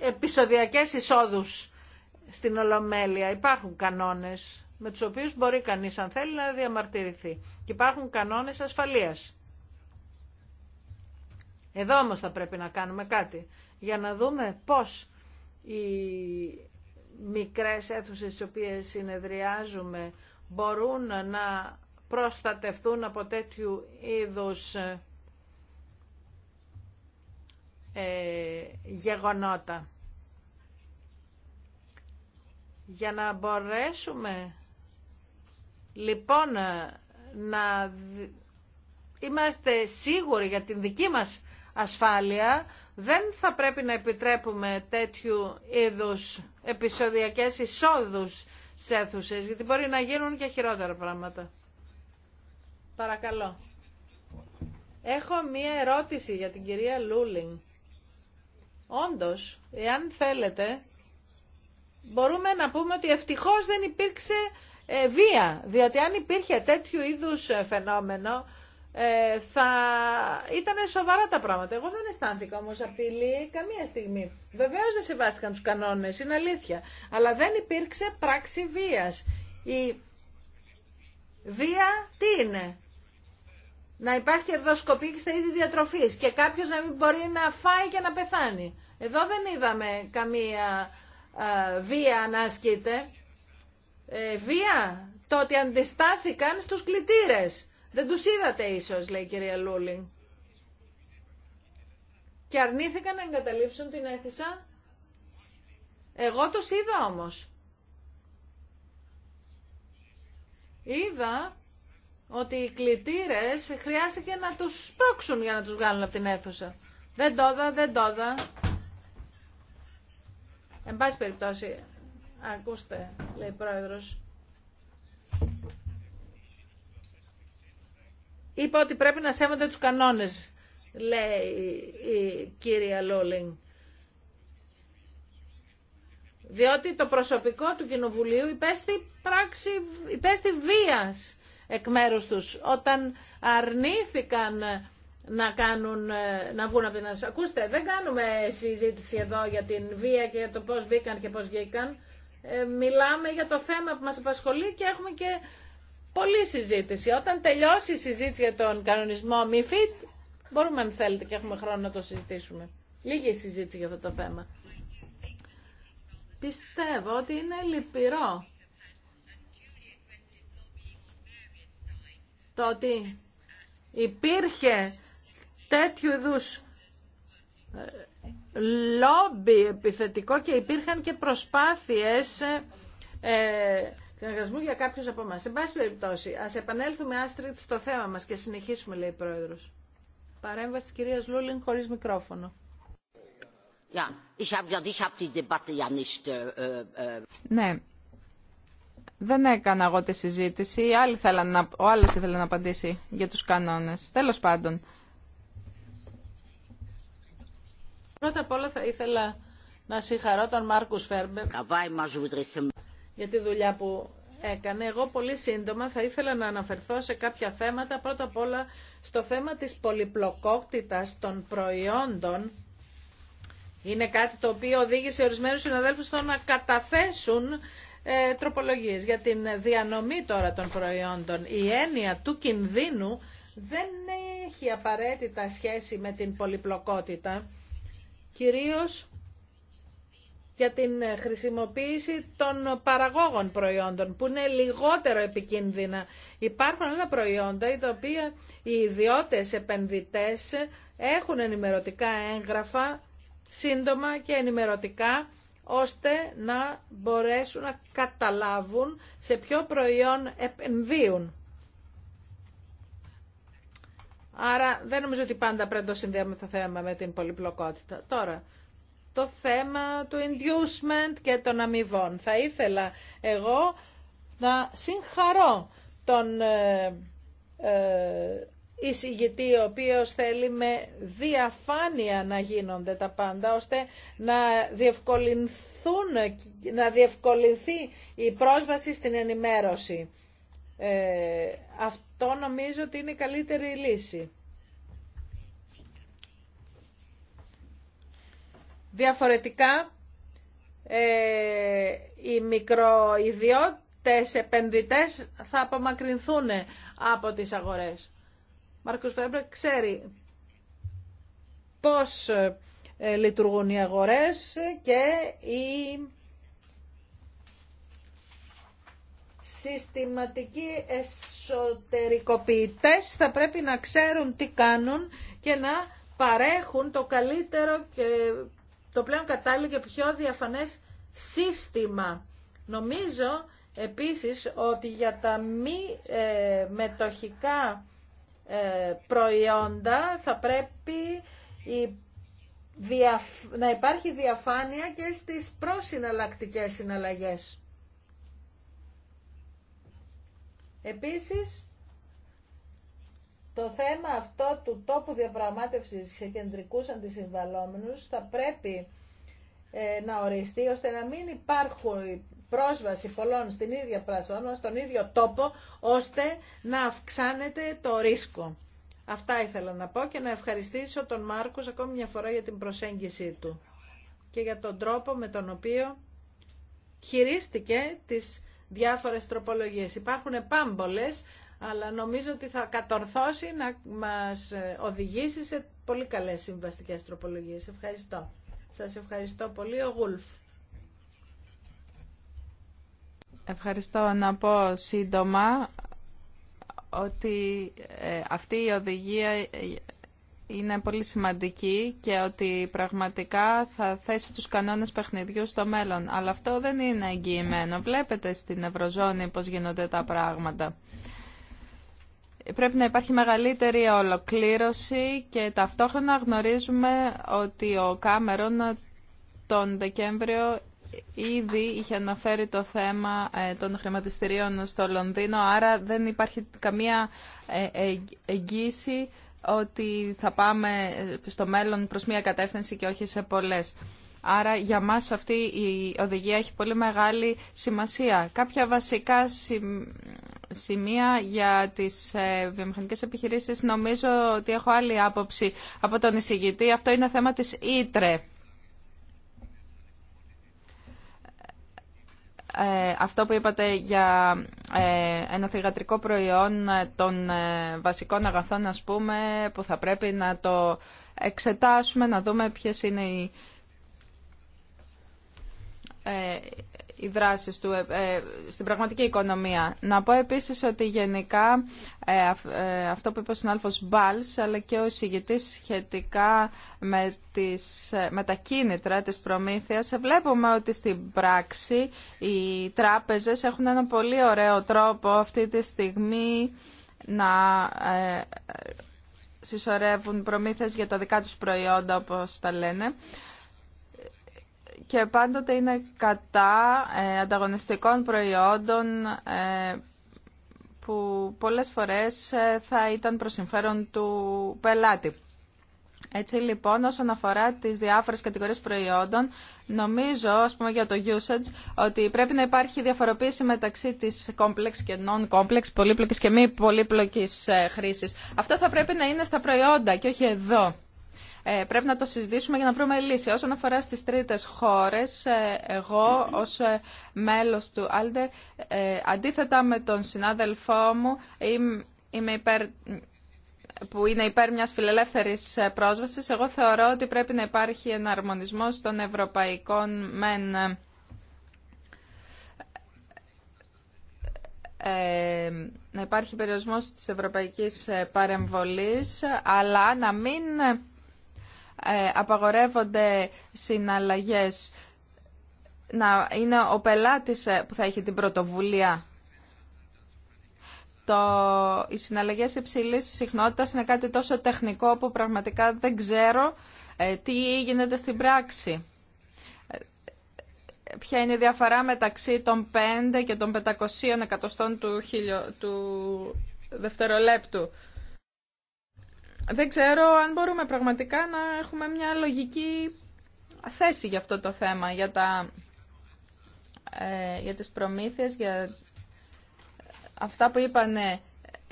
επεισοδιακές εισόδους στην Ολομέλεια. Υπάρχουν κανόνες με τους οποίους μπορεί κανείς αν θέλει να διαμαρτυρηθεί. Και υπάρχουν κανόνες ασφαλείας. Εδώ όμως θα πρέπει να κάνουμε κάτι για να δούμε πώς η μικρές αίθουσες στις οποίες συνεδριάζουμε μπορούν να προστατευτούν από τέτοιου είδους ε, γεγονότα. Για να μπορέσουμε λοιπόν να είμαστε σίγουροι για την δική μας ασφάλεια. Δεν θα πρέπει να επιτρέπουμε τέτοιου είδους επεισοδιακές εισόδους σε αίθουσες, γιατί μπορεί να γίνουν και χειρότερα πράγματα. Παρακαλώ. Έχω μία ερώτηση για την κυρία Λούλινγκ. Όντως, εάν θέλετε, μπορούμε να πούμε ότι ευτυχώς δεν υπήρξε ε, βία, διότι αν υπήρχε τέτοιου είδους φαινόμενο, ε, θα ήταν σοβαρά τα πράγματα. Εγώ δεν αισθάνθηκα όμως απειλή καμία στιγμή. Βεβαίως δεν σεβάστηκαν τους κανόνες, είναι αλήθεια. Αλλά δεν υπήρξε πράξη βίας. Η βία τι είναι. Να υπάρχει και στα είδη διατροφής και κάποιος να μην μπορεί να φάει και να πεθάνει. Εδώ δεν είδαμε καμία βία να ε, βία το ότι αντιστάθηκαν στους κλητήρες δεν τους είδατε ίσως, λέει η κυρία Λούλη. Και αρνήθηκαν να εγκαταλείψουν την αίθουσα. Εγώ τους είδα όμως. Είδα ότι οι κλητήρες χρειάστηκε να τους σπρώξουν για να τους βγάλουν από την αίθουσα. Δεν το δα, δεν το δα. Εν πάση περιπτώσει, ακούστε, λέει η πρόεδρος, Είπα ότι πρέπει να σέβονται τους κανόνες, λέει η κυρία Λόλιν. Διότι το προσωπικό του Κοινοβουλίου υπέστη, πράξη, υπέστη βίας εκ μέρους τους όταν αρνήθηκαν να, κάνουν, ε, να βγουν από την ασφάλεια. Ακούστε, δεν κάνουμε συζήτηση εδώ για την βία και για το πώς μπήκαν και πώς βγήκαν. Ε, μιλάμε για το θέμα που μας απασχολεί και έχουμε και πολλή συζήτηση. Όταν τελειώσει η συζήτηση για τον κανονισμό ΜΥΦΙΤ, μπορούμε αν θέλετε και έχουμε χρόνο να το συζητήσουμε. Λίγη συζήτηση για αυτό το θέμα. Πιστεύω ότι είναι λυπηρό το ότι υπήρχε τέτοιου είδου ε, λόμπι επιθετικό και υπήρχαν και προσπάθειες ε, ε συνεργασμού για κάποιους από εμάς. Σε πάση περιπτώσει, ας επανέλθουμε άστριτ στο θέμα μας και συνεχίσουμε, λέει η Πρόεδρος. Παρέμβαση της κυρίας Λούλιν χωρίς μικρόφωνο. Ναι, δεν έκανα εγώ τη συζήτηση. Άλλοι να, ο άλλος ήθελε να απαντήσει για τους κανόνες. Τέλος πάντων. Πρώτα απ' όλα θα ήθελα να συγχαρώ τον Μάρκους Φέρμπερ για τη δουλειά που έκανε. Εγώ πολύ σύντομα θα ήθελα να αναφερθώ σε κάποια θέματα. Πρώτα απ' όλα στο θέμα της πολυπλοκότητας των προϊόντων. Είναι κάτι το οποίο οδήγησε ορισμένους συναδέλφους στο να καταθέσουν ε, τροπολογίες. Για την διανομή τώρα των προϊόντων, η έννοια του κινδύνου δεν έχει απαραίτητα σχέση με την πολυπλοκότητα. Κυρίως για την ε, χρησιμοποίηση των παραγόγων προϊόντων που είναι λιγότερο επικίνδυνα. Υπάρχουν άλλα προϊόντα τα οποία οι ιδιώτες επενδυτές έχουν ενημερωτικά έγγραφα σύντομα και ενημερωτικά ώστε να μπορέσουν να καταλάβουν σε ποιο προϊόν επενδύουν. Άρα δεν νομίζω ότι πάντα πρέπει να το συνδέουμε το θέμα με την πολυπλοκότητα. Τώρα, το θέμα του inducement και των αμοιβών. Θα ήθελα εγώ να συγχαρώ τον ε, ε, εισηγητή ο οποίος θέλει με διαφάνεια να γίνονται τα πάντα ώστε να διευκολυνθούν, να διευκολυνθεί η πρόσβαση στην ενημέρωση. Ε, αυτό νομίζω ότι είναι η καλύτερη λύση. Διαφορετικά, ε, οι μικροϊδιώτες επενδυτές θα απομακρυνθούν από τις αγορές. Μάρκος Φέμπρε ξέρει πώς ε, λειτουργούν οι αγορές και η συστηματικοί εσωτερικοποιητές θα πρέπει να ξέρουν τι κάνουν και να παρέχουν το καλύτερο και το πλέον κατάλληλο και πιο διαφανές σύστημα. Νομίζω επίσης ότι για τα μη ε, μετοχικά ε, προϊόντα θα πρέπει η να υπάρχει διαφάνεια και στις προσυναλλακτικές συναλλαγές. Επίσης, το θέμα αυτό του τόπου διαπραγμάτευσης σε κεντρικούς αντισυμβαλόμενους θα πρέπει ε, να οριστεί ώστε να μην υπάρχουν πρόσβαση πολλών στην ίδια πλατφόρμα, στον ίδιο τόπο, ώστε να αυξάνεται το ρίσκο. Αυτά ήθελα να πω και να ευχαριστήσω τον Μάρκος ακόμη μια φορά για την προσέγγιση του και για τον τρόπο με τον οποίο χειρίστηκε τις διάφορες τροπολογίες. Υπάρχουν πάμπολες, αλλά νομίζω ότι θα κατορθώσει να μας οδηγήσει σε πολύ καλές συμβαστικές τροπολογίες. Ευχαριστώ. Σας ευχαριστώ πολύ, ο Γουλφ. Ευχαριστώ να πω σύντομα ότι ε, αυτή η οδηγία ε, είναι πολύ σημαντική και ότι πραγματικά θα θέσει τους κανόνες παιχνιδιού στο μέλλον. Αλλά αυτό δεν είναι εγγυημένο. Βλέπετε στην Ευρωζώνη πώς γίνονται τα πράγματα πρέπει να υπάρχει μεγαλύτερη ολοκλήρωση και ταυτόχρονα γνωρίζουμε ότι ο Κάμερον τον Δεκέμβριο ήδη είχε αναφέρει το θέμα ε, των χρηματιστηρίων στο Λονδίνο, άρα δεν υπάρχει καμία ε, ε, εγγύηση ότι θα πάμε στο μέλλον προς μία κατεύθυνση και όχι σε πολλές. Άρα για μας αυτή η οδηγία έχει πολύ μεγάλη σημασία. Κάποια βασικά σημεία για τις ε, βιομηχανικές επιχειρήσεις νομίζω ότι έχω άλλη άποψη από τον εισηγητή. Αυτό είναι θέμα της Ήτρε. Ε, αυτό που είπατε για ε, ένα θηγατρικό προϊόν των βασικών αγαθών, ας πούμε, που θα πρέπει να το εξετάσουμε, να δούμε ποιες είναι οι ε, οι δράσεις του ε, ε, στην πραγματική οικονομία. Να πω επίσης ότι γενικά αυτό που είπε ο συνάλφος Μπάλς αλλά και ο εισηγητής σχετικά με, τις, με τα κίνητρα της προμήθειας βλέπουμε ότι στην πράξη οι τράπεζες έχουν ένα πολύ ωραίο τρόπο αυτή τη στιγμή να συσσωρεύουν προμήθειες για τα δικά τους προϊόντα όπως τα λένε και πάντοτε είναι κατά ε, ανταγωνιστικών προϊόντων ε, που πολλές φορές ε, θα ήταν προς συμφέρον του πελάτη. Έτσι λοιπόν, όσον αφορά τις διάφορες κατηγορίες προϊόντων, νομίζω, ας πούμε για το usage, ότι πρέπει να υπάρχει διαφοροποίηση μεταξύ της complex και non-complex, πολύπλοκης και μη πολύπλοκης χρήσης. Αυτό θα πρέπει να είναι στα προϊόντα και όχι εδώ. Ε, πρέπει να το συζητήσουμε για να βρούμε λύση. Όσον αφορά στις τρίτες χώρες, ε, εγώ ως ε, μέλος του Άλντε, αντίθετα με τον συνάδελφό μου, που είναι υπέρ μιας φιλελεύθερης πρόσβασης, εγώ θεωρώ ότι πρέπει να υπάρχει εναρμονισμός των ευρωπαϊκών μεν να υπάρχει περιορισμός της ευρωπαϊκής παρεμβολής, αλλά να μην ε, απαγορεύονται συναλλαγές, να είναι ο πελάτης ε, που θα έχει την πρωτοβουλία. Το, οι συναλλαγές υψηλής συχνότητας είναι κάτι τόσο τεχνικό που πραγματικά δεν ξέρω ε, τι γίνεται στην πράξη. Ποια είναι η διαφορά μεταξύ των 5 και των 500 εκατοστών του, χιλιο, του δευτερολέπτου δεν ξέρω αν μπορούμε πραγματικά να έχουμε μια λογική θέση για αυτό το θέμα, για, τα, ε, για τις προμήθειες, για αυτά που είπανε,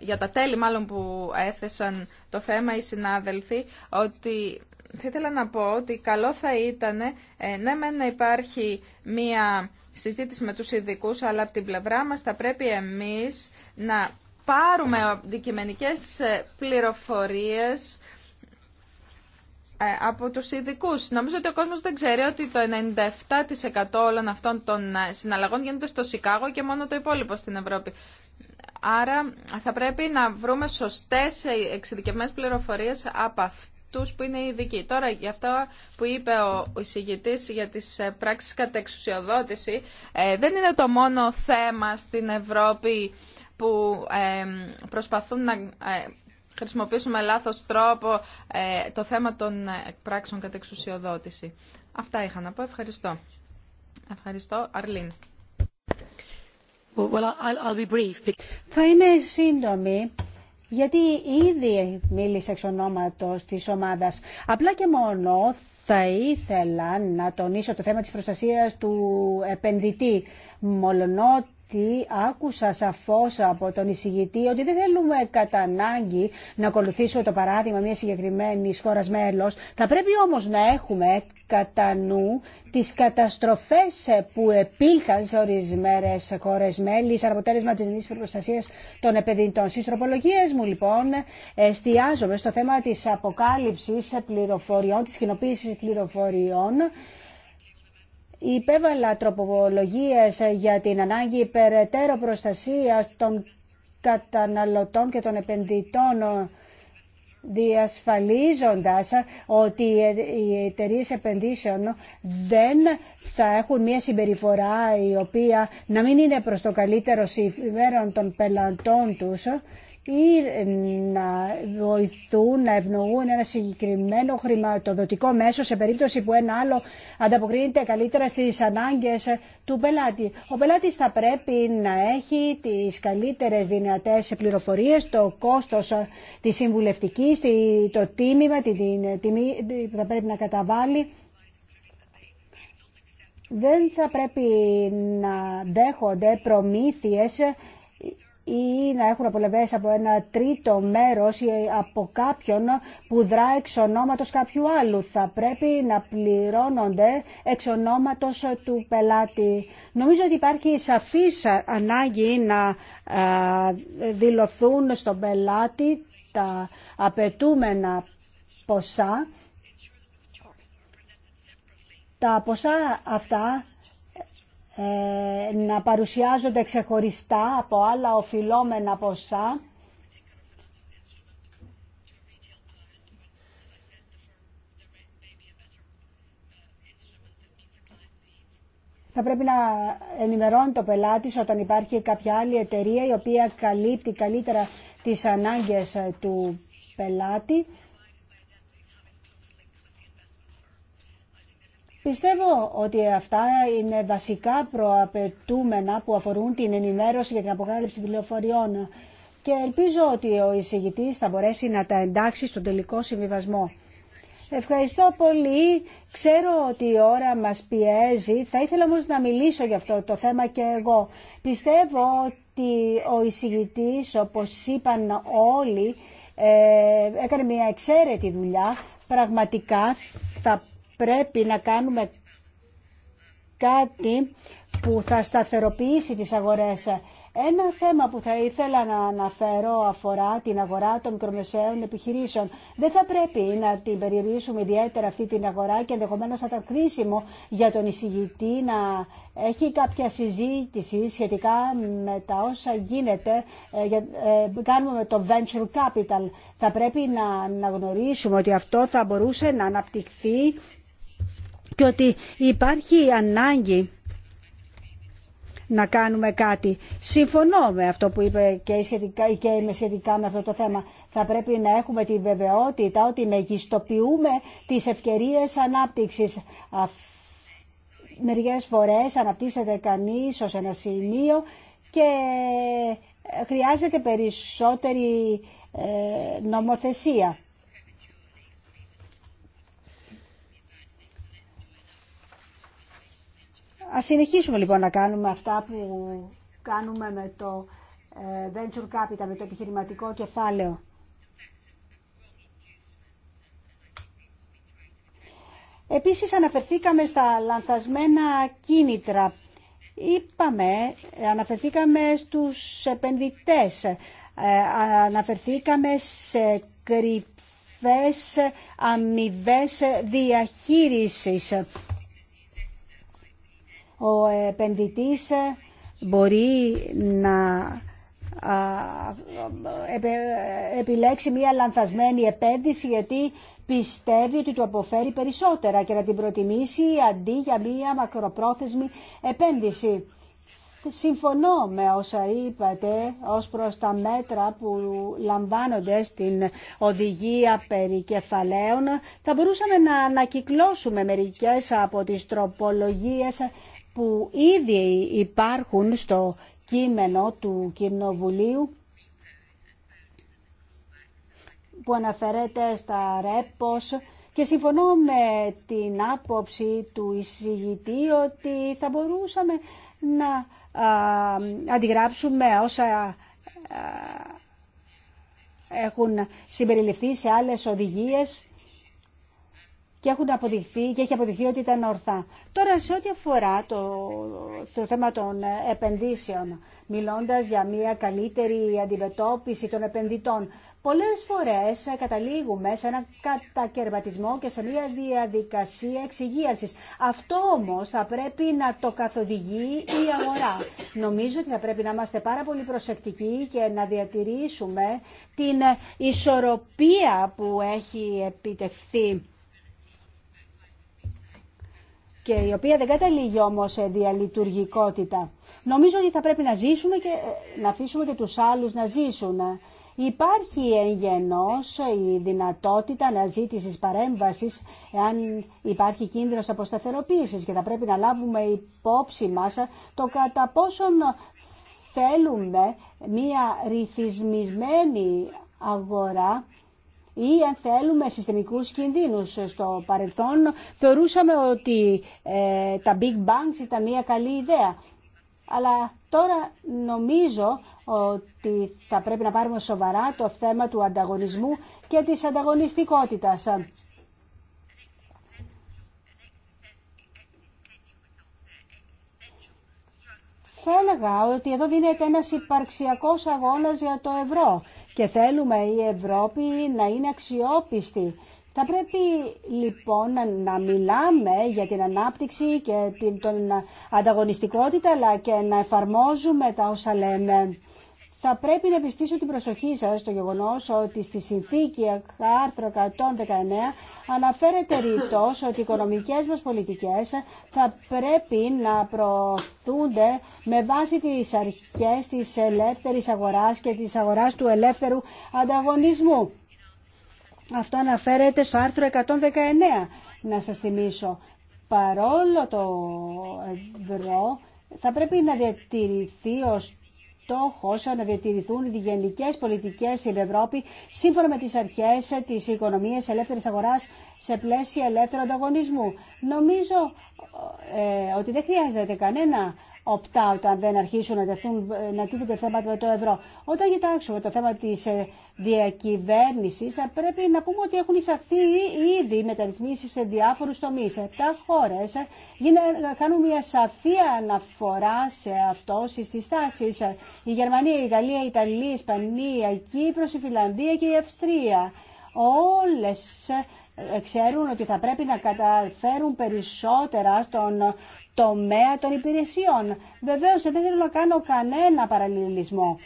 για τα τέλη μάλλον που έθεσαν το θέμα οι συνάδελφοι, ότι θα ήθελα να πω ότι καλό θα ήταν ε, ναι με να υπάρχει μία συζήτηση με τους ειδικού, αλλά από την πλευρά μας θα πρέπει εμείς να πάρουμε αντικειμενικές ε, πληροφορίες ε, από τους ειδικού. Νομίζω ότι ο κόσμος δεν ξέρει ότι το 97% όλων αυτών των ε, συναλλαγών γίνεται στο Σικάγο και μόνο το υπόλοιπο στην Ευρώπη. Άρα θα πρέπει να βρούμε σωστές εξειδικευμένες πληροφορίες από αυτούς που είναι ειδικοί. Τώρα για αυτό που είπε ο εισηγητής για τις πράξεις κατά εξουσιοδότηση, δεν είναι το μόνο θέμα στην Ευρώπη που προσπαθούν να ε, χρησιμοποιήσουν με λάθος τρόπο ε, το θέμα των πράξεων κατά εξουσιοδότηση. Αυτά είχα να πω. Ευχαριστώ. Ευχαριστώ. Αρλίν. Θα είμαι σύντομη. Γιατί ήδη μίλησε εξ ονόματος της ομάδας. Απλά και μόνο θα ήθελα να τονίσω το θέμα της προστασίας του επενδυτή. Μολονότι γιατί άκουσα σαφώ από τον εισηγητή ότι δεν θέλουμε κατά ανάγκη να ακολουθήσουμε το παράδειγμα μια συγκεκριμένη χώρα μέλο. Θα πρέπει όμω να έχουμε κατά νου τις καταστροφές που επήλθαν σε ορισμένε χώρε μέλη σαν αποτέλεσμα τη νήσης προστασία των επενδυτών. Στι τροπολογίε μου λοιπόν εστιάζομαι στο θέμα τη αποκάλυψης πληροφοριών, τη κοινοποίηση πληροφοριών υπέβαλα τροπολογίες για την ανάγκη περαιτέρω προστασίας των καταναλωτών και των επενδυτών διασφαλίζοντας ότι οι εταιρείε επενδύσεων δεν θα έχουν μια συμπεριφορά η οποία να μην είναι προς το καλύτερο συμφέρον των πελατών τους ή να βοηθούν, να ευνοούν ένα συγκεκριμένο χρηματοδοτικό μέσο σε περίπτωση που ένα άλλο ανταποκρίνεται καλύτερα στις ανάγκες του πελάτη. Ο πελάτης θα πρέπει να έχει τις καλύτερες δυνατές πληροφορίες, το κόστος της συμβουλευτικής, το τίμημα, την τιμή που θα πρέπει να καταβάλει δεν θα πρέπει να δέχονται προμήθειες ή να έχουν απολευές από ένα τρίτο μέρος ή από κάποιον που δρά εξ ονόματος κάποιου άλλου. Θα πρέπει να πληρώνονται εξ ονόματος του πελάτη. Νομίζω ότι υπάρχει σαφής ανάγκη να δηλωθούν στον πελάτη τα απαιτούμενα ποσά. Τα ποσά αυτά ε, να παρουσιάζονται ξεχωριστά από άλλα οφειλόμενα ποσά θα πρέπει να ενημερώνει το πελάτη όταν υπάρχει κάποια άλλη εταιρεία η οποία καλύπτει καλύτερα τις ανάγκες ε, του πελάτη Πιστεύω ότι αυτά είναι βασικά προαπαιτούμενα που αφορούν την ενημέρωση για την αποκάλυψη πληροφοριών και ελπίζω ότι ο εισηγητής θα μπορέσει να τα εντάξει στον τελικό συμβιβασμό. Ευχαριστώ πολύ. Ξέρω ότι η ώρα μας πιέζει. Θα ήθελα όμως να μιλήσω για αυτό το θέμα και εγώ. Πιστεύω ότι ο εισηγητής, όπως είπαν όλοι, ε, έκανε μια εξαίρετη δουλειά. Πραγματικά θα πρέπει να κάνουμε κάτι που θα σταθεροποιήσει τις αγορές. Ένα θέμα που θα ήθελα να αναφέρω αφορά την αγορά των μικρομεσαίων επιχειρήσεων. Δεν θα πρέπει να την περιορίσουμε ιδιαίτερα αυτή την αγορά και ενδεχομένω θα ήταν κρίσιμο για τον εισηγητή να έχει κάποια συζήτηση σχετικά με τα όσα γίνεται ε, ε, κάνουμε με το venture capital. Θα πρέπει να γνωρίσουμε ότι αυτό θα μπορούσε να αναπτυχθεί και ότι υπάρχει ανάγκη να κάνουμε κάτι. Συμφωνώ με αυτό που είπε και, σχετικά, και είμαι σχετικά με αυτό το θέμα. Θα πρέπει να έχουμε τη βεβαιότητα ότι μεγιστοποιούμε τις ευκαιρίες ανάπτυξης. Μερικές φορές αναπτύσσεται κανείς ως ένα σημείο και ε, χρειάζεται περισσότερη ε, νομοθεσία. Ας συνεχίσουμε λοιπόν να κάνουμε αυτά που κάνουμε με το ε, venture capital, με το επιχειρηματικό κεφάλαιο. Επίσης αναφερθήκαμε στα λανθασμένα κίνητρα. Είπαμε, αναφερθήκαμε στους επενδυτές, ε, αναφερθήκαμε σε κρυφές αμοιβέ διαχείρισης. Ο επενδυτής μπορεί να επιλέξει μία λανθασμένη επένδυση γιατί πιστεύει ότι του αποφέρει περισσότερα και να την προτιμήσει αντί για μία μακροπρόθεσμη επένδυση. Συμφωνώ με όσα είπατε ως προς τα μέτρα που λαμβάνονται στην οδηγία περί κεφαλαίων. Θα μπορούσαμε να ανακυκλώσουμε μερικές από τις τροπολογίες που ήδη υπάρχουν στο κείμενο του Κοινοβουλίου που αναφέρεται στα ρέπος και συμφωνώ με την άποψη του εισηγητή ότι θα μπορούσαμε να αντιγράψουμε όσα έχουν συμπεριληφθεί σε άλλες οδηγίες και, έχουν αποδειχθεί, και έχει αποδειχθεί ότι ήταν ορθά. Τώρα σε ό,τι αφορά το, το θέμα των επενδύσεων, μιλώντας για μια καλύτερη αντιμετώπιση των επενδυτών, πολλές φορές καταλήγουμε σε ένα κατακαιρματισμό και σε μια διαδικασία εξυγίασης. Αυτό όμως θα πρέπει να το καθοδηγεί η αγορά. Νομίζω ότι θα πρέπει να είμαστε πάρα πολύ προσεκτικοί και να διατηρήσουμε την ισορροπία που έχει επιτευχθεί και η οποία δεν καταλήγει όμως σε διαλειτουργικότητα. Νομίζω ότι θα πρέπει να ζήσουμε και ε, να αφήσουμε και τους άλλου να ζήσουν. Υπάρχει εν γενός η δυνατότητα αναζήτησης παρέμβασης εάν υπάρχει κίνδυνος αποσταθεροποίησης και θα πρέπει να λάβουμε υπόψη μας το κατά πόσον θέλουμε μία ρυθισμισμένη αγορά ή αν θέλουμε συστημικούς κινδύνους. Στο παρελθόν θεωρούσαμε ότι ε, τα big banks ήταν μια καλή ιδέα. Αλλά τώρα νομίζω ότι θα πρέπει να πάρουμε σοβαρά το θέμα του ανταγωνισμού και της ανταγωνιστικότητας. Θα έλεγα ότι εδώ δίνεται ένας υπαρξιακός αγώνας για το ευρώ και θέλουμε η Ευρώπη να είναι αξιόπιστη. Θα πρέπει λοιπόν να μιλάμε για την ανάπτυξη και την ανταγωνιστικότητα αλλά και να εφαρμόζουμε τα όσα λέμε. Θα πρέπει να επιστήσω την προσοχή σας στο γεγονός ότι στη συνθήκη άρθρο 119 αναφέρεται ρητός ότι οι οικονομικές μας πολιτικές θα πρέπει να προωθούνται με βάση τις αρχές της ελεύθερης αγοράς και της αγοράς του ελεύθερου ανταγωνισμού. Αυτό αναφέρεται στο άρθρο 119, να σας θυμίσω. Παρόλο το ευρώ, θα πρέπει να διατηρηθεί ως στόχο να διατηρηθούν οι γενικέ πολιτικέ στην Ευρώπη σύμφωνα με τι αρχέ τη οικονομία ελεύθερη αγορά σε πλαίσια ελεύθερου ανταγωνισμού. Νομίζω ε, ότι δεν χρειάζεται κανένα opt-out δεν αρχίσουν να, τεθούν, να τίθεται θέματα με το ευρώ. Όταν κοιτάξουμε το θέμα τη ε, διακυβέρνηση, θα πρέπει να πούμε ότι έχουν εισαχθεί ήδη μεταρρυθμίσει σε διάφορους τομεί. Επτά χώρε ε, κάνουν μια σαφή αναφορά σε αυτό στι τάσει. Η Γερμανία, η Γαλλία, η Ιταλία, η Ισπανία, η Κύπρο, η Φιλανδία και η Αυστρία. Όλε ε, ξέρουν ότι θα πρέπει να καταφέρουν περισσότερα στον το μέα των υπηρεσιών. Βεβαίω, δεν θέλω να κάνω κανένα παραλληλισμό.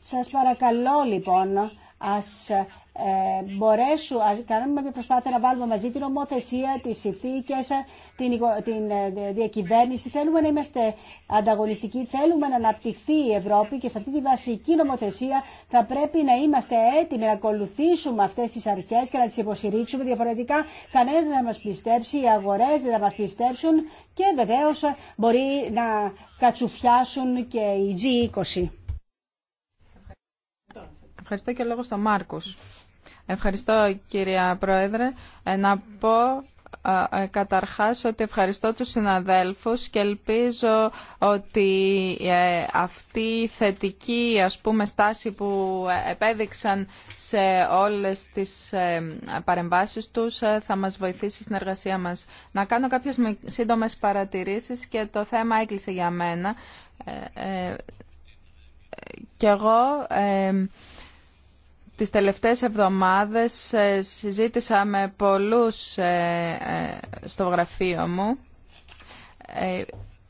Σας παρακαλώ λοιπόν ας ε, ας κάνουμε μια προσπάθεια να βάλουμε μαζί την ομοθεσία, τις συνθήκες, την, την ε, διακυβέρνηση. Θέλουμε να είμαστε ανταγωνιστικοί, θέλουμε να αναπτυχθεί η Ευρώπη και σε αυτή τη βασική νομοθεσία θα πρέπει να είμαστε έτοιμοι να ακολουθήσουμε αυτές τις αρχές και να τις υποστηρίξουμε. Διαφορετικά κανένας δεν θα μας πιστέψει, οι αγορές δεν θα μας πιστέψουν και βεβαίως μπορεί να κατσουφιάσουν και οι G20. Ευχαριστώ και λόγω στον Μάρκος. Ευχαριστώ κυρία Πρόεδρε. Ε, να πω ε, καταρχάς ότι ευχαριστώ τους συναδέλφους και ελπίζω ότι ε, αυτή η θετική ας πούμε στάση που επέδειξαν σε όλες τις παρεμβάσεις τους θα μας βοηθήσει στην εργασία μας. Να κάνω κάποιες σύντομες παρατηρήσεις και το θέμα έκλεισε για μένα. Και εγώ... Τις τελευταίες εβδομάδες ε, συζήτησα με πολλούς ε, ε, στο γραφείο μου.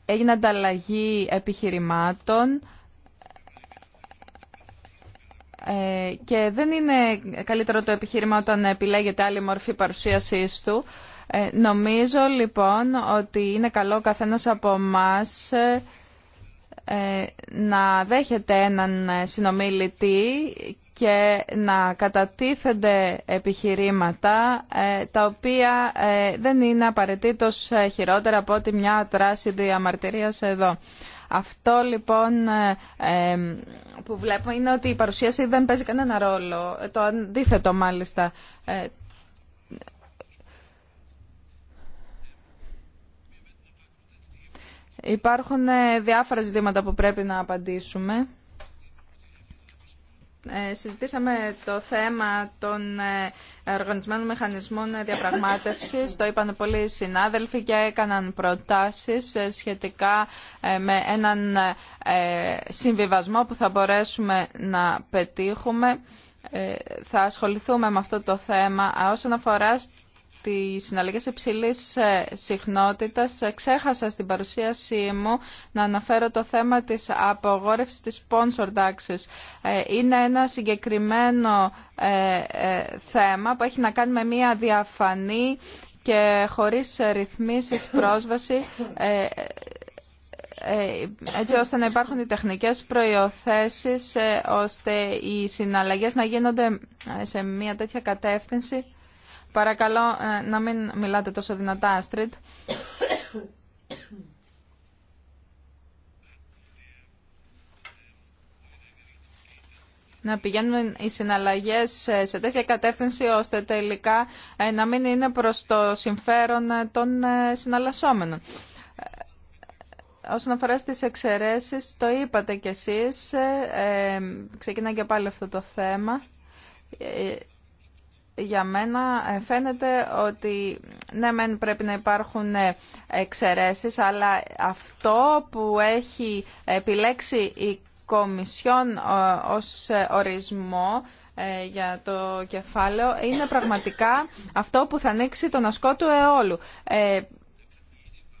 Έγινε ανταλλαγή επιχειρημάτων και δεν είναι καλύτερο το επιχείρημα όταν επιλέγεται άλλη μορφή παρουσίασής του. Νομίζω λοιπόν ότι είναι καλό καθένας από ε, να δέχεται έναν συνομιλητή και να κατατίθενται επιχειρήματα ε, τα οποία ε, δεν είναι απαραίτητο ε, χειρότερα από ότι μια τράση διαμαρτυρίας εδώ. Αυτό λοιπόν που βλέπω είναι ότι η παρουσίαση δεν παίζει κανένα ρόλο, το αντίθετο μάλιστα. Υπάρχουν διάφορα ζητήματα που πρέπει να απαντήσουμε. Ε, συζητήσαμε το θέμα των ε, οργανισμένων μηχανισμών διαπραγμάτευσης. Το είπαν πολλοί συνάδελφοι και έκαναν προτάσεις ε, σχετικά με έναν συμβιβασμό που θα μπορέσουμε να πετύχουμε. Θα ασχοληθούμε με αυτό το θέμα όσον αφορά τι συναλλαγέ υψηλή ε, συχνότητα, ε, ξέχασα στην παρουσίασή μου να αναφέρω το θέμα της απογόρευσης της sponsor taxes. Ε, είναι ένα συγκεκριμένο θέμα που έχει να κάνει με μια διαφανή και χωρίς ρυθμίσεις πρόσβαση έτσι ώστε να υπάρχουν οι τεχνικές προϋοθέσεις ώστε οι συναλλαγές να γίνονται σε μια τέτοια κατεύθυνση Παρακαλώ ε, να μην μιλάτε τόσο δυνατά, Άστριντ. να πηγαίνουν οι συναλλαγές ε, σε τέτοια κατεύθυνση ώστε τελικά ε, να μην είναι προς το συμφέρον των συναλλασσόμενων. Όσον αφορά στις εξαιρεσει, το είπατε κι εσείς, Ξεκινάει και πάλι αυτό το θέμα για μένα ε, φαίνεται ότι ναι μεν πρέπει να υπάρχουν ε, εξαιρέσεις αλλά αυτό που έχει επιλέξει η Κομισιόν ε, ως ορισμό για το κεφάλαιο είναι πραγματικά αυτό που θα ανοίξει τον ασκό του αιώλου.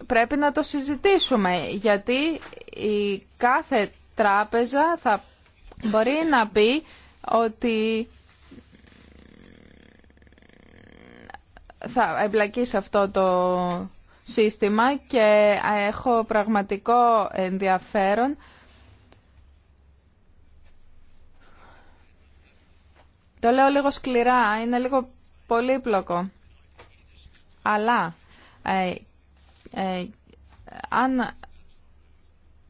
Πρέπει να το συζητήσουμε γιατί η κάθε τράπεζα θα μπορεί να πει ότι θα εμπλακεί σε αυτό το σύστημα και έχω πραγματικό ενδιαφέρον. Το λέω λίγο σκληρά, είναι λίγο πολύπλοκο. Αλλά ε, ε, αν,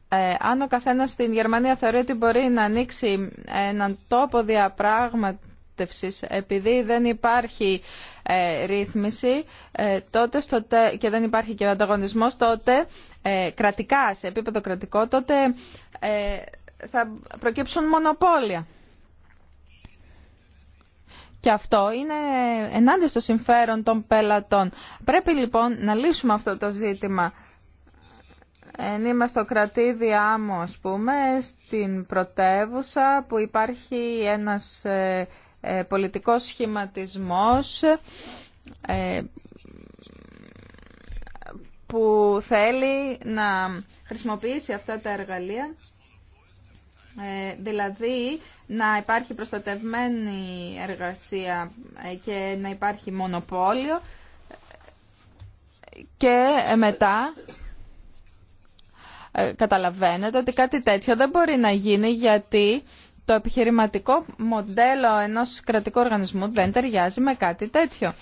ε, αν ο καθένας στην Γερμανία θεωρεί ότι μπορεί να ανοίξει έναν τόπο διαπράγμα, επειδή δεν υπάρχει ε, ρύθμιση ε, τότε και δεν υπάρχει και ανταγωνισμός, τότε ε, κρατικά, σε επίπεδο κρατικό, τότε ε, θα προκύψουν μονοπόλια. Και αυτό είναι ενάντια στο συμφέρον των πελατών. Πρέπει λοιπόν να λύσουμε αυτό το ζήτημα. Εν είμαστε στο κρατήδι Άμμο, ας πούμε, στην πρωτεύουσα που υπάρχει ένας ε, πολιτικός σχηματισμός ε, που θέλει να χρησιμοποιήσει αυτά τα εργαλεία ε, δηλαδή να υπάρχει προστατευμένη εργασία και να υπάρχει μονοπόλιο και μετά καταλαβαίνετε ότι κάτι τέτοιο δεν μπορεί να γίνει γιατί το επιχειρηματικό μοντέλο ενός κρατικού οργανισμού δεν ταιριάζει με κάτι τέτοιο.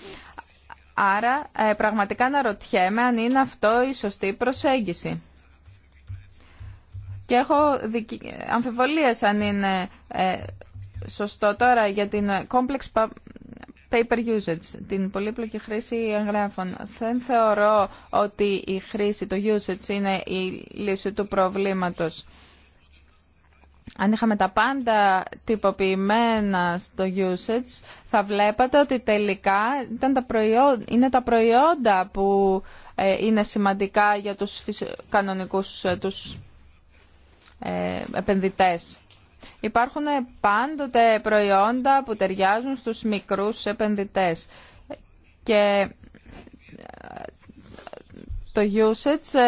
Άρα ε, πραγματικά να ρωτιέμαι αν είναι αυτό η σωστή προσέγγιση. Και έχω αμφιβολίες αν είναι ε, σωστό τώρα για την ε, complex paper usage, την πολύπλοκη χρήση εγγράφων. Δεν θεωρώ ότι η χρήση, το usage είναι η λύση του προβλήματος αν είχαμε τα πάντα τυποποιημένα στο usage, θα βλέπατε ότι τελικά ήταν τα είναι τα προϊόντα που ε, είναι σημαντικά για τους κανονικούς ε, τους ε, επενδυτές. Υπάρχουν πάντοτε προϊόντα που ταιριάζουν στους μικρούς επενδυτές. Και το usage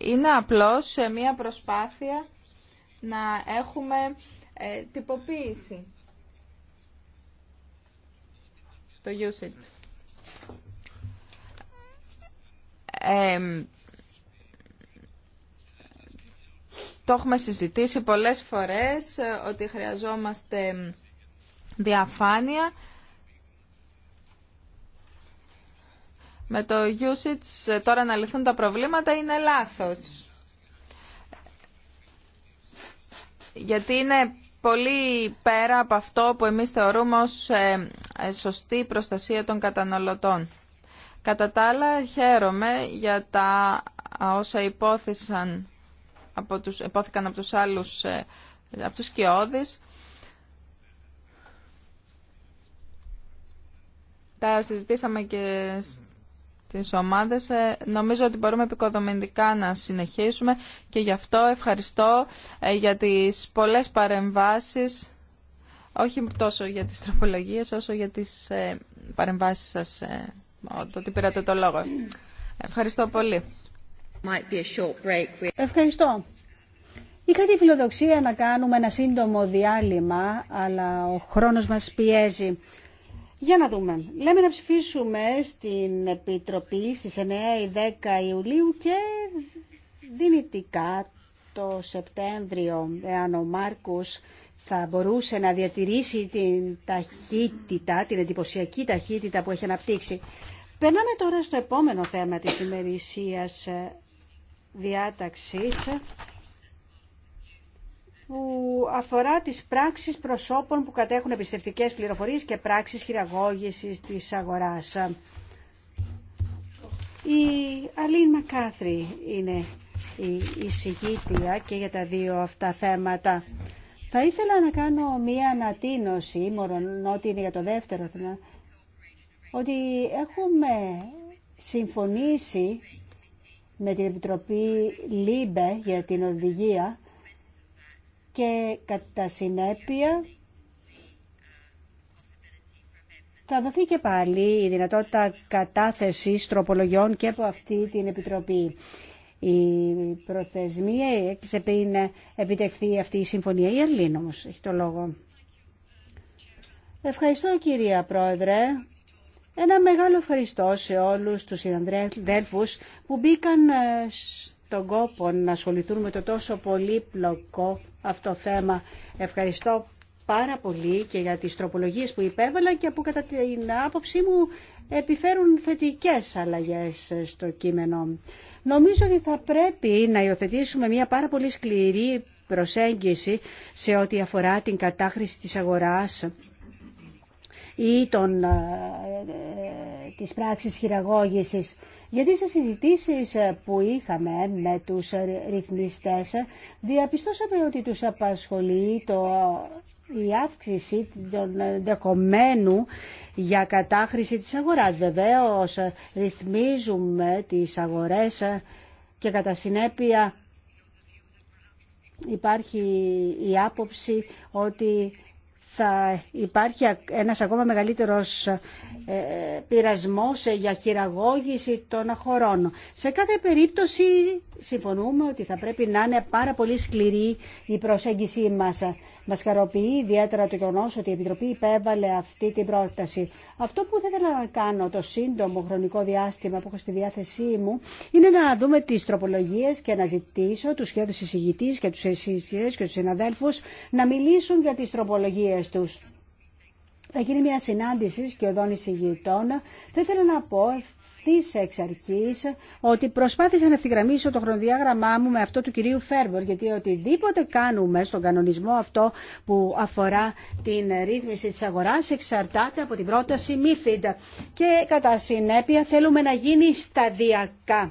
είναι απλώς μια προσπάθεια να έχουμε ε, τυποποίηση. Το use το έχουμε συζητήσει πολλές φορές ε, ότι χρειαζόμαστε διαφάνεια. Με το usage ε, τώρα να λυθούν τα προβλήματα είναι λάθος. γιατί είναι πολύ πέρα από αυτό που εμείς θεωρούμε ως ε, ε, σωστή προστασία των καταναλωτών. Κατά τα άλλα, χαίρομαι για τα όσα υπόθεσαν από τους, υπόθηκαν από τους άλλους, ε, από τους κοιόδης. Τα συζητήσαμε και τις ομάδες. Ε, νομίζω ότι μπορούμε επικοδομητικά να συνεχίσουμε και γι' αυτό ευχαριστώ ε, για τις πολλές παρεμβάσεις, όχι τόσο για τις τροπολογίες όσο για τις ε, παρεμβάσεις σας, το ότι πήρατε το λόγο. Ευχαριστώ πολύ. Ευχαριστώ. Είχα τη φιλοδοξία να κάνουμε ένα σύντομο διάλειμμα, αλλά ο χρόνος μας πιέζει. Για να δούμε. Λέμε να ψηφίσουμε στην Επιτροπή στις 9 ή 10 Ιουλίου και δυνητικά το Σεπτέμβριο, εάν ο Μάρκος θα μπορούσε να διατηρήσει την ταχύτητα, την εντυπωσιακή ταχύτητα που έχει αναπτύξει. Περνάμε τώρα στο επόμενο θέμα της ημερησίας ε, διάταξης που αφορά τις πράξεις προσώπων που κατέχουν εμπιστευτικές πληροφορίες και πράξεις χειραγώγησης της αγοράς. Η Αλήν Μακάθρη είναι η εισηγήτρια και για τα δύο αυτά θέματα. Θα ήθελα να κάνω μία ανατείνωση, μόνο ότι είναι για το δεύτερο θέμα, ότι έχουμε συμφωνήσει με την Επιτροπή ΛΥΜΠΕ για την οδηγία και κατά συνέπεια θα δοθεί και πάλι η δυνατότητα κατάθεσης τροπολογιών και από αυτή την Επιτροπή. Η προθεσμία έκλεισε πριν επιτευχθεί αυτή η συμφωνία. Η Ερλίν όμως έχει το λόγο. Ευχαριστώ κυρία Πρόεδρε. Ένα μεγάλο ευχαριστώ σε όλους τους συναδέλφους που μπήκαν ε, στον κόπο να ασχοληθούν με το τόσο πολύπλοκο αυτό θέμα. Ευχαριστώ πάρα πολύ και για τις τροπολογίες που υπέβαλα και που κατά την άποψή μου επιφέρουν θετικές αλλαγές στο κείμενο. Νομίζω ότι θα πρέπει να υιοθετήσουμε μια πάρα πολύ σκληρή προσέγγιση σε ό,τι αφορά την κατάχρηση της αγοράς ή των, ε, ε, ε, της πράξης χειραγώγησης. Γιατί σε συζητήσεις ε, που είχαμε ε, με τους ε, ρυθμιστές διαπιστώσαμε ότι τους απασχολεί το η αύξηση των ενδεχομένου για κατάχρηση της αγοράς. Βεβαίως ρυθμίζουμε τις αγορές και κατά συνέπεια υπάρχει η άποψη ότι θα υπάρχει ένας ακόμα μεγαλύτερος ε, πειρασμός ε, για χειραγώγηση των χωρών. Σε κάθε περίπτωση συμφωνούμε ότι θα πρέπει να είναι πάρα πολύ σκληρή η προσέγγιση μας. Μας χαροποιεί ιδιαίτερα το γεγονό ότι η Επιτροπή υπέβαλε αυτή την πρόταση. Αυτό που θα ήθελα να κάνω το σύντομο χρονικό διάστημα που έχω στη διάθεσή μου είναι να δούμε τις τροπολογίες και να ζητήσω τους σχέδους εισηγητής και τους εσείς και τους συναδέλφους να μιλήσουν για τις τροπολογίες θα γίνει μια συνάντηση και εισηγητών. Θα ήθελα να πω ευθύ εξ αρχή ότι προσπάθησα να ευθυγραμμίσω το χρονοδιάγραμμά μου με αυτό του κυρίου Φέρμπορ, γιατί οτιδήποτε κάνουμε στον κανονισμό αυτό που αφορά την ρύθμιση τη αγορά εξαρτάται από την πρόταση MIFID. Και κατά συνέπεια θέλουμε να γίνει σταδιακά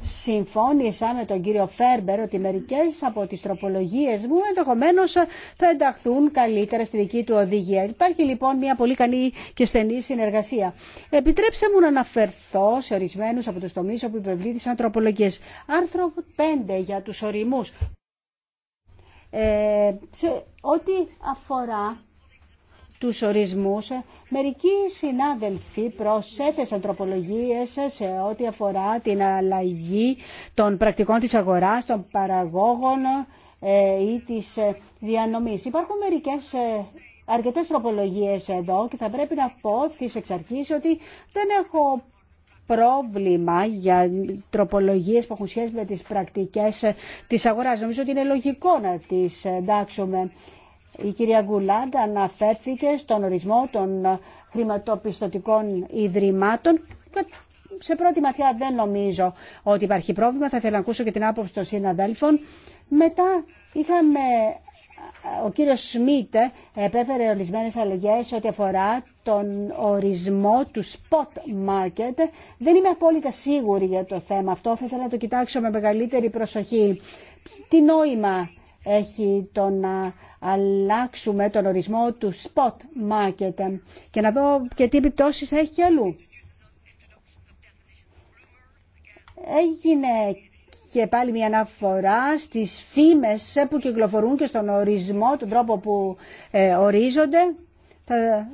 συμφώνησα με τον κύριο Φέρμπερ ότι μερικές από τις τροπολογίες μου ενδεχομένω θα ενταχθούν καλύτερα στη δική του οδηγία. Υπάρχει λοιπόν μια πολύ καλή και στενή συνεργασία. Επιτρέψτε μου να αναφερθώ σε ορισμένους από τους τομείς όπου υπευλήθησαν τροπολογίες. Άρθρο 5 για τους οριμούς. Ε, σε ό,τι αφορά του ορισμούς. Μερικοί συνάδελφοι προσέθεσαν τροπολογίες σε ό,τι αφορά την αλλαγή των πρακτικών της αγοράς, των παραγόγων ε, ή της ε, διανομής. Υπάρχουν μερικές ε, αρκετές τροπολογίες εδώ και θα πρέπει να πω τη εξ αρχής ότι δεν έχω πρόβλημα για τροπολογίες που έχουν σχέση με τις πρακτικές της αγοράς. Νομίζω ότι είναι λογικό να τις εντάξουμε. Η κυρία Γκουλάντα αναφέρθηκε στον ορισμό των χρηματοπιστωτικών ιδρυμάτων. Σε πρώτη ματιά δεν νομίζω ότι υπάρχει πρόβλημα. Θα ήθελα να ακούσω και την άποψη των συναδέλφων. Μετά είχαμε... Ο κύριος Σμίτ επέφερε ορισμένε αλλαγέ ό,τι αφορά τον ορισμό του spot market. Δεν είμαι απόλυτα σίγουρη για το θέμα αυτό. Θα ήθελα να το κοιτάξω με μεγαλύτερη προσοχή. Τι νόημα έχει το να αλλάξουμε τον ορισμό του spot market και να δω και τι επιπτώσεις έχει και αλλού. Έγινε και πάλι μια αναφορά στις φήμες που κυκλοφορούν και στον ορισμό, τον τρόπο που ε, ορίζονται. Θα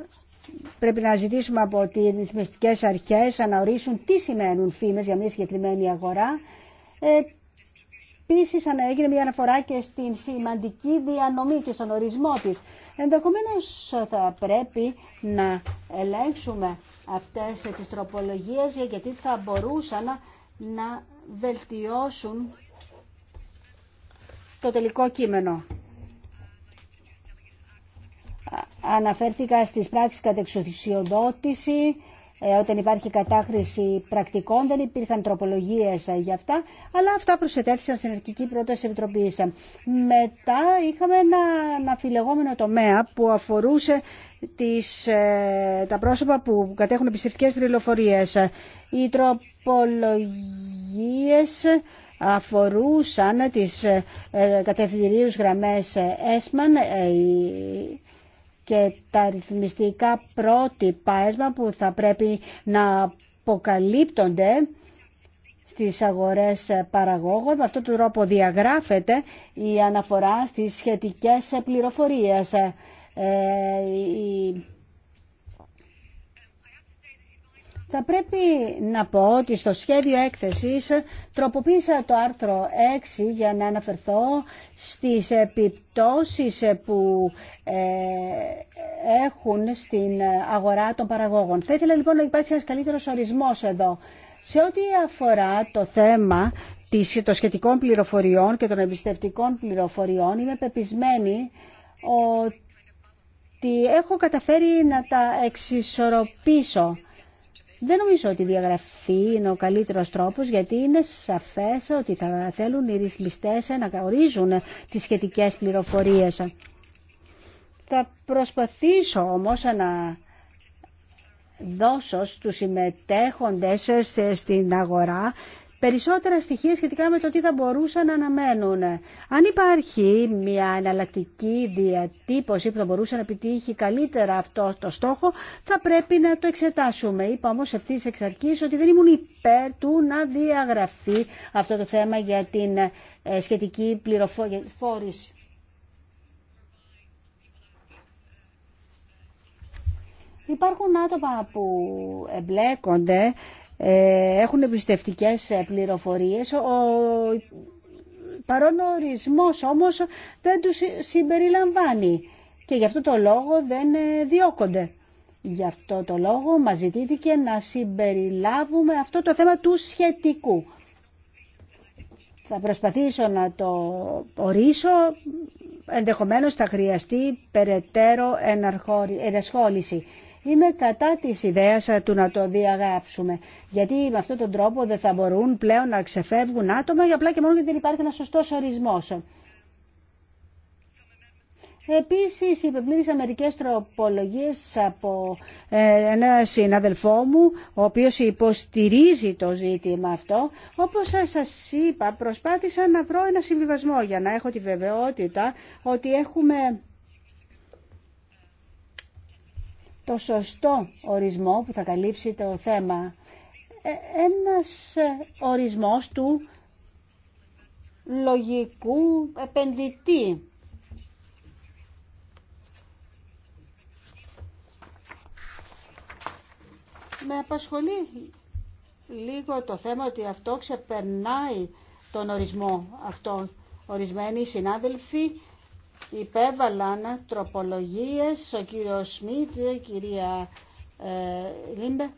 πρέπει να ζητήσουμε από τις ρυθμιστικές αρχές να ορίσουν τι σημαίνουν φήμες για μια συγκεκριμένη αγορά ε, επίση έγινε μια αναφορά και στην σημαντική διανομή και στον ορισμό τη. Ενδεχομένω θα πρέπει να ελέγξουμε αυτές τις τροπολογίες γιατί θα μπορούσαν να βελτιώσουν το τελικό κείμενο. Αναφέρθηκα στις πράξεις κατεξοδησιοδότηση, ε, όταν υπάρχει κατάχρηση πρακτικών. Δεν υπήρχαν τροπολογίες ε, για αυτά, αλλά αυτά προσετέθησαν στην αρχική πρόταση Επιτροπή. Μετά είχαμε ένα αναφιλεγόμενο τομέα που αφορούσε τις, ε, τα πρόσωπα που κατέχουν επιστημονικέ πληροφορίε. Οι τροπολογίε αφορούσαν τις κατευθυντηρίους γραμμές ΕΣΜΑΝ, και τα ρυθμιστικά πρότυπα έσμα που θα πρέπει να αποκαλύπτονται στις αγορές παραγόγων. Με αυτόν τον τρόπο διαγράφεται η αναφορά στις σχετικές πληροφορίες. Ε, Θα πρέπει να πω ότι στο σχέδιο έκθεσης τροποποίησα το άρθρο 6 για να αναφερθώ στις επιπτώσεις που ε, έχουν στην αγορά των παραγόγων. Θα ήθελα λοιπόν να υπάρξει ένας καλύτερος ορισμός εδώ. Σε ό,τι αφορά το θέμα των σχετικών πληροφοριών και των εμπιστευτικών πληροφοριών, είμαι πεπισμένη ότι έχω καταφέρει να τα εξισορροπήσω. Δεν νομίζω ότι η διαγραφή είναι ο καλύτερος τρόπος γιατί είναι σαφές ότι θα θέλουν οι ρυθμιστές να ορίζουν τις σχετικές πληροφορίες. Θα προσπαθήσω όμως να δώσω στους συμμετέχοντες στην αγορά περισσότερα στοιχεία σχετικά με το τι θα μπορούσαν να αναμένουν. Αν υπάρχει μια εναλλακτική διατύπωση που θα μπορούσε να επιτύχει καλύτερα αυτό το στόχο, θα πρέπει να το εξετάσουμε. Είπα όμω ευθύ εξ αρχή ότι δεν ήμουν υπέρ του να διαγραφεί αυτό το θέμα για την ε, σχετική πληροφόρηση. Υπάρχουν άτομα που εμπλέκονται ε, έχουν εμπιστευτικές ε, πληροφορίες. Ο, παρόν όμως δεν τους συμπεριλαμβάνει και γι' αυτό το λόγο δεν ε, διώκονται. Γι' αυτό το λόγο μας ζητήθηκε να συμπεριλάβουμε αυτό το θέμα του σχετικού. Θα προσπαθήσω να το ορίσω, ενδεχομένως θα χρειαστεί περαιτέρω ενασχόληση. Είμαι κατά της ιδέας ε, του να το διαγράψουμε. Γιατί με αυτόν τον τρόπο δεν θα μπορούν πλέον να ξεφεύγουν άτομα για απλά και μόνο γιατί δεν υπάρχει ένα σωστός ορισμός. Επίσης υπευλήθησα μερικέ τροπολογίες από ε, ένα συναδελφό μου ο οποίος υποστηρίζει το ζήτημα αυτό. Όπως σας είπα προσπάθησα να βρω ένα συμβιβασμό για να έχω τη βεβαιότητα ότι έχουμε το σωστό ορισμό που θα καλύψει το θέμα. Ε, ένας ε, ορισμός του λογικού επενδυτή. Με απασχολεί λίγο το θέμα ότι αυτό ξεπερνάει τον ορισμό αυτόν Ορισμένοι συνάδελφοι υπέβαλαν τροπολογίες ο κύριο Σμιτ, η κυρία ε, Λίμπε.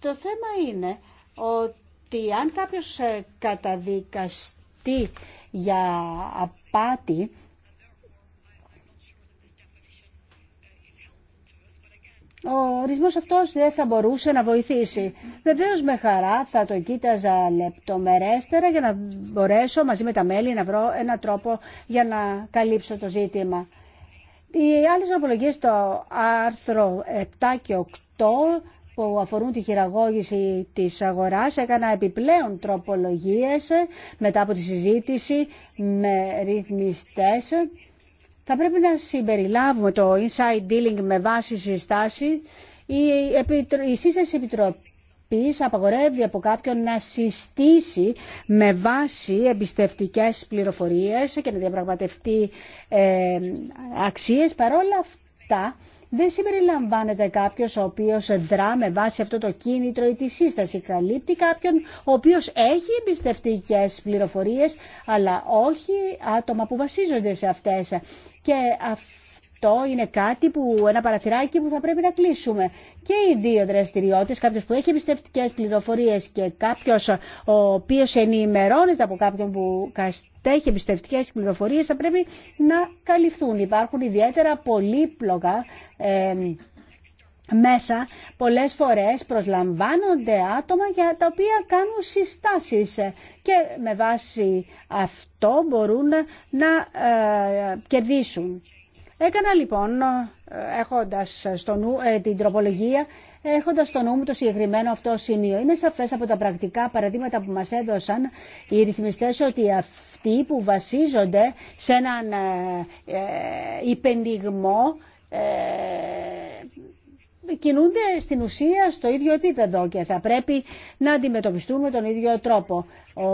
Το θέμα είναι ότι αν κάποιος ε, καταδικαστεί για απάτη ο ορισμός αυτός δεν θα μπορούσε να βοηθήσει. Βεβαίως με χαρά θα το κοίταζα λεπτομερέστερα για να μπορέσω μαζί με τα μέλη να βρω ένα τρόπο για να καλύψω το ζήτημα. Οι άλλες απολογίες στο άρθρο 7 και 8 που αφορούν τη χειραγώγηση της αγοράς. Έκανα επιπλέον τροπολογίες μετά από τη συζήτηση με ρυθμιστές θα πρέπει να συμπεριλάβουμε το inside dealing με βάση συστάσει. Η, η σύσταση επιτροπής απαγορεύει από κάποιον να συστήσει με βάση εμπιστευτικέ πληροφορίες και να διαπραγματευτεί ε, αξίες. Παρόλα αυτά, δεν συμπεριλαμβάνεται κάποιο ο οποίο δρά με βάση αυτό το κίνητρο ή τη σύσταση. Καλύπτει κάποιον ο οποίο έχει εμπιστευτικέ πληροφορίε, αλλά όχι άτομα που βασίζονται σε αυτέ. Και αυτό είναι κάτι που, ένα παραθυράκι που θα πρέπει να κλείσουμε. Και οι δύο δραστηριότητε, κάποιο που έχει εμπιστευτικέ πληροφορίε και κάποιο ο οποίο ενημερώνεται από κάποιον που έχει εμπιστευτικέ πληροφορίε, θα πρέπει να καλυφθούν. Υπάρχουν ιδιαίτερα πολύπλοκα. Ε, μέσα πολλές φορές προσλαμβάνονται άτομα για τα οποία κάνουν συστάσεις και με βάση αυτό μπορούν να ε, κερδίσουν. Έκανα λοιπόν, ε, έχοντας στο νου ε, την τροπολογία, έχοντας στο νου μου το συγκεκριμένο αυτό σημείο. Είναι σαφές από τα πρακτικά παραδείγματα που μας έδωσαν οι ρυθμιστές ότι αυτοί που βασίζονται σε έναν ε, ε υπενιγμό κινούνται στην ουσία στο ίδιο επίπεδο και θα πρέπει να αντιμετωπιστούν με τον ίδιο τρόπο. Ο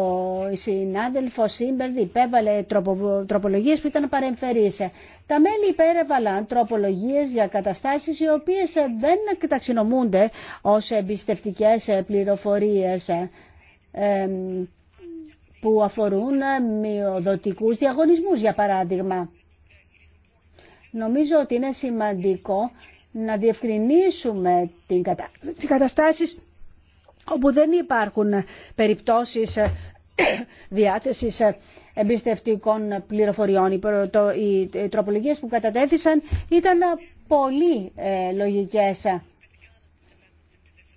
Συνάδελφο Σίμπερντ υπέβαλε τροπολογίε που ήταν παρεμφερεί. Τα μέλη υπέρευαλαν τροπολογίε για καταστάσεις οι οποίες δεν ταξινομούνται ως εμπιστευτικές πληροφορίες ε, που αφορούν μειοδοτικούς διαγωνισμούς, για παράδειγμα. Νομίζω ότι είναι σημαντικό να διευκρινίσουμε την κατα... τις καταστάσεις όπου δεν υπάρχουν περιπτώσεις διάθεσης εμπιστευτικών πληροφοριών. Οι τροπολογίες που κατατέθησαν ήταν πολύ ε, λογικές.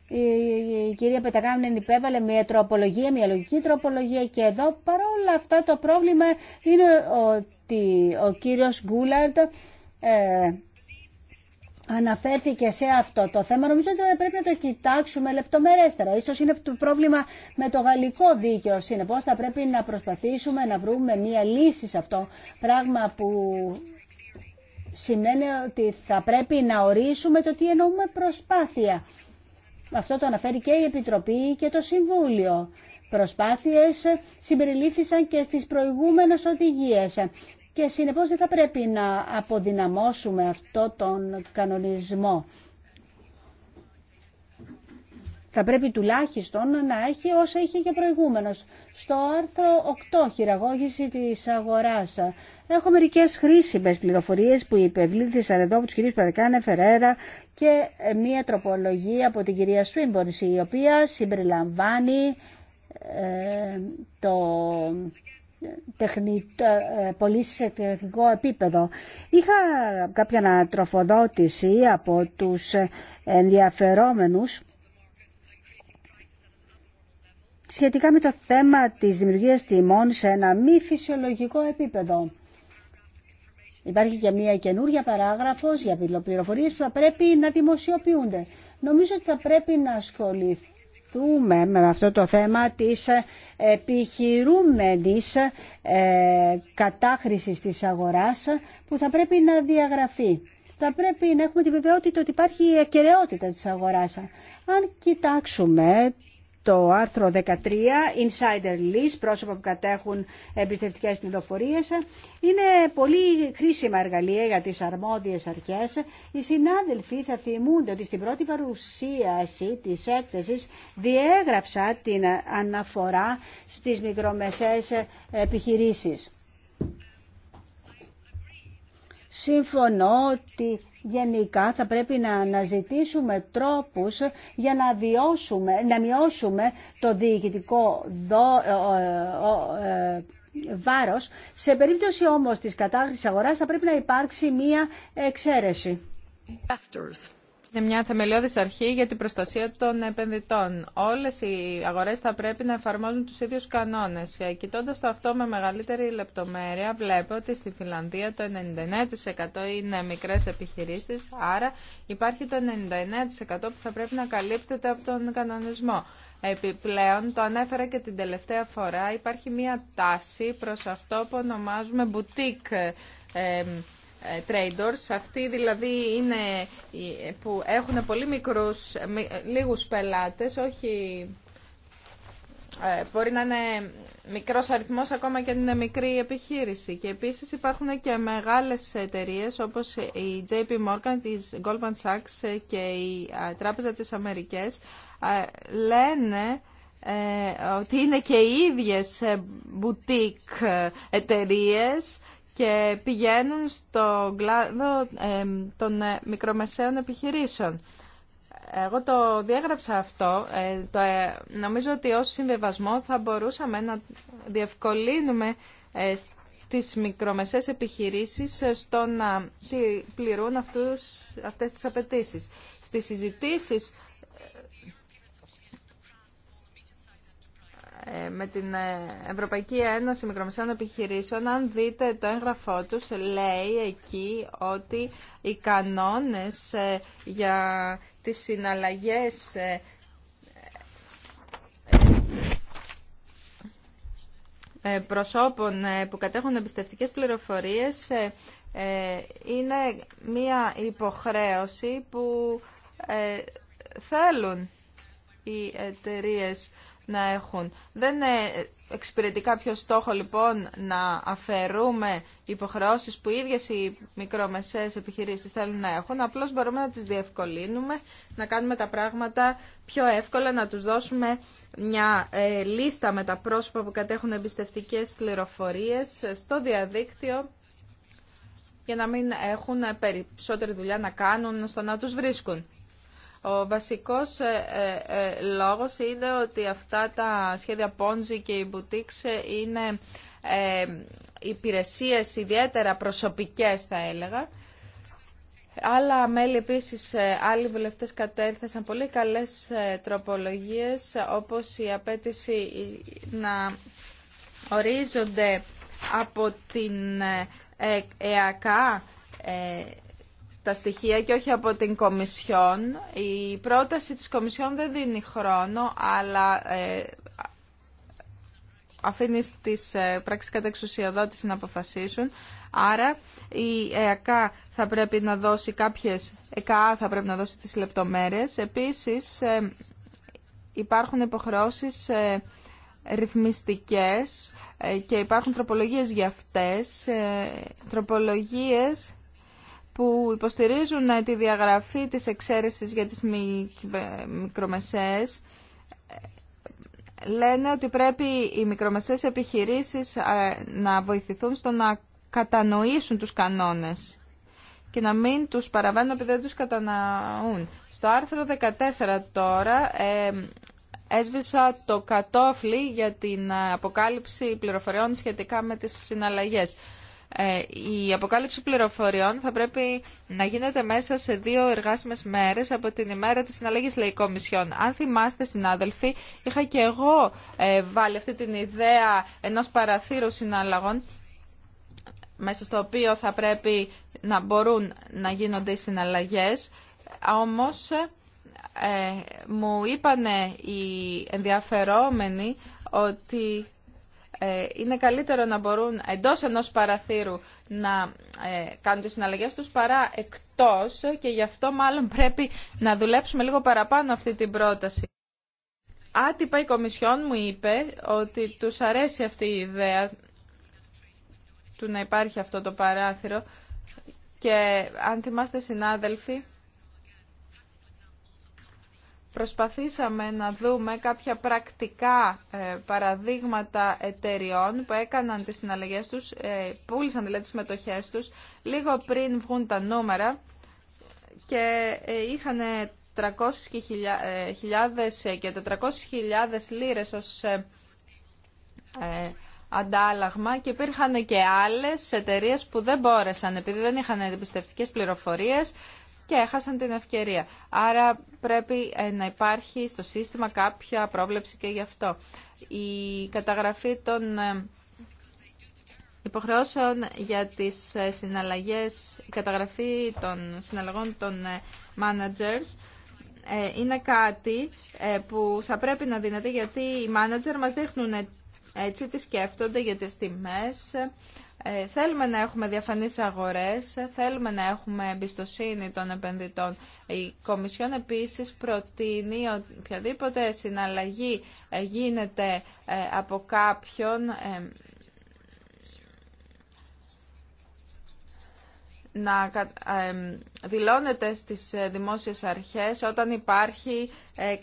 Η κυρία Πετακάμνη υπέβαλε μια τροπολογία, μια λογική τροπολογία και εδώ παρόλα αυτά το πρόβλημα είναι ότι ο κύριος Γκούλαρντ ε, αναφέρθηκε σε αυτό το θέμα. Νομίζω ότι θα πρέπει να το κοιτάξουμε λεπτομερέστερα. Ίσως είναι το πρόβλημα με το γαλλικό δίκαιο. Συνεπώ θα πρέπει να προσπαθήσουμε να βρούμε μία λύση σε αυτό. Πράγμα που σημαίνει ότι θα πρέπει να ορίσουμε το τι εννοούμε προσπάθεια. Αυτό το αναφέρει και η Επιτροπή και το Συμβούλιο. Προσπάθειες συμπεριλήφθησαν και στις προηγούμενες οδηγίες και συνεπώς δεν θα πρέπει να αποδυναμώσουμε αυτό τον κανονισμό. Θα πρέπει τουλάχιστον να έχει όσα είχε και προηγούμενος. Στο άρθρο 8, χειραγώγηση της αγοράς. Έχω μερικές χρήσιμες πληροφορίες που υπευλήθησαν εδώ από τους κυρίου Παδεκάνε, Φερέρα και μία τροπολογία από την κυρία Σουίμπονση, η οποία συμπεριλαμβάνει ε, το ε, πολύ σε τεχνικό επίπεδο. Είχα κάποια ανατροφοδότηση από τους ενδιαφερόμενους σχετικά με το θέμα της δημιουργίας τιμών σε ένα μη φυσιολογικό επίπεδο. Υπάρχει και μια καινούργια παράγραφος για πληροφορίες που θα πρέπει να δημοσιοποιούνται. Νομίζω ότι θα πρέπει να ασχοληθεί ασχοληθούμε με αυτό το θέμα της επιχειρούμενης ε, κατάχρησης της αγοράς που θα πρέπει να διαγραφεί. Θα πρέπει να έχουμε τη βεβαιότητα ότι υπάρχει η ακαιρεότητα της αγοράς. Αν κοιτάξουμε το άρθρο 13, insider list, πρόσωπα που κατέχουν εμπιστευτικές πληροφορίες, είναι πολύ χρήσιμα εργαλεία για τις αρμόδιες αρχές. Οι συνάδελφοι θα θυμούνται ότι στην πρώτη παρουσίαση της έκθεσης διέγραψα την αναφορά στις μικρομεσαίες επιχειρήσεις. Συμφωνώ ότι γενικά θα πρέπει να αναζητήσουμε τρόπους για να, να μειώσουμε το διοικητικό δο, ε, ε, ε, βάρος. Σε περίπτωση όμως της κατάχρησης αγοράς θα πρέπει να υπάρξει μία εξαίρεση είναι μια θεμελιώδης αρχή για την προστασία των επενδυτών. Όλες οι αγορές θα πρέπει να εφαρμόζουν τους ίδιους κανόνες. Ε, κοιτώντας το αυτό με μεγαλύτερη λεπτομέρεια, βλέπω ότι στη Φιλανδία το 99% είναι μικρές επιχειρήσεις, άρα υπάρχει το 99% που θα πρέπει να καλύπτεται από τον κανονισμό. Επιπλέον, το ανέφερα και την τελευταία φορά, υπάρχει μια τάση προς αυτό που ονομάζουμε boutique ε, ε, traders, αυτοί δηλαδή είναι ε, που έχουν πολύ μικρούς, ε, λίγους πελάτες, όχι μπορεί να είναι μικρός αριθμός ακόμα και αν είναι μικρή επιχείρηση. Και επίσης υπάρχουν και μεγάλες εταιρείες όπως η JP Morgan, η Goldman Sachs και η Τράπεζα της Αμερικές λένε ότι είναι και οι ίδιες μπουτίκ εταιρείες και πηγαίνουν στον κλάδο των ε, μικρομεσαίων επιχειρήσεων. Εγώ το διέγραψα αυτό. Ε, το, ε, νομίζω ότι ως συμβεβασμό θα μπορούσαμε να διευκολύνουμε τις μικρομεσαίες επιχειρήσεις στο να πληρούν αυτούς, αυτές τις απαιτήσεις. Στις συζητήσεις Ε, με την ε, Ευρωπαϊκή Ένωση Μικρομεσαίων Επιχειρήσεων, αν δείτε το έγγραφό τους, λέει εκεί ότι οι κανόνες ε, για τις συναλλαγές προσώπων που κατέχουν εμπιστευτικές πληροφορίες είναι μία υποχρέωση που θέλουν οι εταιρείες να έχουν. Δεν ε, εξυπηρετεί πιο στόχο λοιπόν να αφαιρούμε υποχρεώσεις που οι ίδιες οι μικρομεσαίες επιχειρήσεις θέλουν να έχουν. Απλώς μπορούμε να τις διευκολύνουμε, να κάνουμε τα πράγματα πιο εύκολα, να τους δώσουμε μια ε, λίστα με τα πρόσωπα που κατέχουν εμπιστευτικές πληροφορίες στο διαδίκτυο για να μην έχουν περισσότερη δουλειά να κάνουν στο να τους βρίσκουν. Ο βασικός ε, ε, ε, λόγος είναι ότι αυτά τα σχέδια Ponzi και οι boutiques είναι υπηρεσίες ιδιαίτερα προσωπικές θα έλεγα. Άλλα μέλη επίσης, άλλοι βουλευτές κατέθεσαν πολύ καλές τροπολογίες όπως η απέτηση να ορίζονται από την ΕΑΚΑ τα στοιχεία και όχι από την Κομισιόν. Η πρόταση της Κομισιόν δεν δίνει χρόνο, αλλά ε, αφήνει στις ε, πράξεις κατά εξουσιοδότηση να αποφασίσουν. Άρα η ΕΑΚΑ θα πρέπει να δώσει κάποιες, ΕΚΑ θα πρέπει να δώσει τις λεπτομέρειες. Επίσης ε, υπάρχουν υποχρεώσεις ρυθμιστικές και υπάρχουν τροπολογίες για αυτές, τροπολογίες που υποστηρίζουν ε, τη διαγραφή της εξαίρεσης για τις μικρομεσαίες ε, λένε ότι πρέπει οι μικρομεσαίες επιχειρήσεις ε, να βοηθηθούν στο να κατανοήσουν τους κανόνες και να μην τους παραβαίνουν επειδή δεν τους κατανοούν. Στο άρθρο 14 τώρα έσβησα το κατόφλι για την αποκάλυψη πληροφοριών σχετικά με τις συναλλαγές. Ε, η αποκάλυψη πληροφοριών θα πρέπει να γίνεται μέσα σε δύο εργάσιμες μέρες από την ημέρα της συναλλαγής λαϊκών μισιών. Αν θυμάστε συνάδελφοι, είχα και εγώ ε, βάλει αυτή την ιδέα ενός παραθύρου συναλλαγών μέσα στο οποίο θα πρέπει να μπορούν να γίνονται οι συναλλαγές. Όμως ε, μου είπανε οι ενδιαφερόμενοι ότι ε, είναι καλύτερο να μπορούν εντός ενός παραθύρου να ε, κάνουν τις συναλλαγές τους παρά εκτός και γι' αυτό μάλλον πρέπει να δουλέψουμε λίγο παραπάνω αυτή την πρόταση. Άτυπα η Κομισιόν μου είπε ότι τους αρέσει αυτή η ιδέα του να υπάρχει αυτό το παράθυρο και αν θυμάστε συνάδελφοι προσπαθήσαμε να δούμε κάποια πρακτικά ε, παραδείγματα εταιριών που έκαναν τις συναλλαγές τους, ε, πούλησαν δηλαδή τις μετοχές τους, λίγο πριν βγουν τα νούμερα και ε, είχαν 300.000 και 400.000 λίρες ως αντάλλαγμα και υπήρχαν και άλλες εταιρείες που δεν μπόρεσαν επειδή δεν είχαν εμπιστευτικές πληροφορίες και έχασαν την ευκαιρία. Άρα πρέπει ε, να υπάρχει στο σύστημα κάποια πρόβλεψη και γι' αυτό. Η καταγραφή των ε, υποχρεώσεων για τις ε, συναλλαγές, η καταγραφή των συναλλαγών των managers είναι κάτι που θα πρέπει να δίνεται γιατί οι manager μας δείχνουν έτσι τι σκέφτονται για τις τιμές ε, θέλουμε να έχουμε διαφανείς αγορές, θέλουμε να έχουμε εμπιστοσύνη των επενδυτών. Η Κομισιόν επίσης προτείνει οποιαδήποτε συναλλαγή ε, γίνεται ε, από κάποιον να δηλώνεται στις δημόσιες αρχές όταν υπάρχει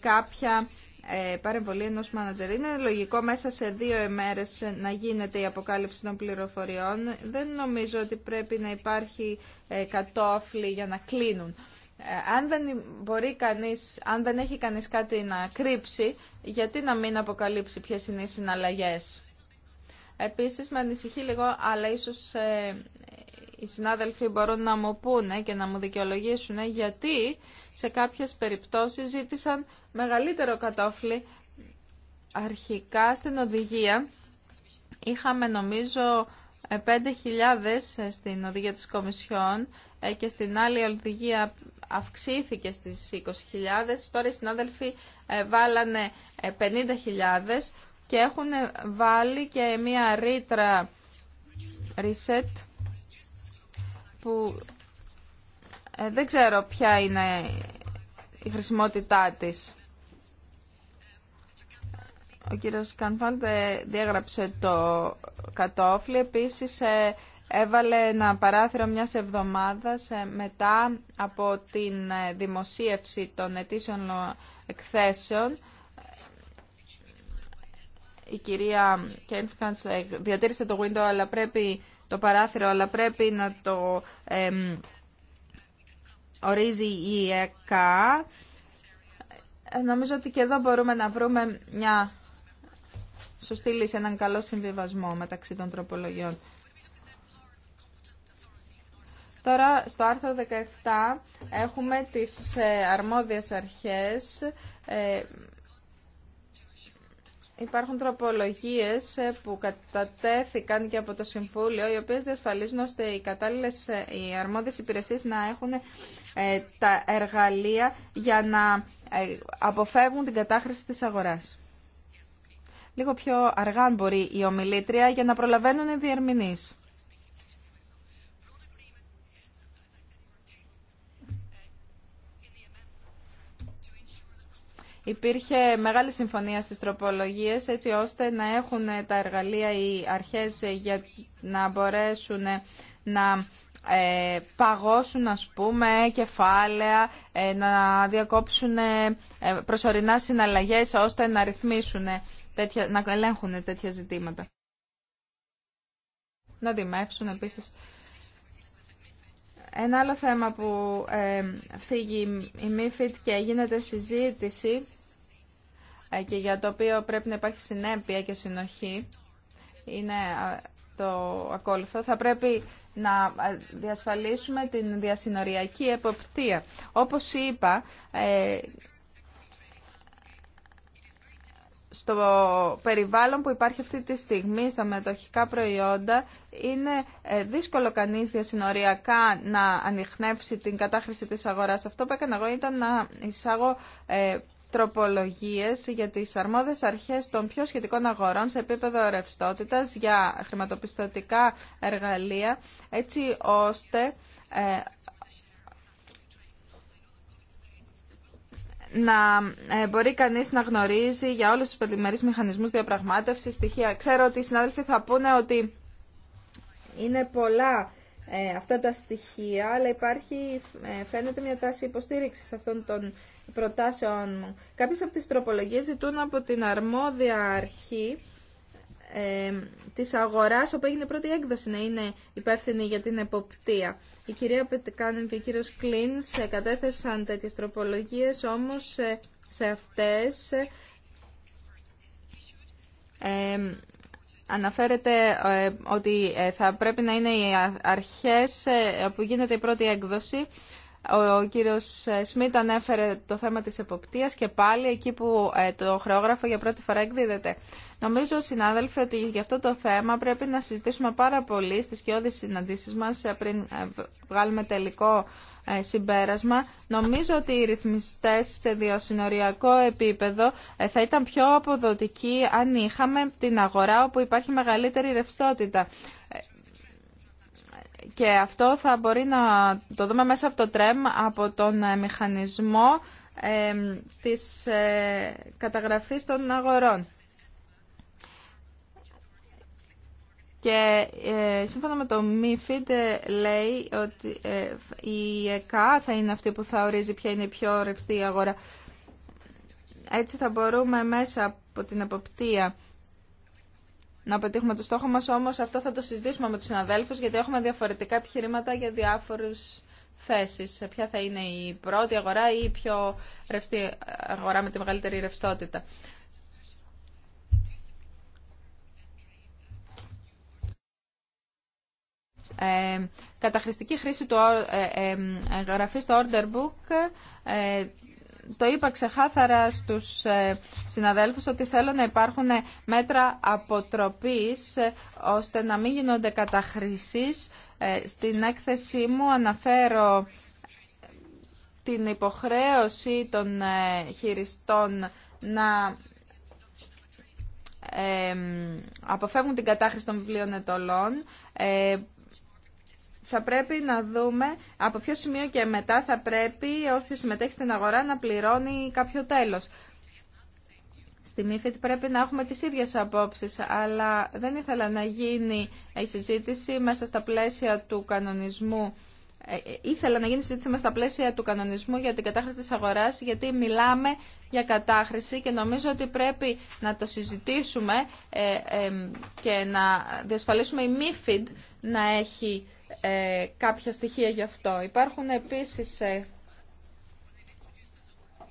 κάποια ε, πολύ ενός μάνατζερ. Είναι λογικό μέσα σε δύο ημέρες να γίνεται η αποκάλυψη των πληροφοριών. Δεν νομίζω ότι πρέπει να υπάρχει ε, κατόφλι για να κλείνουν. Ε, αν δεν, μπορεί κανείς, αν δεν έχει κανείς κάτι να κρύψει, γιατί να μην αποκαλύψει ποιες είναι οι συναλλαγές. Επίσης με ανησυχεί λίγο, αλλά ίσως οι συνάδελφοι μπορούν να μου πούνε και να μου δικαιολογήσουν γιατί σε κάποιες περιπτώσεις ζήτησαν μεγαλύτερο κατόφλι. Αρχικά στην οδηγία είχαμε νομίζω 5.000 ε, ε, στην οδηγία της Κομισιόν ε, και στην άλλη οδηγία αυξήθηκε στις 20.000. Τώρα οι συνάδελφοι βάλανε 50.000 και έχουν βάλει και μία ρήτρα reset που δεν ξέρω ποια είναι η χρησιμότητά της. Ο κύριος Κανφάντ διέγραψε το κατόφλι. Επίσης ε, έβαλε ένα παράθυρο μιας εβδομάδας ε, μετά από την ε, δημοσίευση των ετήσιων εκθέσεων. Η κυρία Κένφκανς διατήρησε το window, αλλά πρέπει το παράθυρο, αλλά πρέπει να το ορίζει η ΕΚΑ. Νομίζω ότι και εδώ μπορούμε να βρούμε μια σωστή λύση, έναν καλό συμβιβασμό μεταξύ των τροπολογιών. Τώρα στο άρθρο 17 έχουμε τις ε, αρμόδιες αρχές. Ε, υπάρχουν τροπολογίες ε, που κατατέθηκαν και από το Συμβούλιο, οι οποίες διασφαλίζουν ώστε οι κατάλληλες, οι αρμόδιες υπηρεσίες να έχουν τα εργαλεία για να αποφεύγουν την κατάχρηση της αγοράς λίγο πιο αργά μπορεί η ομιλήτρια για να προλαβαίνουν οι διερμηνείς. Υπήρχε μεγάλη συμφωνία στις τροπολογίες έτσι ώστε να έχουν τα εργαλεία οι αρχές για να μπορέσουν να ε, παγώσουν ας πούμε κεφάλαια, ε, να διακόψουν ε, προσωρινά συναλλαγές ώστε να ρυθμίσουν να ελέγχουν τέτοια ζητήματα. Να δημεύσουν επίσης. Ένα άλλο θέμα που ε, φύγει η MIFID και γίνεται συζήτηση ε, και για το οποίο πρέπει να υπάρχει συνέπεια και συνοχή είναι το ακόλουθο. Θα πρέπει να ε, διασφαλίσουμε την διασυνοριακή εποπτεία. Όπως είπα, ε, στο περιβάλλον που υπάρχει αυτή τη στιγμή στα μετοχικά προϊόντα είναι ε, δύσκολο κανείς διασυνοριακά να ανοιχνεύσει την κατάχρηση της αγοράς. Αυτό που έκανα εγώ ήταν να εισάγω ε, τροπολογίες για τις αρμόδες αρχές των πιο σχετικών αγορών σε επίπεδο ρευστότητας για χρηματοπιστωτικά εργαλεία έτσι ώστε ε, να ε, μπορεί κανείς να γνωρίζει για όλους τους πολυμερείς μηχανισμούς διαπραγμάτευσης στοιχεία. Ξέρω ότι οι συνάδελφοι θα πούνε ότι είναι πολλά ε, αυτά τα στοιχεία, αλλά υπάρχει, ε, φαίνεται μια τάση υποστήριξης αυτών των προτάσεων μου. Κάποιες από τις τροπολογίες ζητούν από την αρμόδια αρχή ε, της αγοράς όπου έγινε πρώτη έκδοση να είναι υπεύθυνη για την εποπτεία. Η κυρία Πετκάνεν και ο κύριος Κλίνς ε, κατέθεσαν τέτοιες τροπολογίες, όμως ε, σε αυτές ε, αναφέρεται ε, ότι θα πρέπει να είναι οι αρχές που γίνεται η πρώτη έκδοση ο κύριος ε, Σμιτ ανέφερε το θέμα της εποπτείας και πάλι εκεί που ε, το χρεόγραφο για πρώτη φορά εκδίδεται. Νομίζω, συνάδελφοι, ότι για αυτό το θέμα πρέπει να συζητήσουμε πάρα πολύ στις κοιόδεις συναντήσεις μας ε, πριν βγάλουμε τελικό συμπέρασμα. Νομίζω ότι οι ρυθμιστές σε διασυνοριακό επίπεδο θα ήταν πιο αποδοτικοί αν είχαμε την αγορά όπου υπάρχει μεγαλύτερη ρευστότητα και αυτό θα μπορεί να το δούμε μέσα από το τρέμ, από τον ε, μηχανισμό ε, της ε, καταγραφής των αγορών. Και ε, σύμφωνα με το MIFID ε, λέει ότι η ΕΚΑ θα είναι αυτή που θα ορίζει ποια είναι η πιο ρευστή αγορά. Έτσι θα μπορούμε μέσα από την εποπτεία να πετύχουμε το στόχο μας, όμως αυτό θα το συζητήσουμε με τους συναδέλφους, γιατί έχουμε διαφορετικά επιχειρήματα για διάφορους θέσεις. Ποια θα είναι η πρώτη αγορά ή η πιο ρευστή αγορά με τη μεγαλύτερη ρευστότητα. Ε, καταχρηστική χρήση του ε, ε, στο ε, order book ε, το είπα ξεχάθαρα στους ε, συναδέλφους ότι θέλω να υπάρχουν μέτρα αποτροπής ε, ώστε να μην γίνονται καταχρήσεις. Ε, στην έκθεσή μου αναφέρω την υποχρέωση των χειριστών να αποφεύγουν την κατάχρηση των βιβλίων ετολών θα πρέπει να δούμε από ποιο σημείο και μετά θα πρέπει όποιο συμμετέχει στην αγορά να πληρώνει κάποιο τέλος. Στη ΜΥΦΙΤ πρέπει να έχουμε τις ίδιες απόψεις, αλλά δεν ήθελα να γίνει η συζήτηση μέσα στα πλαίσια του κανονισμού. Ε, ήθελα να γίνει συζήτηση μέσα στα πλαίσια του κανονισμού για την κατάχρηση της αγοράς, γιατί μιλάμε για κατάχρηση και νομίζω ότι πρέπει να το συζητήσουμε ε, ε, και να διασφαλίσουμε η ΜΥΦΙΤ να έχει ε, κάποια στοιχεία γι' αυτό. Υπάρχουν επίσης ε,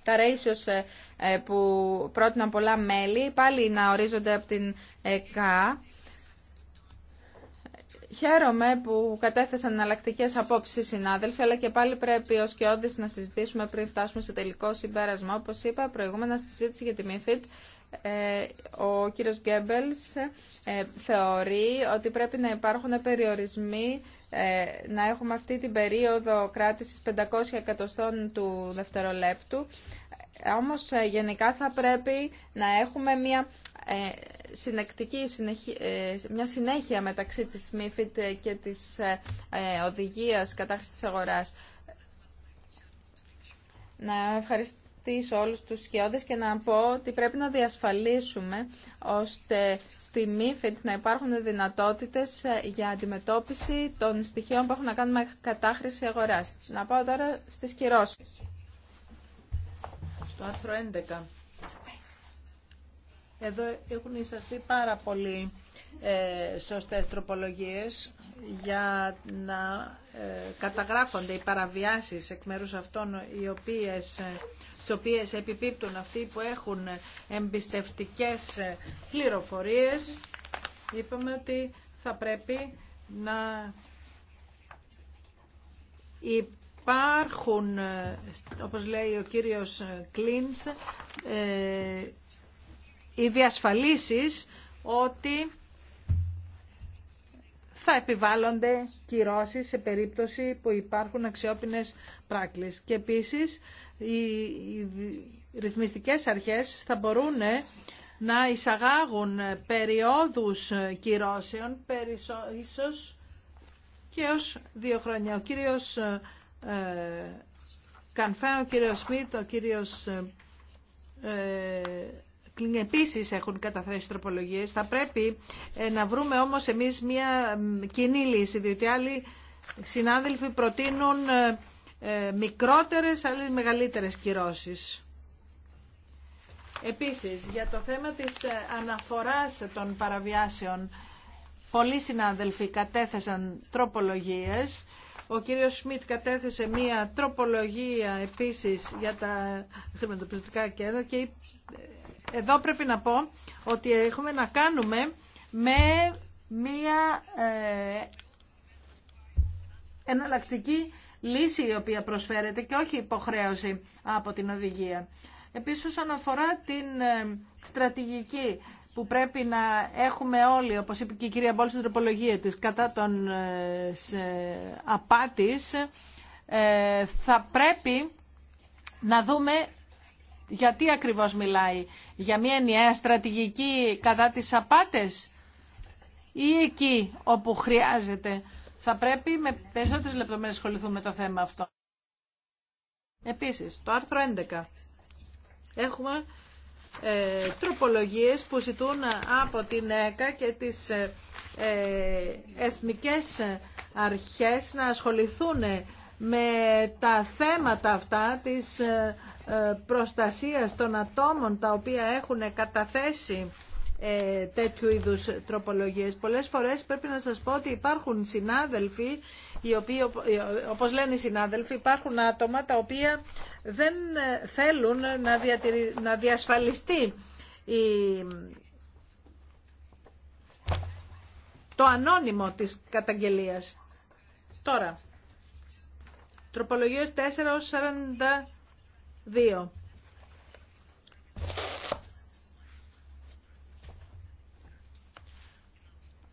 τα ratios ε, που πρότειναν πολλά μέλη, πάλι να ορίζονται από την ΕΚΑ. Χαίρομαι που κατέθεσαν εναλλακτικέ απόψει οι συνάδελφοι, αλλά και πάλι πρέπει ω και να συζητήσουμε πριν φτάσουμε σε τελικό συμπέρασμα. Όπω είπα προηγούμενα στη συζήτηση για τη ΜΥΦΙΤ. Ε, ο κύριος Γκέμπελς ε, θεωρεί ότι πρέπει να υπάρχουν περιορισμοί ε, να έχουμε αυτή την περίοδο κράτησης 500 εκατοστών του δευτερολέπτου. Όμως γενικά θα πρέπει να έχουμε μια συνεκτική μια συνέχεια μεταξύ της ΜΥΦΙΤ και της οδηγίας κατάχρησης της αγοράς. Τη όλους τους σκιώδες και να πω ότι πρέπει να διασφαλίσουμε ώστε στη ΜΥΦΕΤ να υπάρχουν δυνατότητες ε, για αντιμετώπιση των στοιχείων που έχουν να κάνουν με κατάχρηση αγοράς. Να πάω τώρα στις κυρώσεις. Στο άρθρο 11. Εδώ έχουν εισαχθεί πάρα πολύ ε, σωστές τροπολογίες για να ε, καταγράφονται οι παραβιάσεις εκ μέρους αυτών οι οποίες ε, στις οποίες επιπίπτουν αυτοί που έχουν εμπιστευτικές πληροφορίες, είπαμε ότι θα πρέπει να υπάρχουν, όπως λέει ο κύριος Κλίνς, ε, οι διασφαλίσεις ότι θα επιβάλλονται κυρώσεις σε περίπτωση που υπάρχουν αξιόπινες πράκλες. Και επίσης οι ρυθμιστικές αρχές θα μπορούν ε, να εισαγάγουν ε, περιόδους ε, κυρώσεων περισσο, ίσως και ως δύο χρόνια. Ο κύριος ε, Κανφέ, ο κύριος Σμίτ, ο κύριος ε, επίση έχουν καταθέσει τροπολογίε. Θα πρέπει να βρούμε όμως εμείς μια κοινή λύση, διότι άλλοι συνάδελφοι προτείνουν ε, μικρότερες, άλλες μεγαλύτερες κυρώσεις. Επίσης, για το θέμα της ε, αναφοράς των παραβιάσεων, πολλοί συνάδελφοι κατέθεσαν τροπολογίες. Ο κύριος Σμιτ κατέθεσε μία τροπολογία επίσης για τα χρηματοπιστωτικά κέντρα και ε, εδώ πρέπει να πω ότι έχουμε να κάνουμε με μία εναλλακτική λύση η οποία προσφέρεται και όχι υποχρέωση από την οδηγία. Επίσης, όσον αφορά την ε, στρατηγική που πρέπει να έχουμε όλοι, όπως είπε και η κυρία Μπόλ στην τροπολογία της, κατά των ε, ε, απάτης, θα πρέπει να δούμε γιατί ακριβώς μιλάει. Για μια ενιαία στρατηγική κατά τις απάτες ή εκεί όπου χρειάζεται θα πρέπει με περισσότερε λεπτομέρειε να ασχοληθούμε με το θέμα αυτό. Επίσης, το άρθρο 11. Έχουμε ε, τροπολογίες που ζητούν από την ΕΚΑ και τις ε, ε εθνικές αρχές να ασχοληθούν με τα θέματα αυτά της ε, ε, προστασίας των ατόμων τα οποία έχουν καταθέσει ε, τέτοιου είδους τροπολογίες. Πολλές φορές πρέπει να σας πω ότι υπάρχουν συνάδελφοι, οι οποίοι, ε, όπως λένε οι συνάδελφοι, υπάρχουν άτομα τα οποία δεν ε, θέλουν να, να διασφαλιστεί το ανώνυμο της καταγγελίας. Τώρα, τροπολογίες 4 42.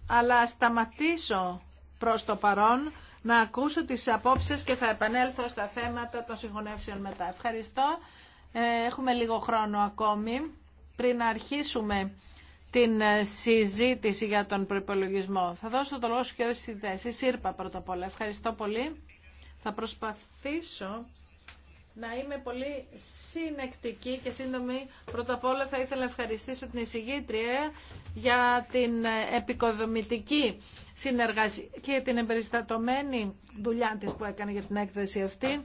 αλλά σταματήσω προς το παρόν να ακούσω τις απόψεις και θα επανέλθω στα θέματα των συγχωνεύσεων μετά. Ευχαριστώ. Ε, έχουμε λίγο χρόνο ακόμη πριν να αρχίσουμε την ε, συζήτηση για τον προπολογισμό. Θα δώσω το λόγο σου και όσοι ΣΥΡΠΑ πρώτα απ' όλα. Ευχαριστώ πολύ. Θα προσπαθήσω να είμαι πολύ συνεκτική και σύντομη. Πρώτα απ' όλα θα ήθελα να ευχαριστήσω την εισηγήτρια για την επικοδομητική συνεργασία και την εμπεριστατωμένη δουλειά της που έκανε για την έκθεση αυτή.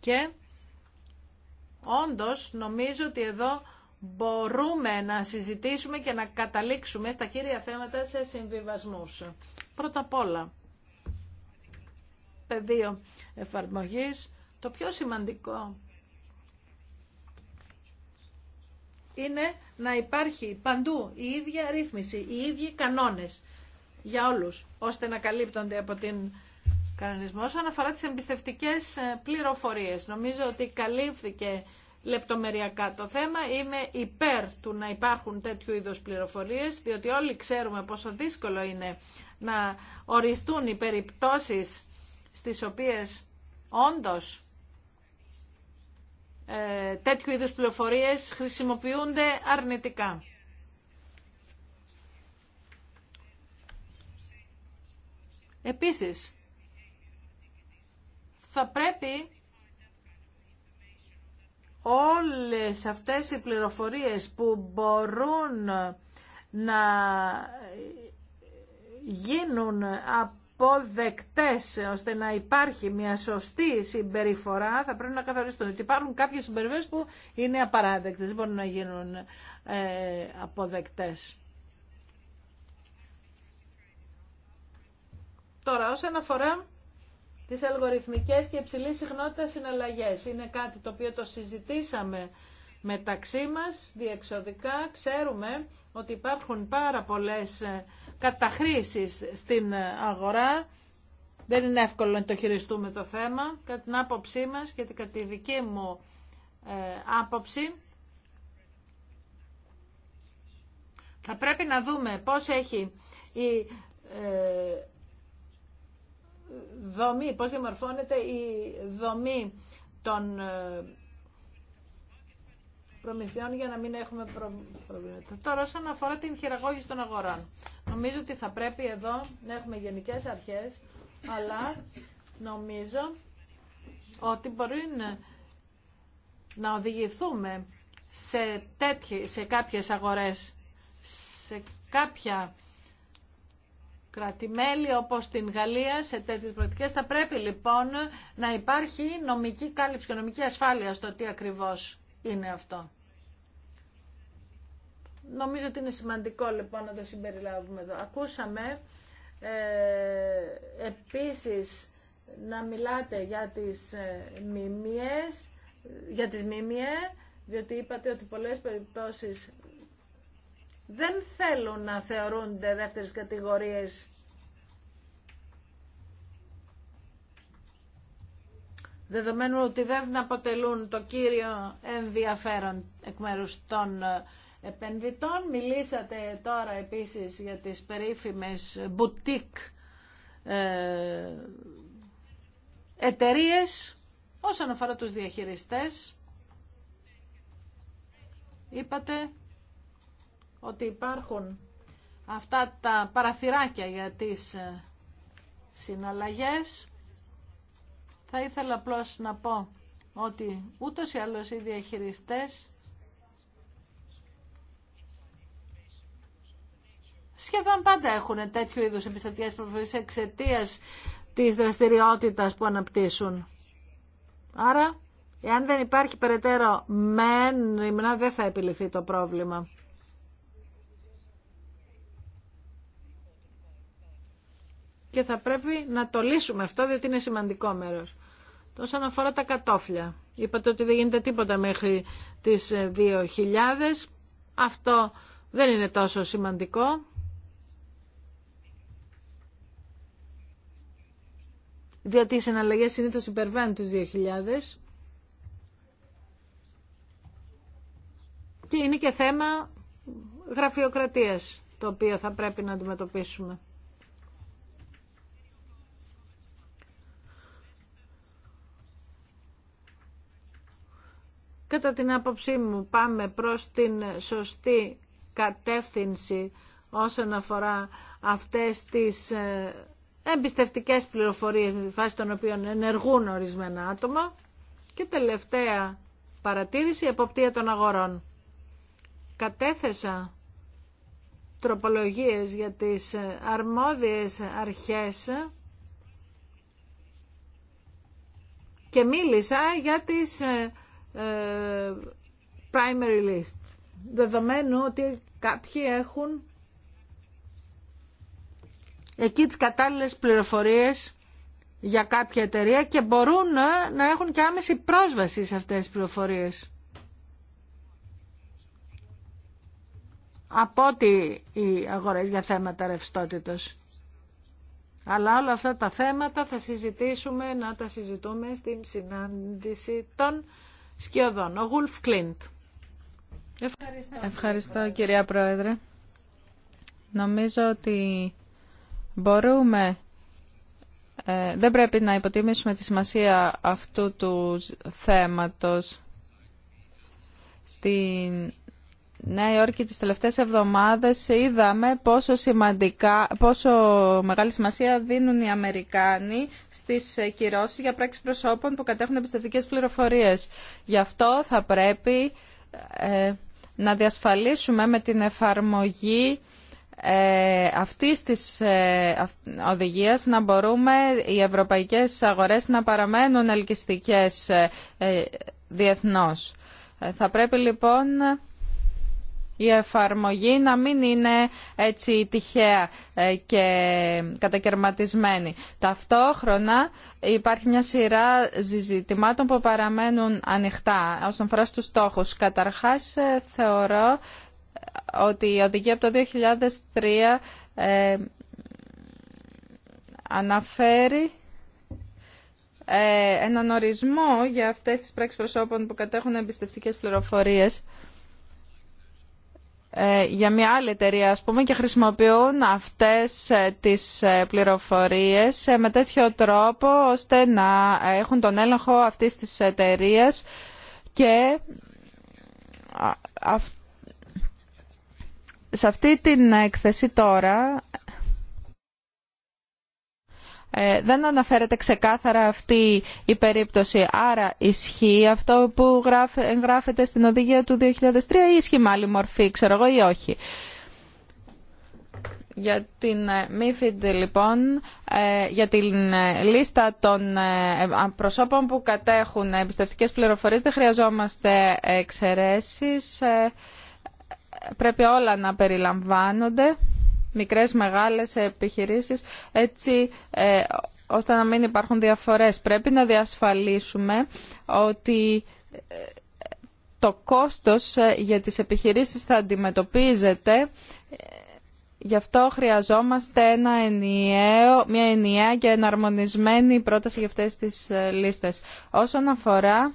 Και όντως νομίζω ότι εδώ μπορούμε να συζητήσουμε και να καταλήξουμε στα κύρια θέματα σε συμβιβασμούς. Πρώτα απ' όλα, πεδίο εφαρμογής, το πιο σημαντικό είναι να υπάρχει παντού η ίδια ρύθμιση, οι ίδιοι κανόνες για όλους, ώστε να καλύπτονται από την κανονισμό. Όσον αφορά τις εμπιστευτικές ε, πληροφορίες, νομίζω ότι καλύφθηκε λεπτομεριακά το θέμα. Είμαι υπέρ του να υπάρχουν τέτοιου είδους πληροφορίες, διότι όλοι ξέρουμε πόσο δύσκολο είναι να οριστούν οι περιπτώσεις στις οποίες όντως ε, τέτοιου είδους πληροφορίες χρησιμοποιούνται αρνητικά. Επίσης, θα πρέπει όλες αυτές οι πληροφορίες που μπορούν να γίνουν αποδεκτές ώστε να υπάρχει μια σωστή συμπεριφορά θα πρέπει να καθοριστούν ότι υπάρχουν κάποιες συμπεριφορές που είναι απαράδεκτες, δεν μπορούν να γίνουν ε, αποδεκτές. Τώρα, όσον αφορά τις αλγοριθμικές και υψηλή συχνότητα συναλλαγές, είναι κάτι το οποίο το συζητήσαμε μεταξύ μας διεξοδικά. Ξέρουμε ότι υπάρχουν πάρα πολλές ε, καταχρήσεις στην αγορά. Δεν είναι εύκολο να το χειριστούμε το θέμα. Κατά την άποψή μας και κατά τη δική μου ε, άποψη, θα πρέπει να δούμε πώς έχει η ε, δομή, πώς διαμορφώνεται η δομή των ε, προμηθειών για να μην έχουμε προβλήματα. Τώρα, όσον αφορά την χειραγώγηση των αγορών, νομίζω ότι θα πρέπει εδώ να έχουμε γενικέ αρχέ, αλλά νομίζω ότι μπορεί να οδηγηθούμε σε, τέτοι... σε κάποιες αγορές, σε κάποια κρατημέλη όπως την Γαλλία σε τέτοιες πρακτικές. Θα πρέπει λοιπόν να υπάρχει νομική κάλυψη και νομική ασφάλεια στο τι ακριβώς είναι αυτό. Νομίζω ότι είναι σημαντικό λοιπόν να το συμπεριλάβουμε εδώ. Ακούσαμε ε, επίσης να μιλάτε για τις ε, μιμιές, για τις μιμιέ, διότι είπατε ότι πολλές περιπτώσεις δεν θέλουν να θεωρούνται δεύτερες κατηγορίες δεδομένου ότι δεν αποτελούν το κύριο ενδιαφέρον εκ μέρους των ε, επενδυτών. Μιλήσατε τώρα επίσης για τις περίφημες boutique ε, εταιρείε όσον αφορά τους διαχειριστές. Είπατε ότι υπάρχουν αυτά τα παραθυράκια για τις ε, συναλλαγές. Θα ήθελα απλώ να πω ότι ούτως ή άλλως οι διαχειριστές σχεδόν πάντα έχουν τέτοιου είδους επιστατικές προφορές εξαιτία της δραστηριότητας που αναπτύσσουν. Άρα, εάν δεν υπάρχει περαιτέρω μεν, δεν θα επιληθεί το πρόβλημα. και θα πρέπει να το λύσουμε αυτό διότι είναι σημαντικό μέρος. Όσον αφορά τα κατόφλια, είπατε ότι δεν γίνεται τίποτα μέχρι τις 2.000. Ε, αυτό δεν είναι τόσο σημαντικό. Διότι οι συναλλαγές συνήθως υπερβαίνουν τι 2.000. Και είναι και θέμα γραφειοκρατίας το οποίο θα πρέπει να αντιμετωπίσουμε. Κατά την άποψή μου πάμε προς την σωστή κατεύθυνση όσον αφορά αυτές τις ε, εμπιστευτικές πληροφορίες με τη φάση των οποίων ενεργούν ορισμένα άτομα και τελευταία παρατήρηση εποπτεία των αγορών. Κατέθεσα τροπολογίες για τις ε, αρμόδιες αρχές και μίλησα για τις ε, ε, primary list. Δεδομένου ότι κάποιοι έχουν εκεί τις κατάλληλες πληροφορίες για κάποια εταιρεία και μπορούν να έχουν και άμεση πρόσβαση σε αυτές τις πληροφορίες. Από ότι οι αγορές για θέματα ρευστότητος. Αλλά όλα αυτά τα θέματα θα συζητήσουμε, να τα συζητούμε στην συνάντηση των σκιωδών. Ο Γουλφ Κλίντ. Ευχαριστώ. κυρία Πρόεδρε. Νομίζω ότι μπορούμε, ε, δεν πρέπει να υποτίμησουμε τη σημασία αυτού του θέματος στην Νέα Υόρκη τις τελευταίες εβδομάδες είδαμε πόσο, σημαντικά, πόσο μεγάλη σημασία δίνουν οι Αμερικάνοι στις κυρώσεις για πράξεις προσώπων που κατέχουν εμπιστευτικές πληροφορίες. Γι' αυτό θα πρέπει ε, να διασφαλίσουμε με την εφαρμογή ε, αυτής της ε, οδηγίας να μπορούμε οι ευρωπαϊκές αγορές να παραμένουν ελκυστικές διεθνώς. Θα πρέπει λοιπόν η εφαρμογή να μην είναι έτσι τυχαία ε, και κατακαιρματισμένη. Ταυτόχρονα υπάρχει μια σειρά ζητημάτων που παραμένουν ανοιχτά όσον αφορά στους στόχους. Καταρχάς ε, θεωρώ ότι η οδηγία από το 2003 ε, αναφέρει ε, έναν ορισμό για αυτές τις πράξεις προσώπων που κατέχουν εμπιστευτικές πληροφορίες. Ε, για μια άλλη εταιρεία ας πούμε και χρησιμοποιούν αυτές ε, τις ε, πληροφορίες με τέτοιο τρόπο ώστε να έχουν τον έλεγχο αυτής της εταιρεία και σε αυτή την έκθεση τώρα ε, δεν αναφέρεται ξεκάθαρα αυτή η περίπτωση. Άρα ισχύει αυτό που εγγράφεται στην οδηγία του 2003 ή ισχύει με άλλη μορφή, ξέρω εγώ ή όχι. Για την ε, MIFID λοιπόν, ε, για την λίστα των προσώπων που κατέχουν εμπιστευτικές πληροφορίες δεν χρειαζόμαστε εξαιρέσεις. Πρέπει όλα να περιλαμβάνονται μικρές, μεγάλες επιχειρήσεις, έτσι ε, ώστε να μην υπάρχουν διαφορές. Πρέπει να διασφαλίσουμε ότι ε, το κόστος ε, για τις επιχειρήσεις θα αντιμετωπίζεται Γι' αυτό χρειαζόμαστε ένα ενιαίο, μια ενιαία και εναρμονισμένη πρόταση για αυτές τις λίστες. Όσον αφορά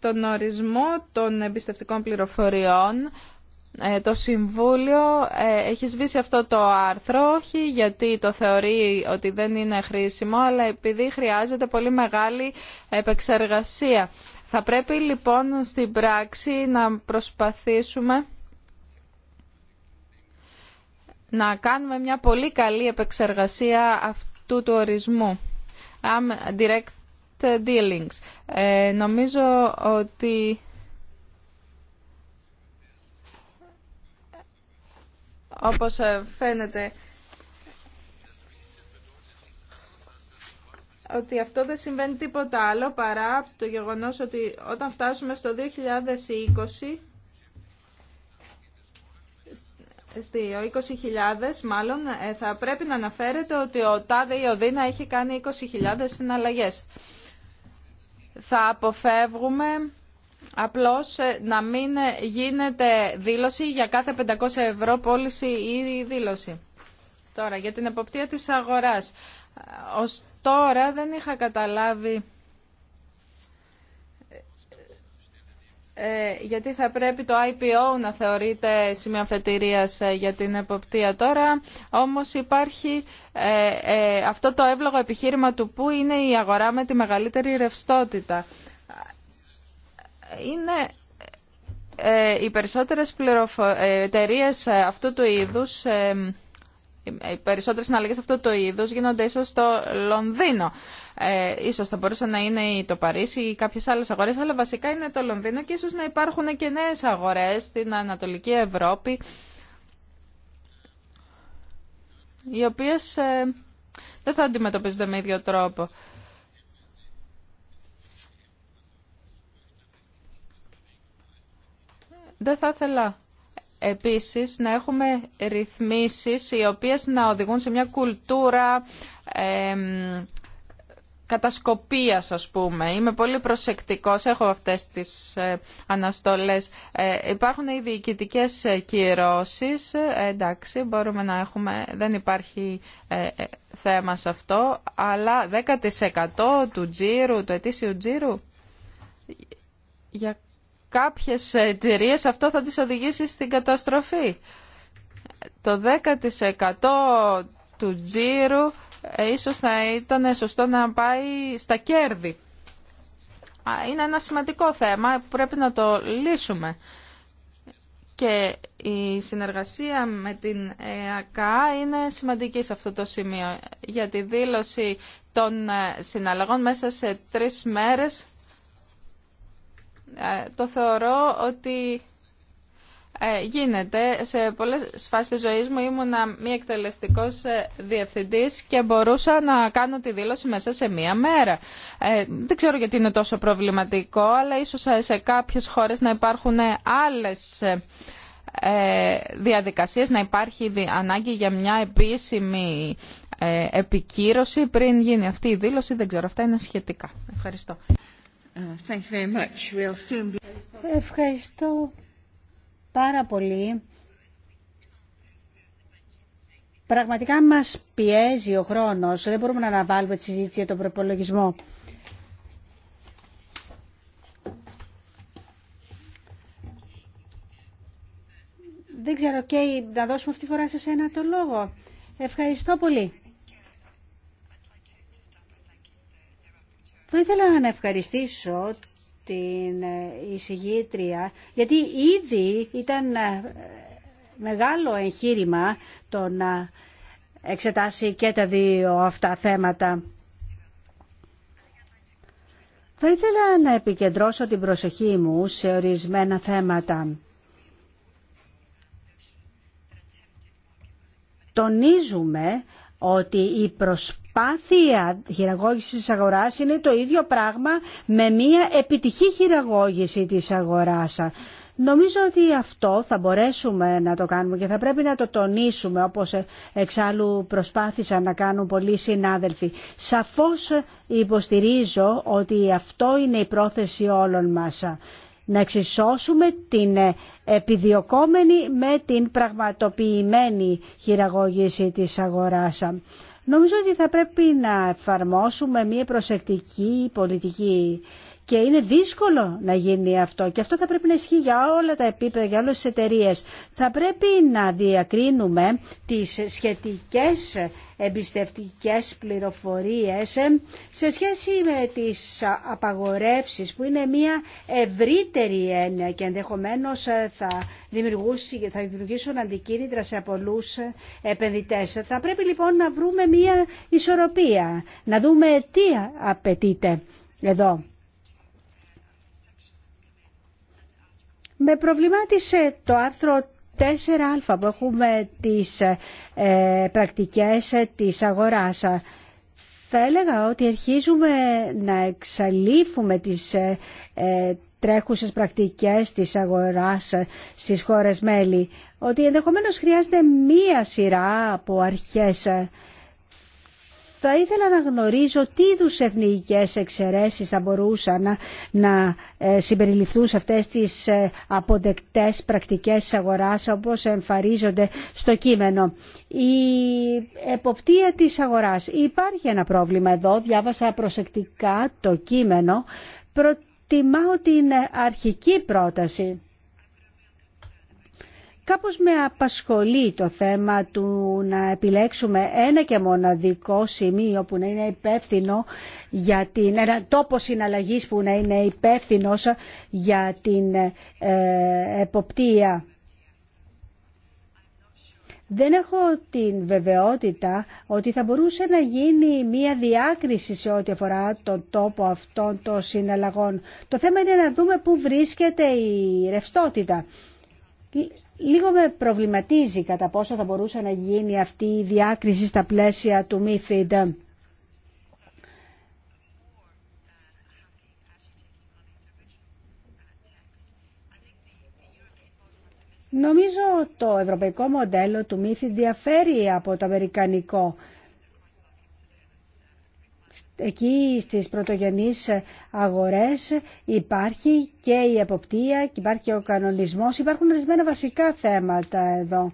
τον ορισμό των εμπιστευτικών πληροφοριών, ε, το Συμβούλιο ε, έχει σβήσει αυτό το άρθρο, όχι γιατί το θεωρεί ότι δεν είναι χρήσιμο, αλλά επειδή χρειάζεται πολύ μεγάλη επεξεργασία. Θα πρέπει λοιπόν στην πράξη να προσπαθήσουμε να κάνουμε μια πολύ καλή επεξεργασία αυτού του ορισμού. direct dealings. Ε, νομίζω ότι όπως ε, φαίνεται ότι αυτό δεν συμβαίνει τίποτα άλλο παρά το γεγονός ότι όταν φτάσουμε στο 2020 στη 20.000 μάλλον ε, θα πρέπει να αναφέρεται ότι ο Τάδε ή ο Δίνα έχει κάνει 20.000 συναλλαγές. Θα αποφεύγουμε Απλώς ε, να μην ε, γίνεται δήλωση για κάθε 500 ευρώ πώληση ή δήλωση. Τώρα, για την εποπτεία της αγοράς. Ε, ως τώρα δεν είχα καταλάβει γιατί θα πρέπει το IPO να θεωρείται σημείο για την εποπτεία τώρα. Όμως υπάρχει αυτό το εύλογο επιχείρημα του που είναι η αγορά με τη μεγαλύτερη ρευστότητα είναι ε, οι περισσότερες ε, εταιρείε ε, αυτού του είδους, οι περισσότερες συναλλαγές αυτού του είδους γίνονται ίσως στο Λονδίνο. ίσως θα μπορούσε να είναι το Παρίσι ή κάποιες άλλες αγορές, αλλά βασικά είναι το Λονδίνο και ίσως να υπάρχουν και νέε αγορές στην Ανατολική Ευρώπη, οι οποίες δεν θα αντιμετωπίζονται με ίδιο τρόπο. Δεν θα ήθελα επίσης να έχουμε ρυθμίσεις οι οποίες να οδηγούν σε μια κουλτούρα ε, κατασκοπίας ας πούμε. Είμαι πολύ προσεκτικός, έχω αυτές τις ε, αναστολές. Ε, υπάρχουν οι διοικητικές κυρώσεις, ε, εντάξει μπορούμε να έχουμε, δεν υπάρχει θέμα σε αυτό, αλλά 10% του τζίρου, του ετήσιου τζίρου, για κάποιες εταιρείε αυτό θα τις οδηγήσει στην καταστροφή. Το 10% του τζίρου ε, ίσως θα ήταν σωστό να πάει στα κέρδη. Είναι ένα σημαντικό θέμα που πρέπει να το λύσουμε. Και η συνεργασία με την ΕΑΚΑ είναι σημαντική σε αυτό το σημείο. Για τη δήλωση των ε, συναλλαγών μέσα σε τρεις μέρες ε, το θεωρώ ότι ε, γίνεται. Σε πολλές φάσεις της ζωής μου ήμουνα μη εκτελεστικός ε, διευθυντής και μπορούσα να κάνω τη δήλωση μέσα σε μία μέρα. δεν ξέρω γιατί είναι τόσο προβληματικό, αλλά ίσως σε κάποιες χώρες να υπάρχουν άλλες διαδικασίες, να υπάρχει ανάγκη για μια επίσημη επικύρωση πριν γίνει αυτή η δήλωση. Δεν ξέρω, αυτά είναι σχετικά. Ευχαριστώ. Ευχαριστώ πάρα πολύ. Πραγματικά μας πιέζει ο χρόνος. Δεν μπορούμε να αναβάλουμε τη συζήτηση για τον προπολογισμό. Δεν ξέρω, Κέι, να δώσουμε αυτή τη φορά σε σένα το λόγο. Ευχαριστώ πολύ. Θα ήθελα να ευχαριστήσω την εισηγήτρια, γιατί ήδη ήταν ε, μεγάλο εγχείρημα το να εξετάσει και τα δύο αυτά θέματα. Θα ήθελα να επικεντρώσω την προσοχή μου σε ορισμένα θέματα. Τονίζουμε ότι η προσπάθεια χειραγώγησης της αγοράς είναι το ίδιο πράγμα με μια επιτυχή χειραγώγηση της αγοράς. Νομίζω ότι αυτό θα μπορέσουμε να το κάνουμε και θα πρέπει να το τονίσουμε όπως εξάλλου προσπάθησαν να κάνουν πολλοί συνάδελφοι. Σαφώς υποστηρίζω ότι αυτό είναι η πρόθεση όλων μας να εξισώσουμε την ε, επιδιωκόμενη με την πραγματοποιημένη χειραγώγηση της αγοράς. Νομίζω ότι θα πρέπει να εφαρμόσουμε μια προσεκτική πολιτική και είναι δύσκολο να γίνει αυτό. Και αυτό θα πρέπει να ισχύει για όλα τα επίπεδα, για όλες τις εταιρείε. Θα πρέπει να διακρίνουμε τις σχετικές εμπιστευτικές πληροφορίες σε σχέση με τις απαγορεύσεις που είναι μια ευρύτερη έννοια και ενδεχομένως θα, θα δημιουργήσουν αντικίνητρα σε πολλούς επενδυτές. Θα πρέπει λοιπόν να βρούμε μια ισορροπία, να δούμε τι απαιτείται εδώ. Με προβλημάτισε το άρθρο 4α που έχουμε τις ε, πρακτικές της αγοράς. Θα έλεγα ότι αρχίζουμε να εξαλείφουμε τις ε, ε, τρέχουσες πρακτικές της αγοράς ε, στις χώρες μέλη, ότι ενδεχομένως χρειάζεται μία σειρά από αρχές θα ήθελα να γνωρίζω τι είδου εθνικές εξαιρέσεις θα μπορούσαν να ε, συμπεριληφθούν σε αυτές τις ε, αποδεκτές πρακτικές της αγοράς όπως εμφαρίζονται στο κείμενο. Η εποπτεία της αγοράς. Υπάρχει ένα πρόβλημα εδώ, διάβασα προσεκτικά το κείμενο. Προτιμάω την αρχική πρόταση Κάπως με απασχολεί το θέμα του να επιλέξουμε ένα και μοναδικό σημείο που να είναι υπεύθυνο για την, ένα τόπο συναλλαγής που να είναι υπεύθυνο για την ε, εποπτεία. Δεν έχω την βεβαιότητα ότι θα μπορούσε να γίνει μία διάκριση σε ό,τι αφορά τον τόπο αυτών των συναλλαγών. Το θέμα είναι να δούμε πού βρίσκεται η ρευστότητα. Λίγο με προβληματίζει κατά πόσο θα μπορούσε να γίνει αυτή η διάκριση στα πλαίσια του ΜΥΦΙΔ. Νομίζω το ευρωπαϊκό μοντέλο του ΜΥΦΙΔ διαφέρει από το αμερικανικό εκεί στις πρωτογενείς αγορές υπάρχει και η εποπτεία, υπάρχει και ο κανονισμός, υπάρχουν ορισμένα βασικά θέματα εδώ.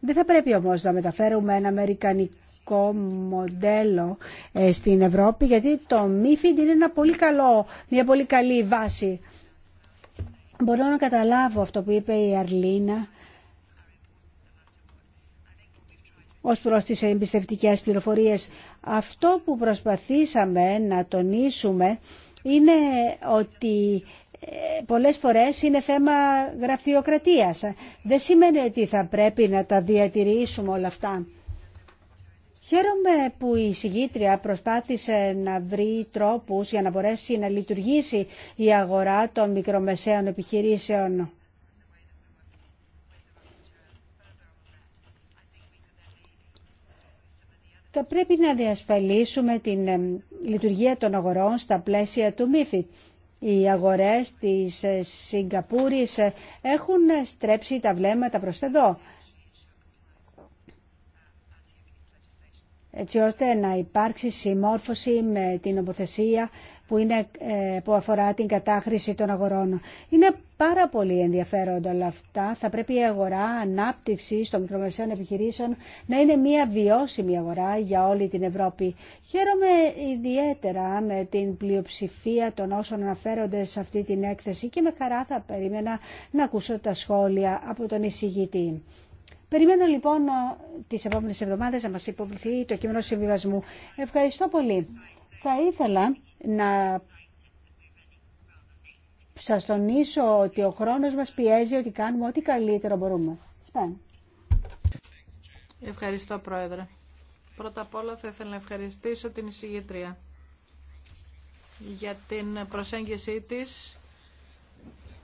Δεν θα πρέπει όμως να μεταφέρουμε ένα αμερικανικό μοντέλο ε, στην Ευρώπη, γιατί το MIFID είναι ένα πολύ καλό, μια πολύ καλή βάση. Μπορώ να καταλάβω αυτό που είπε η Αρλίνα ως προς τις εμπιστευτικές πληροφορίες. Αυτό που προσπαθήσαμε να τονίσουμε είναι ότι ε, πολλές φορές είναι θέμα γραφειοκρατίας. Δεν σημαίνει ότι θα πρέπει να τα διατηρήσουμε όλα αυτά. Χαίρομαι που η συγγήτρια προσπάθησε να βρει τρόπους για να μπορέσει να λειτουργήσει η αγορά των μικρομεσαίων επιχειρήσεων. θα πρέπει να διασφαλίσουμε την λειτουργία των αγορών στα πλαίσια του MIFID. Οι αγορές της ε, Σιγκαπούρης ε, έχουν στρέψει τα βλέμματα προς εδώ. έτσι ώστε να υπάρξει συμμόρφωση με την νομοθεσία που, είναι, ε, που αφορά την κατάχρηση των αγορών. Είναι πάρα πολύ ενδιαφέροντα όλα αυτά. Θα πρέπει η αγορά ανάπτυξη των μικρομεσαίων επιχειρήσεων να είναι μια βιώσιμη αγορά για όλη την Ευρώπη. Χαίρομαι ιδιαίτερα με την πλειοψηφία των όσων αναφέρονται σε αυτή την έκθεση και με χαρά θα περίμενα να ακούσω τα σχόλια από τον εισηγητή. Περιμένω λοιπόν τις επόμενες εβδομάδες να μας υποβληθεί το κείμενο συμβιβασμού. Ευχαριστώ πολύ. Θα ήθελα να σας τονίσω ότι ο χρόνος μας πιέζει ότι κάνουμε ό,τι καλύτερο μπορούμε. Ευχαριστώ, Πρόεδρε. Πρώτα απ' όλα θα ήθελα να ευχαριστήσω την εισηγήτρια για την προσέγγιση της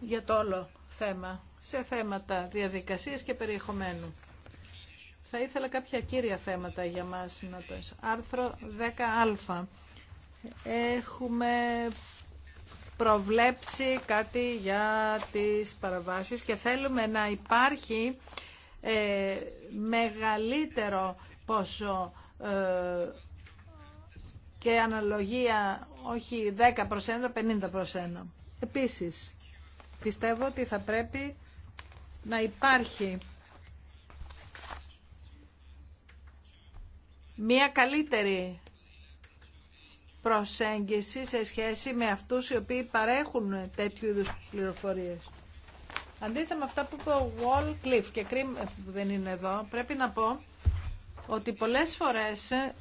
για το όλο θέμα, σε θέματα διαδικασίας και περιεχομένου. Θα ήθελα κάποια κύρια θέματα για μας να αρθρο Άρθρο 10α έχουμε προβλέψει κάτι για τις παραβάσεις και θέλουμε να υπάρχει ε, μεγαλύτερο πόσο ε, και αναλογία όχι 10 προς 1, 50 προς 1. Επίσης, πιστεύω ότι θα πρέπει να υπάρχει μία καλύτερη προσέγγιση σε σχέση με αυτούς οι οποίοι παρέχουν τέτοιου είδους πληροφορίες. Αντίθετα με αυτά που είπε ο Wall Cliff και κρίμα ε, που δεν είναι εδώ, πρέπει να πω ότι πολλές φορές ε,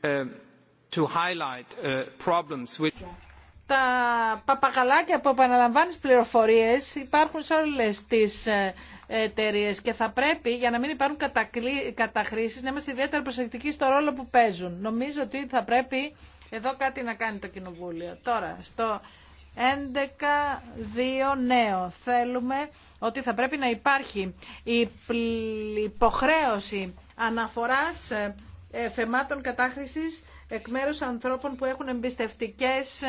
ε, to highlight with... τα παπαγαλάκια που επαναλαμβάνει πληροφορίες υπάρχουν σε όλες τις εταιρείε και θα πρέπει για να μην υπάρχουν καταχρήσεις να είμαστε ιδιαίτερα προσεκτικοί στο ρόλο που παίζουν. Νομίζω ότι θα πρέπει εδώ κάτι να κάνει το Κοινοβούλιο. Τώρα, στο 11.2 νέο θέλουμε ότι θα πρέπει να υπάρχει η υποχρέωση αναφοράς ε, ε, θεμάτων κατάχρησης εκ μέρους ανθρώπων που έχουν εμπιστευτικές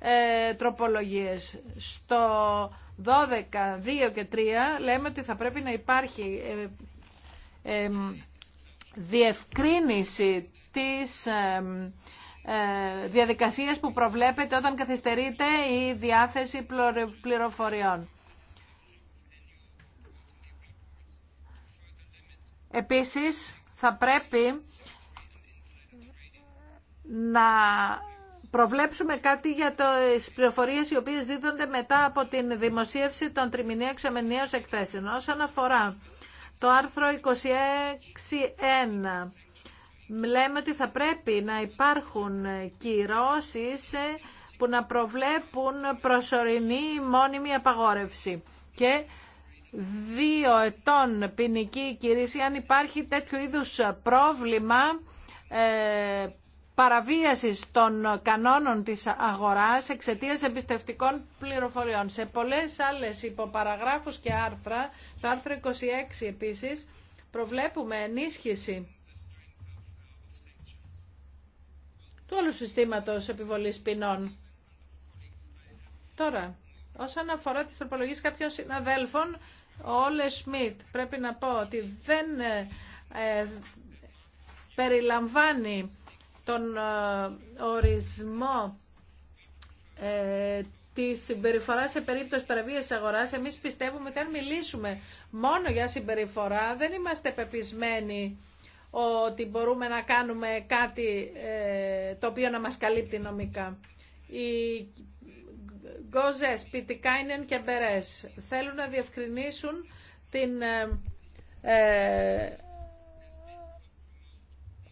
ε, τροπολογίες. Στο 12, 2 και 3 λέμε ότι θα πρέπει να υπάρχει διευκρίνηση της ε, διαδικασίες που προβλέπεται όταν καθυστερείται η διάθεση πληροφοριών. Επίσης, θα πρέπει να προβλέψουμε κάτι για τις πληροφορίες οι οποίες δίδονται μετά από την δημοσίευση των τριμηνίων εξαμενίων εκθέσεων. Όσον αφορά το άρθρο 26.1 λέμε ότι θα πρέπει να υπάρχουν κυρώσεις ε, που να προβλέπουν προσωρινή μόνιμη απαγόρευση και δύο ετών ποινική κηρύση αν υπάρχει τέτοιο είδους πρόβλημα ε, παραβίασης των κανόνων της αγοράς εξαιτίας εμπιστευτικών πληροφοριών. Σε πολλές άλλες υποπαραγράφους και άρθρα, το άρθρο 26 επίσης, προβλέπουμε ενίσχυση του όλου συστήματος επιβολής ποινών. Τώρα, όσον αφορά τις τροπολογίες κάποιων συναδέλφων, Όλε Σμιτ, πρέπει να πω ότι δεν ε, ε, περιλαμβάνει τον ε, ορισμό ε, τη συμπεριφορά σε περίπτωση παραβίαση αγορά. Εμεί πιστεύουμε ότι αν μιλήσουμε μόνο για συμπεριφορά, δεν είμαστε πεπισμένοι ότι μπορούμε να κάνουμε κάτι ε, το οποίο να μας καλύπτει νομικά. Οι Γκόζες, Πιτικάινεν και Μπερές θέλουν να διευκρινίσουν την ε, ε,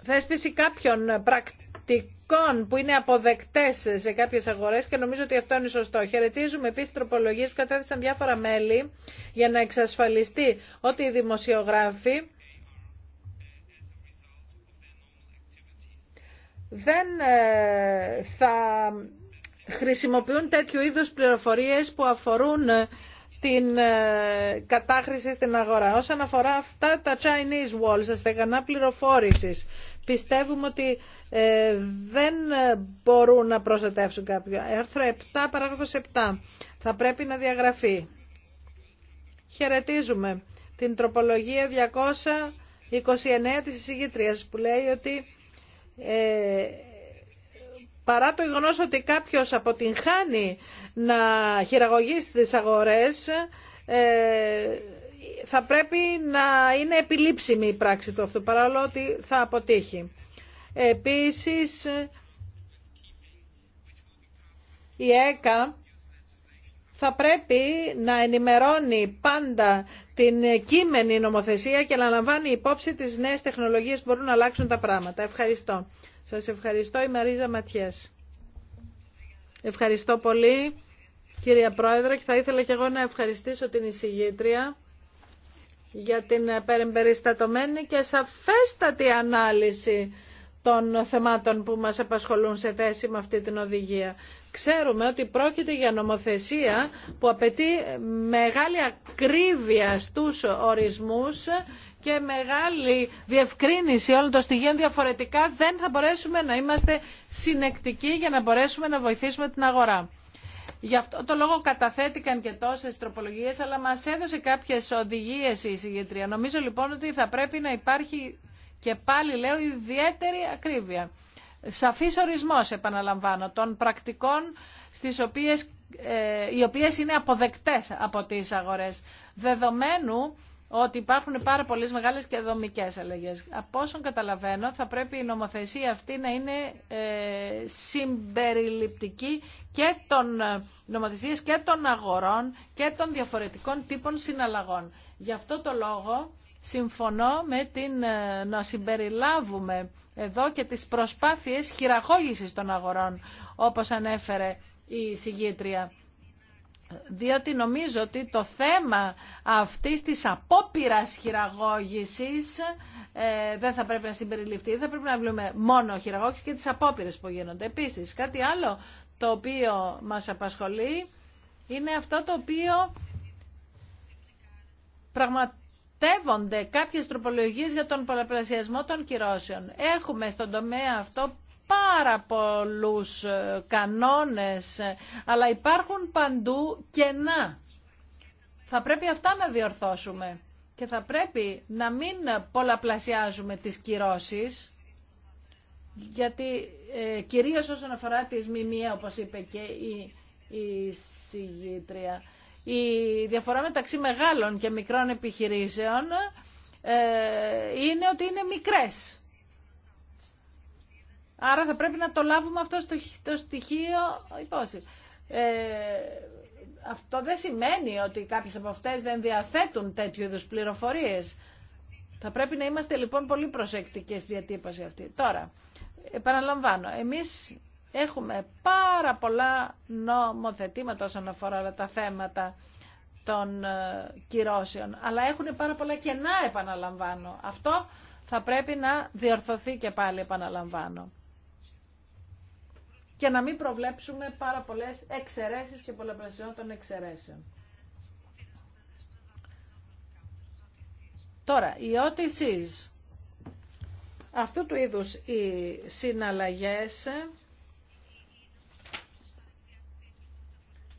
θέσπιση κάποιων πρακτικών που είναι αποδεκτές σε κάποιες αγορές και νομίζω ότι αυτό είναι σωστό. Χαιρετίζουμε επίσης τροπολογίες που κατέθεσαν διάφορα μέλη για να εξασφαλιστεί ότι οι δημοσιογράφοι δεν ε, θα χρησιμοποιούν τέτοιου είδους πληροφορίες που αφορούν ε, την ε, κατάχρηση στην αγορά. Όσον αφορά αυτά τα Chinese walls, τα στεγανά πληροφόρησης, πιστεύουμε ότι δεν μπορούν να προστατεύσουν κάποιο. Έρθρο 7, παράγραφος 7. Θα πρέπει να διαγραφεί. Χαιρετίζουμε την τροπολογία 229 της εισηγητρίας που λέει ότι ε, παρά το γεγονό ότι κάποιος αποτυγχάνει να χειραγωγήσει τις αγορές, ε, θα πρέπει να είναι επιλήψιμη η πράξη του αυτού, παρόλο ότι θα αποτύχει. Επίσης, η ΕΚΑ θα πρέπει να ενημερώνει πάντα την κείμενη νομοθεσία και να λαμβάνει υπόψη τις νέες τεχνολογίες που μπορούν να αλλάξουν τα πράγματα. Ευχαριστώ. Σας ευχαριστώ η Μαρίζα Ματιές. Ευχαριστώ πολύ κυρία Πρόεδρε και θα ήθελα και εγώ να ευχαριστήσω την εισηγήτρια για την περιμπεριστατωμένη και σαφέστατη ανάλυση των θεμάτων που μας απασχολούν σε θέση με αυτή την οδηγία. Ξέρουμε ότι πρόκειται για νομοθεσία που απαιτεί μεγάλη ακρίβεια στους ορισμούς και μεγάλη διευκρίνηση όλων των στοιχείων. Διαφορετικά δεν θα μπορέσουμε να είμαστε συνεκτικοί για να μπορέσουμε να βοηθήσουμε την αγορά. Γι' αυτό το λόγο καταθέτηκαν και τόσες τροπολογίες, αλλά μας έδωσε κάποιες οδηγίες η συγγετρία. Νομίζω λοιπόν ότι θα πρέπει να υπάρχει και πάλι λέω ιδιαίτερη ακρίβεια σαφής ορισμός, επαναλαμβάνω, των πρακτικών στις οποίες, ε, οι οποίες είναι αποδεκτές από τις αγορές. Δεδομένου ότι υπάρχουν πάρα πολλέ μεγάλες και δομικές αλλαγές. Από όσον καταλαβαίνω θα πρέπει η νομοθεσία αυτή να είναι ε, συμπεριληπτική και των ε, νομοθεσίες και των αγορών και των διαφορετικών τύπων συναλλαγών. Γι' αυτό το λόγο συμφωνώ με την ε, να συμπεριλάβουμε εδώ και τις προσπάθειες χειραγώγησης των αγορών, όπως ανέφερε η συγγήτρια. Διότι νομίζω ότι το θέμα αυτής της απόπειρας χειραγώγησης ε, δεν θα πρέπει να συμπεριληφθεί. Δεν θα πρέπει να βλέπουμε μόνο χειραγώγηση και τις απόπειρες που γίνονται. Επίσης, κάτι άλλο το οποίο μας απασχολεί είναι αυτό το οποίο πραγματικά προστατεύονται κάποιες τροπολογίες για τον πολλαπλασιασμό των κυρώσεων. Έχουμε στον τομέα αυτό πάρα πολλούς ε, κανόνες, ε, αλλά υπάρχουν παντού κενά. Θα πρέπει αυτά να διορθώσουμε και θα πρέπει να μην πολλαπλασιάζουμε τις κυρώσεις, γιατί ε, κυρίως όσον αφορά τις ΜΜΕ, όπως είπε και η, η συγγήτρια η διαφορά μεταξύ μεγάλων και μικρών επιχειρήσεων ε, είναι ότι είναι μικρές. Άρα θα πρέπει να το λάβουμε αυτό στο, το στοιχείο υπόψη. Ε, αυτό δεν σημαίνει ότι κάποιες από αυτές δεν διαθέτουν τέτοιου είδους πληροφορίες. Θα πρέπει να είμαστε λοιπόν πολύ προσεκτικοί στη διατύπωση αυτή. Τώρα, επαναλαμβάνω, εμείς Έχουμε πάρα πολλά νομοθετήματα όσον αφορά τα θέματα των ε, κυρώσεων, αλλά έχουν πάρα πολλά κενά επαναλαμβάνω. Αυτό θα πρέπει να διορθωθεί και πάλι επαναλαμβάνω. Και να μην προβλέψουμε πάρα πολλές εξαιρέσεις και πολλαπλασιών των εξαιρέσεων. Τώρα, οι OTCs, αυτού του είδους οι συναλλαγές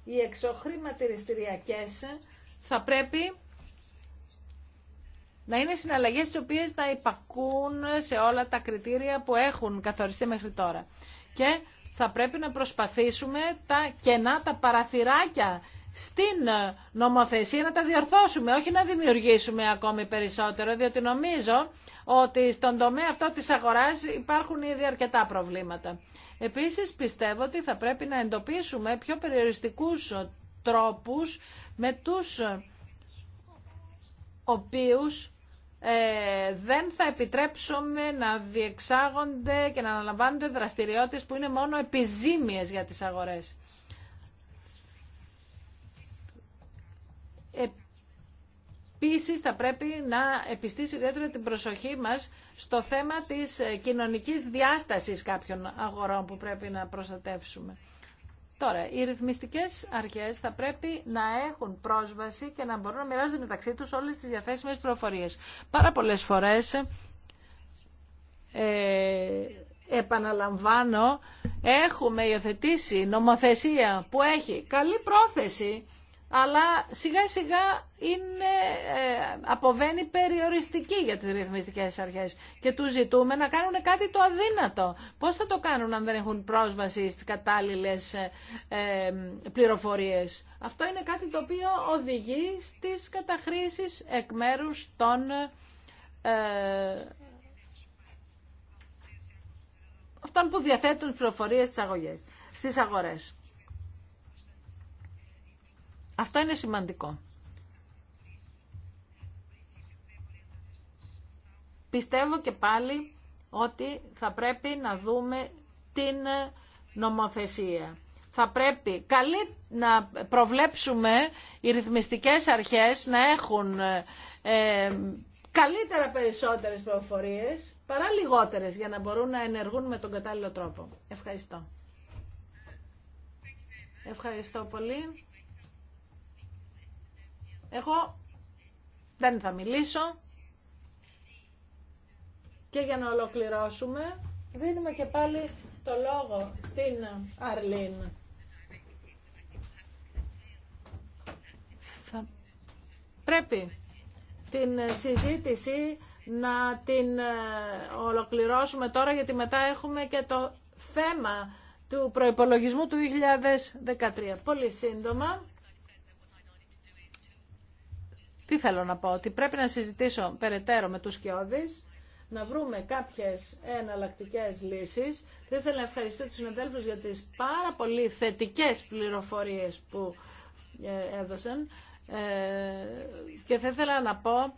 οι εξωχρηματιστηριακές θα πρέπει να είναι συναλλαγές τις οποίες θα υπακούν σε όλα τα κριτήρια που έχουν καθοριστεί μέχρι τώρα. Και θα πρέπει να προσπαθήσουμε τα κενά, τα παραθυράκια στην ε, νομοθεσία να τα διορθώσουμε, όχι να δημιουργήσουμε ακόμη περισσότερο, διότι νομίζω ότι στον τομέα αυτό της αγοράς υπάρχουν ήδη αρκετά προβλήματα. Επίσης πιστεύω ότι θα πρέπει να εντοπίσουμε πιο περιοριστικούς τρόπους με τους ε, οποίους ε, δεν θα επιτρέψουμε να διεξάγονται και να αναλαμβάνονται δραστηριότητες που είναι μόνο επιζήμιες για τις αγορές. Επίση, θα πρέπει να επιστήσει ιδιαίτερα την προσοχή μας στο θέμα της κοινωνικής διάστασης κάποιων αγορών που πρέπει να προστατεύσουμε. Τώρα, οι ρυθμιστικές αρχές θα πρέπει να έχουν πρόσβαση και να μπορούν να μοιράζονται μεταξύ του όλες τις διαθέσιμε πληροφορίε. Πάρα πολλέ φορές ε, επαναλαμβάνω, έχουμε υιοθετήσει νομοθεσία που έχει καλή πρόθεση αλλά σιγά σιγά είναι, ε, αποβαίνει περιοριστική για τις ρυθμιστικές αρχές και τους ζητούμε να κάνουν κάτι το αδύνατο. Πώς θα το κάνουν αν δεν έχουν πρόσβαση στις κατάλληλες ε, ε, πληροφορίες. Αυτό είναι κάτι το οποίο οδηγεί στις καταχρήσεις εκ μέρους των αυτών που διαθέτουν πληροφορίες στις αγορές. Αυτό είναι σημαντικό. Πιστεύω και πάλι ότι θα πρέπει να δούμε την ε, νομοθεσία. Θα πρέπει καλή να προβλέψουμε οι ρυθμιστικές αρχές να έχουν ε, ε, καλύτερα περισσότερες προφορίες παρά λιγότερες για να μπορούν να ενεργούν με τον κατάλληλο τρόπο. Ευχαριστώ. Ευχαριστώ πολύ. Εγώ δεν θα μιλήσω. Και για να ολοκληρώσουμε, δίνουμε και πάλι το λόγο στην Αρλίν. Πρέπει την συζήτηση να την ε, ολοκληρώσουμε τώρα γιατί μετά έχουμε και το θέμα του προϋπολογισμού του 2013. Πολύ σύντομα. Τι θέλω να πω, ότι πρέπει να συζητήσω περαιτέρω με τους Κιώδης, να βρούμε κάποιες εναλλακτικέ λύσεις. Θα ήθελα να ευχαριστήσω τους συναδέλφους για τις πάρα πολύ θετικές πληροφορίες που ε, έδωσαν ε, και θα ήθελα να πω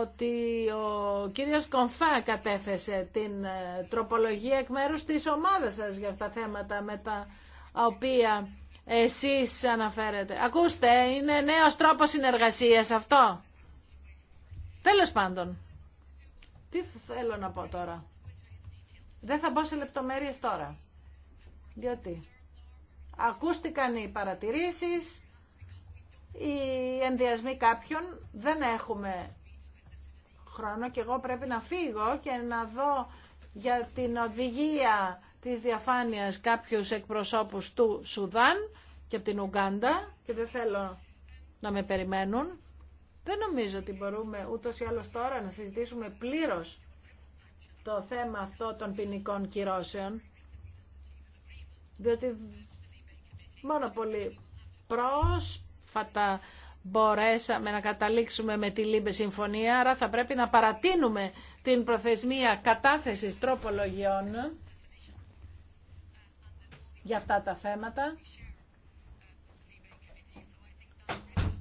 ότι ο κύριος Κονφά κατέθεσε την ε, τροπολογία εκ μέρους της ομάδας σας για αυτά τα θέματα με τα οποία εσείς αναφέρετε. Ακούστε, είναι νέος τρόπος συνεργασίας αυτό. Τέλος πάντων. Τι θέλω να πω τώρα. Δεν θα μπω σε λεπτομέρειες τώρα. Διότι ακούστηκαν οι παρατηρήσεις, οι ενδιασμοί κάποιων. Δεν έχουμε χρόνο και εγώ πρέπει να φύγω και να δω για την οδηγία της διαφάνειας κάποιους εκπροσώπους του Σουδάν και από την Ουγκάντα και δεν θέλω να με περιμένουν. Δεν νομίζω ότι μπορούμε ούτως ή άλλως τώρα να συζητήσουμε πλήρως το θέμα αυτό των ποινικών κυρώσεων, διότι μόνο πολύ πρόσφατα μπορέσαμε να καταλήξουμε με τη Λίμπε Συμφωνία, άρα θα πρέπει να παρατείνουμε την προθεσμία κατάθεσης τροπολογιών για αυτά τα θέματα.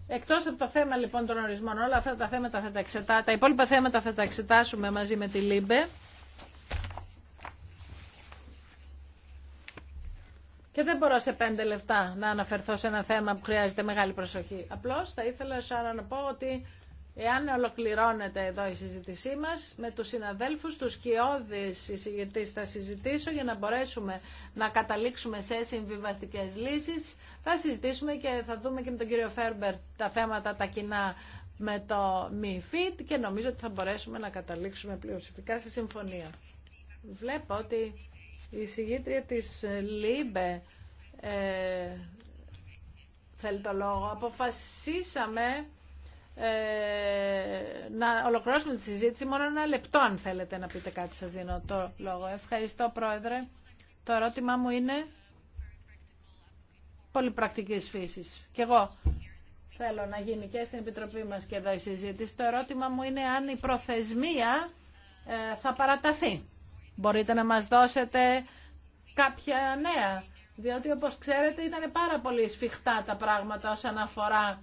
Εκτός από το θέμα λοιπόν των ορισμών, όλα αυτά τα θέματα θα τα εξετάσουμε, τα υπόλοιπα θέματα θα τα εξετάσουμε μαζί με τη ΛΥΜΠΕ. Και δεν μπορώ σε πέντε λεπτά να αναφερθώ σε ένα θέμα που χρειάζεται μεγάλη προσοχή. Απλώς θα ήθελα σαν να πω ότι Εάν ολοκληρώνεται εδώ η συζήτησή μας, με τους συναδέλφους, τους κοιόδης συζητητής θα συζητήσω για να μπορέσουμε να καταλήξουμε σε συμβιβαστικές λύσεις. Θα συζητήσουμε και θα δούμε και με τον κύριο Φέρμπερ τα θέματα τα κοινά με το ΜΙΦΙΤ και νομίζω ότι θα μπορέσουμε να καταλήξουμε πλειοψηφικά σε συμφωνία. Βλέπω ότι η συγγήτρια της ΛΥΜΠΕ ε, θέλει το λόγο. Αποφασίσαμε ε, να ολοκληρώσουμε τη συζήτηση. Μόνο ένα λεπτό αν θέλετε να πείτε κάτι σας δίνω το λόγο. Ευχαριστώ Πρόεδρε. Το ερώτημά μου είναι πολύ πρακτικής φύσης. Και εγώ θέλω να γίνει και στην Επιτροπή μας και εδώ η συζήτηση. Το ερώτημα μου είναι αν η προθεσμία ε, θα παραταθεί. Μπορείτε να μας δώσετε κάποια νέα. Διότι όπως ξέρετε ήταν πάρα πολύ σφιχτά τα πράγματα όσον αφορά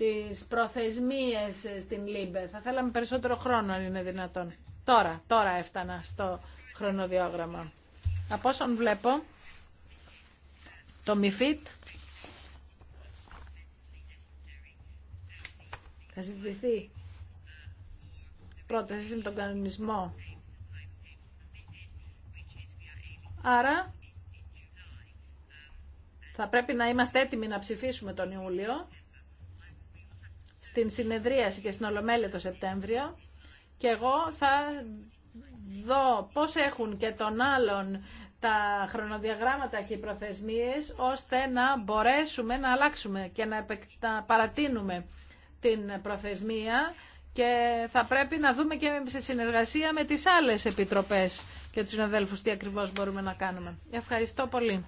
τις προθεσμίες στην ΛΥΜΠΕ. Θα θέλαμε περισσότερο χρόνο αν είναι δυνατόν. Τώρα, τώρα έφτανα στο χρονοδιόγραμμα. Από όσον βλέπω, το ΜΙΦΙΤ θα συζητηθεί πρόταση με τον κανονισμό. Άρα θα πρέπει να είμαστε έτοιμοι να ψηφίσουμε τον Ιούλιο στην συνεδρίαση και στην Ολομέλεια το Σεπτέμβριο και εγώ θα δω πώς έχουν και τον άλλον τα χρονοδιαγράμματα και οι προθεσμίες ώστε να μπορέσουμε να αλλάξουμε και να παρατείνουμε την προθεσμία και θα πρέπει να δούμε και σε συνεργασία με τις άλλες επιτροπές και τους συναδέλφους τι ακριβώς μπορούμε να κάνουμε. Ευχαριστώ πολύ.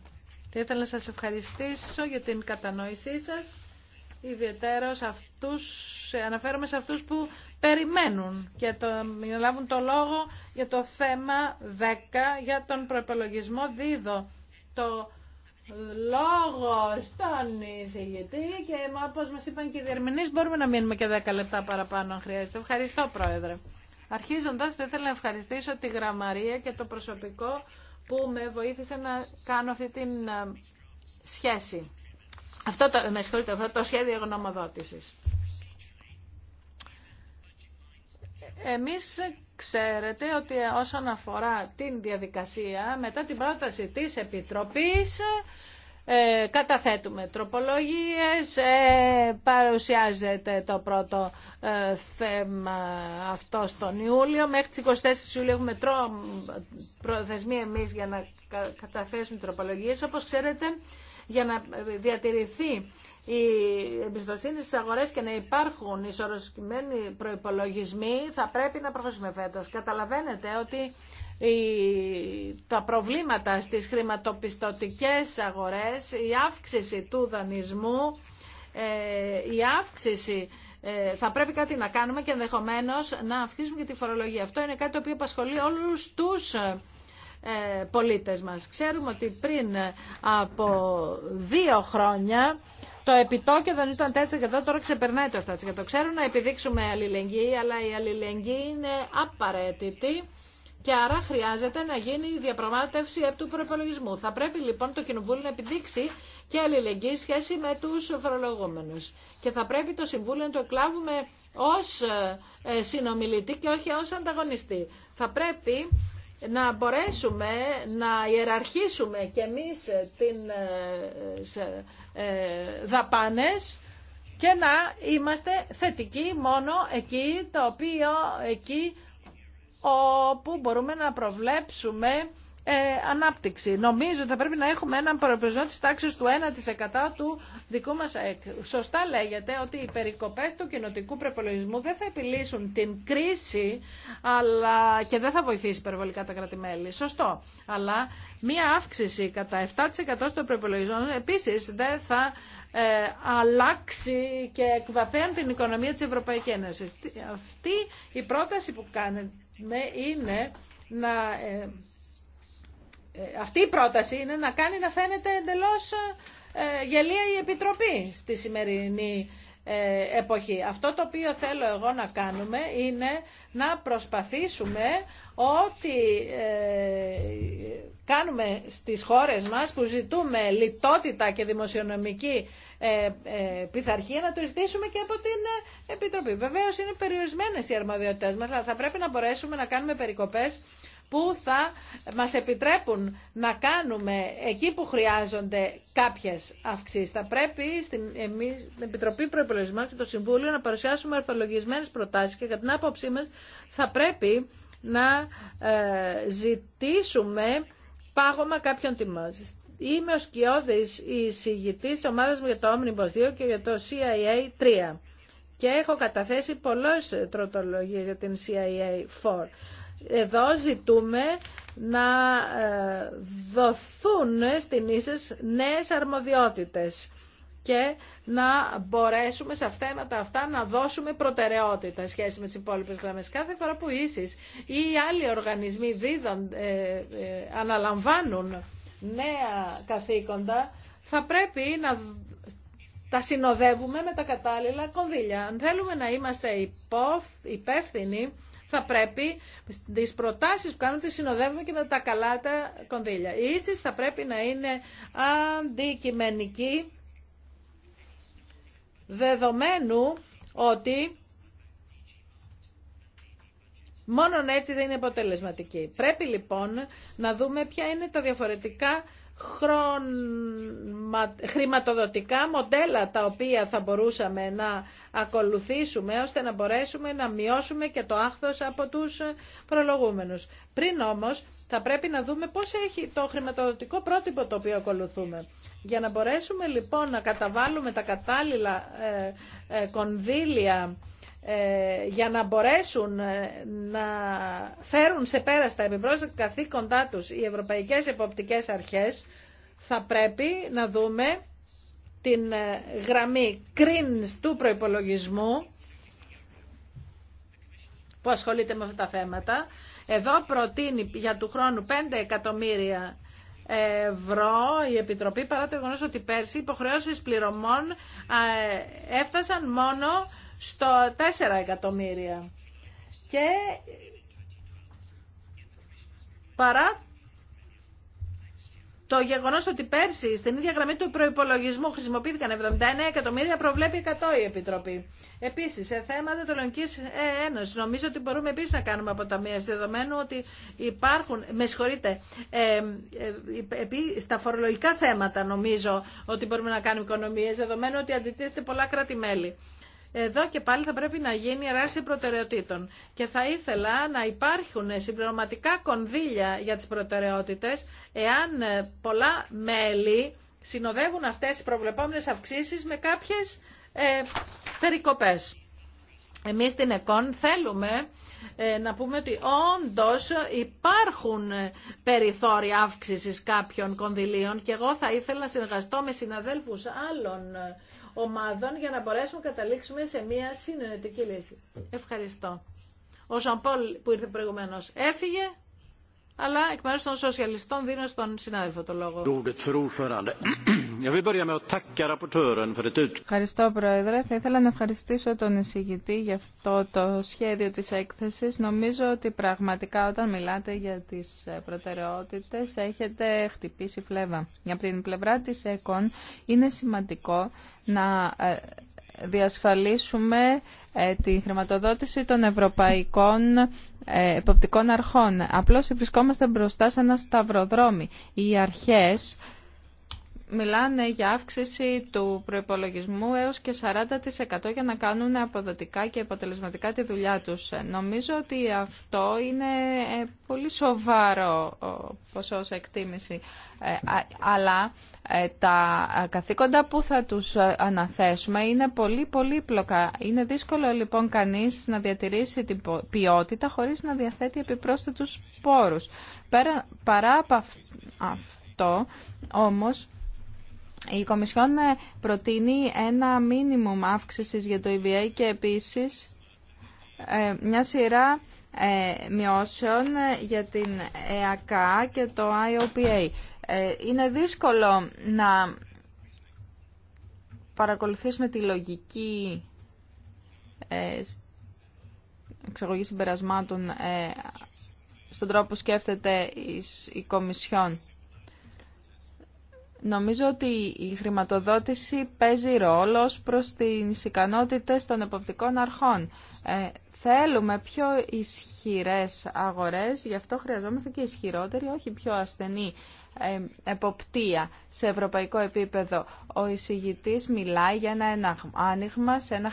Και ήθελα να σας ευχαριστήσω για την κατανόησή σας ιδιαίτερα σε αυτούς, αναφέρομαι σε αυτούς που περιμένουν και το, να λάβουν το λόγο για το θέμα 10, για τον προπολογισμό δίδω Το λόγο στον εισηγητή και όπως μας είπαν και οι διερμηνείς μπορούμε να μείνουμε και 10 λεπτά παραπάνω αν χρειάζεται. Ευχαριστώ Πρόεδρε. Αρχίζοντας θα ήθελα να ευχαριστήσω τη γραμμαρία και το προσωπικό που με βοήθησε να κάνω αυτή την ε, σχέση. Αυτό το, με το σχέδιο γνωμοδότησης. Εμείς ξέρετε ότι όσον αφορά την διαδικασία, μετά την πρόταση της Επιτροπής, ε, καταθέτουμε τροπολογίες, ε, παρουσιάζεται το πρώτο ε, θέμα αυτό στον Ιούλιο. Μέχρι τις 24 Ιουλίου έχουμε τρο, προθεσμία εμείς για να καταθέσουμε τροπολογίες. Όπως ξέρετε, για να διατηρηθεί η εμπιστοσύνη στις αγορές και να υπάρχουν ισορροσκημένοι προϋπολογισμοί θα πρέπει να προχωρήσουμε φέτο. Καταλαβαίνετε ότι τα προβλήματα στις χρηματοπιστωτικές αγορές, η αύξηση του δανεισμού, ε, η αύξηση ε, θα πρέπει κάτι να κάνουμε και ενδεχομένως να αυξήσουμε και τη φορολογία. Αυτό είναι κάτι το οποίο απασχολεί όλους τους ε, πολίτες μας. Ξέρουμε ότι πριν από δύο χρόνια το επιτόκιο δεν ήταν 4% τώρα ξεπερνάει το Το Ξέρω να επιδείξουμε αλληλεγγύη, αλλά η αλληλεγγύη είναι απαραίτητη και άρα χρειάζεται να γίνει η διαπραγμάτευση του προπολογισμού. Θα πρέπει λοιπόν το Κοινοβούλιο να επιδείξει και αλληλεγγύη σχέση με του φορολογούμενου. Και θα πρέπει το Συμβούλιο να το εκλάβουμε ω ε, συνομιλητή και όχι ω ανταγωνιστή. Θα πρέπει να μπορέσουμε να ιεραρχήσουμε και εμείς την ε, ε, δαπάνες και να είμαστε θετικοί μόνο εκεί, το οποίο, εκεί όπου μπορούμε να προβλέψουμε ε, ανάπτυξη. Νομίζω ότι θα πρέπει να έχουμε έναν προεπισμό τη τάξη του 1% του δικού μα. Σωστά λέγεται ότι οι περικοπές του κοινοτικού προπολογισμού δεν θα επιλύσουν την κρίση αλλά και δεν θα βοηθήσει υπερβολικά τα κρατημέλη. Σωστό. Αλλά μία αύξηση κατά 7% στο προπολογισμό επίση δεν θα ε, αλλάξει και εκβαθέν την οικονομία της Ευρωπαϊκής Ένωσης. Αυτή η πρόταση που κάνουμε είναι να... Ε, ε, αυτή η πρόταση είναι να κάνει να φαίνεται εντελώς ε, γελία η Επιτροπή στη σημερινή ε, εποχή. Αυτό το οποίο θέλω εγώ να κάνουμε είναι να προσπαθήσουμε ότι κάνουμε στις χώρες μας που ζητούμε λιτότητα και δημοσιονομική πειθαρχία να το ζητήσουμε και από την Επιτροπή. Βεβαίως είναι περιορισμένες οι αρμοδιότητες μας, αλλά θα πρέπει να μπορέσουμε να κάνουμε περικοπές που θα μας επιτρέπουν να κάνουμε εκεί που χρειάζονται κάποιες αυξήσεις. Θα πρέπει στην, εμείς, την Επιτροπή Προεπιλογισμών και το Συμβούλιο να παρουσιάσουμε ορθολογισμένες προτάσεις και για την άποψή μας θα πρέπει να ε, ζητήσουμε πάγωμα κάποιων τιμών. Είμαι ο Σκιώδης συγητής της ομάδας μου για το Omnibus 2 και για το CIA 3 και έχω καταθέσει πολλές τροτολογίες για την CIA 4. Εδώ ζητούμε να ε, δοθούν στην ίσες νέες αρμοδιότητες και να μπορέσουμε σε θέματα αυτά να δώσουμε προτεραιότητα σχέση με τις υπόλοιπες γραμμές. Κάθε φορά που ίσεις ή άλλοι οργανισμοί ε, ε, αναλαμβάνουν νέα καθήκοντα, θα πρέπει να τα συνοδεύουμε με τα κατάλληλα κονδύλια. Αν θέλουμε να είμαστε υπό, υπεύθυνοι θα πρέπει τις προτάσεις που κάνουν τις συνοδεύουμε και με τα καλά τα κονδύλια. Η θα πρέπει να είναι αντικειμενική δεδομένου ότι μόνον έτσι δεν είναι αποτελεσματική. Πρέπει λοιπόν να δούμε ποια είναι τα διαφορετικά χρηματοδοτικά μοντέλα τα οποία θα μπορούσαμε να ακολουθήσουμε ώστε να μπορέσουμε να μειώσουμε και το άχθος από τους προλογούμενους. Πριν όμως θα πρέπει να δούμε πώς έχει το χρηματοδοτικό πρότυπο το οποίο ακολουθούμε. Για να μπορέσουμε λοιπόν να καταβάλουμε τα κατάλληλα ε, ε, κονδύλια ε, για να μπορέσουν ε, να φέρουν σε πέρα στα επιπρόσθετα καθήκοντά τους οι ευρωπαϊκές εποπτικές αρχές, θα πρέπει να δούμε την ε, γραμμή κρίνης του προϋπολογισμού που ασχολείται με αυτά τα θέματα. Εδώ προτείνει για του χρόνου 5 εκατομμύρια ευρώ η Επιτροπή παρά το γεγονός ότι πέρσι υποχρεώσεις πληρωμών έφτασαν μόνο στο 4 εκατομμύρια. Και παρά το γεγονό ότι πέρσι στην ίδια γραμμή του προπολογισμού χρησιμοποιήθηκαν 79 εκατομμύρια, προβλέπει 100 η Επιτροπή. Επίση, σε θέματα ε, Ένωση, νομίζω ότι μπορούμε επίση να κάνουμε αποταμίευση, δεδομένου ότι υπάρχουν. Με συγχωρείτε, ε, ε, στα φορολογικά θέματα νομίζω ότι μπορούμε να κάνουμε οικονομίε, δεδομένου ότι αντιτίθεται πολλά κράτη-μέλη εδώ και πάλι θα πρέπει να γίνει ράση προτεραιοτήτων. Και θα ήθελα να υπάρχουν συμπληρωματικά κονδύλια για τις προτεραιότητες, εάν ε, πολλά μέλη συνοδεύουν αυτές οι προβλεπόμενες αυξήσεις με κάποιες ε, περικοπές. Εμείς στην ΕΚΟΝ θέλουμε ε, να πούμε ότι όντως υπάρχουν ε, περιθώρια αύξησης κάποιων κονδυλίων και εγώ θα ήθελα να συνεργαστώ με συναδέλφους άλλων ομάδων για να μπορέσουμε να καταλήξουμε σε μια συνενετική λύση. Ευχαριστώ. Ο Ζαμπόλ που ήρθε προηγουμένως έφυγε αλλά εκ μέρους των σοσιαλιστών δίνω στον συνάδελφο το λόγο. *clears throat* Ευχαριστώ Πρόεδρε. Θα ήθελα να ευχαριστήσω τον εισηγητή για αυτό το σχέδιο της έκθεσης. Νομίζω ότι πραγματικά όταν μιλάτε για τις ε, προτεραιότητες έχετε χτυπήσει φλέβα. Για την πλευρά της ΕΚΟΝ είναι σημαντικό να ε, διασφαλίσουμε ε, τη χρηματοδότηση των ευρωπαϊκών ε, εποπτικών αρχών. Απλώς βρισκόμαστε μπροστά σε ένα σταυροδρόμι. Οι αρχές μιλάνε για αύξηση του προϋπολογισμού έως και 40% για να κάνουν αποδοτικά και αποτελεσματικά τη δουλειά τους. Νομίζω ότι αυτό είναι ε, πολύ σοβαρό ποσό εκτίμηση, ε, αλλά ε, τα ε, καθήκοντα που θα τους ε, αναθέσουμε είναι πολύ πολύ πλοκά. Είναι δύσκολο λοιπόν κανείς να διατηρήσει την ποιότητα χωρίς να διαθέτει επιπρόσθετους πόρους. Πέρα, παρά από αυτό όμως η Κομισιόν προτείνει ένα μίνιμουμ αύξησης για το EBA και επίσης μια σειρά μειώσεων για την ΕΑΚΑ και το IOPA. Ε, είναι δύσκολο να παρακολουθήσουμε τη λογική ε, εξαγωγή συμπερασμάτων ε, στον τρόπο που σκέφτεται η Κομισιόν. Νομίζω ότι η χρηματοδότηση παίζει ρόλο προς τις ικανότητες των εποπτικών αρχών. θέλουμε πιο ισχυρές αγορές, γι' αυτό χρειαζόμαστε και ισχυρότερη, όχι πιο ασθενή ε, εποπτεία σε ευρωπαϊκό επίπεδο. Ο εισηγητής μιλάει για ένα άνοιγμα σε ένα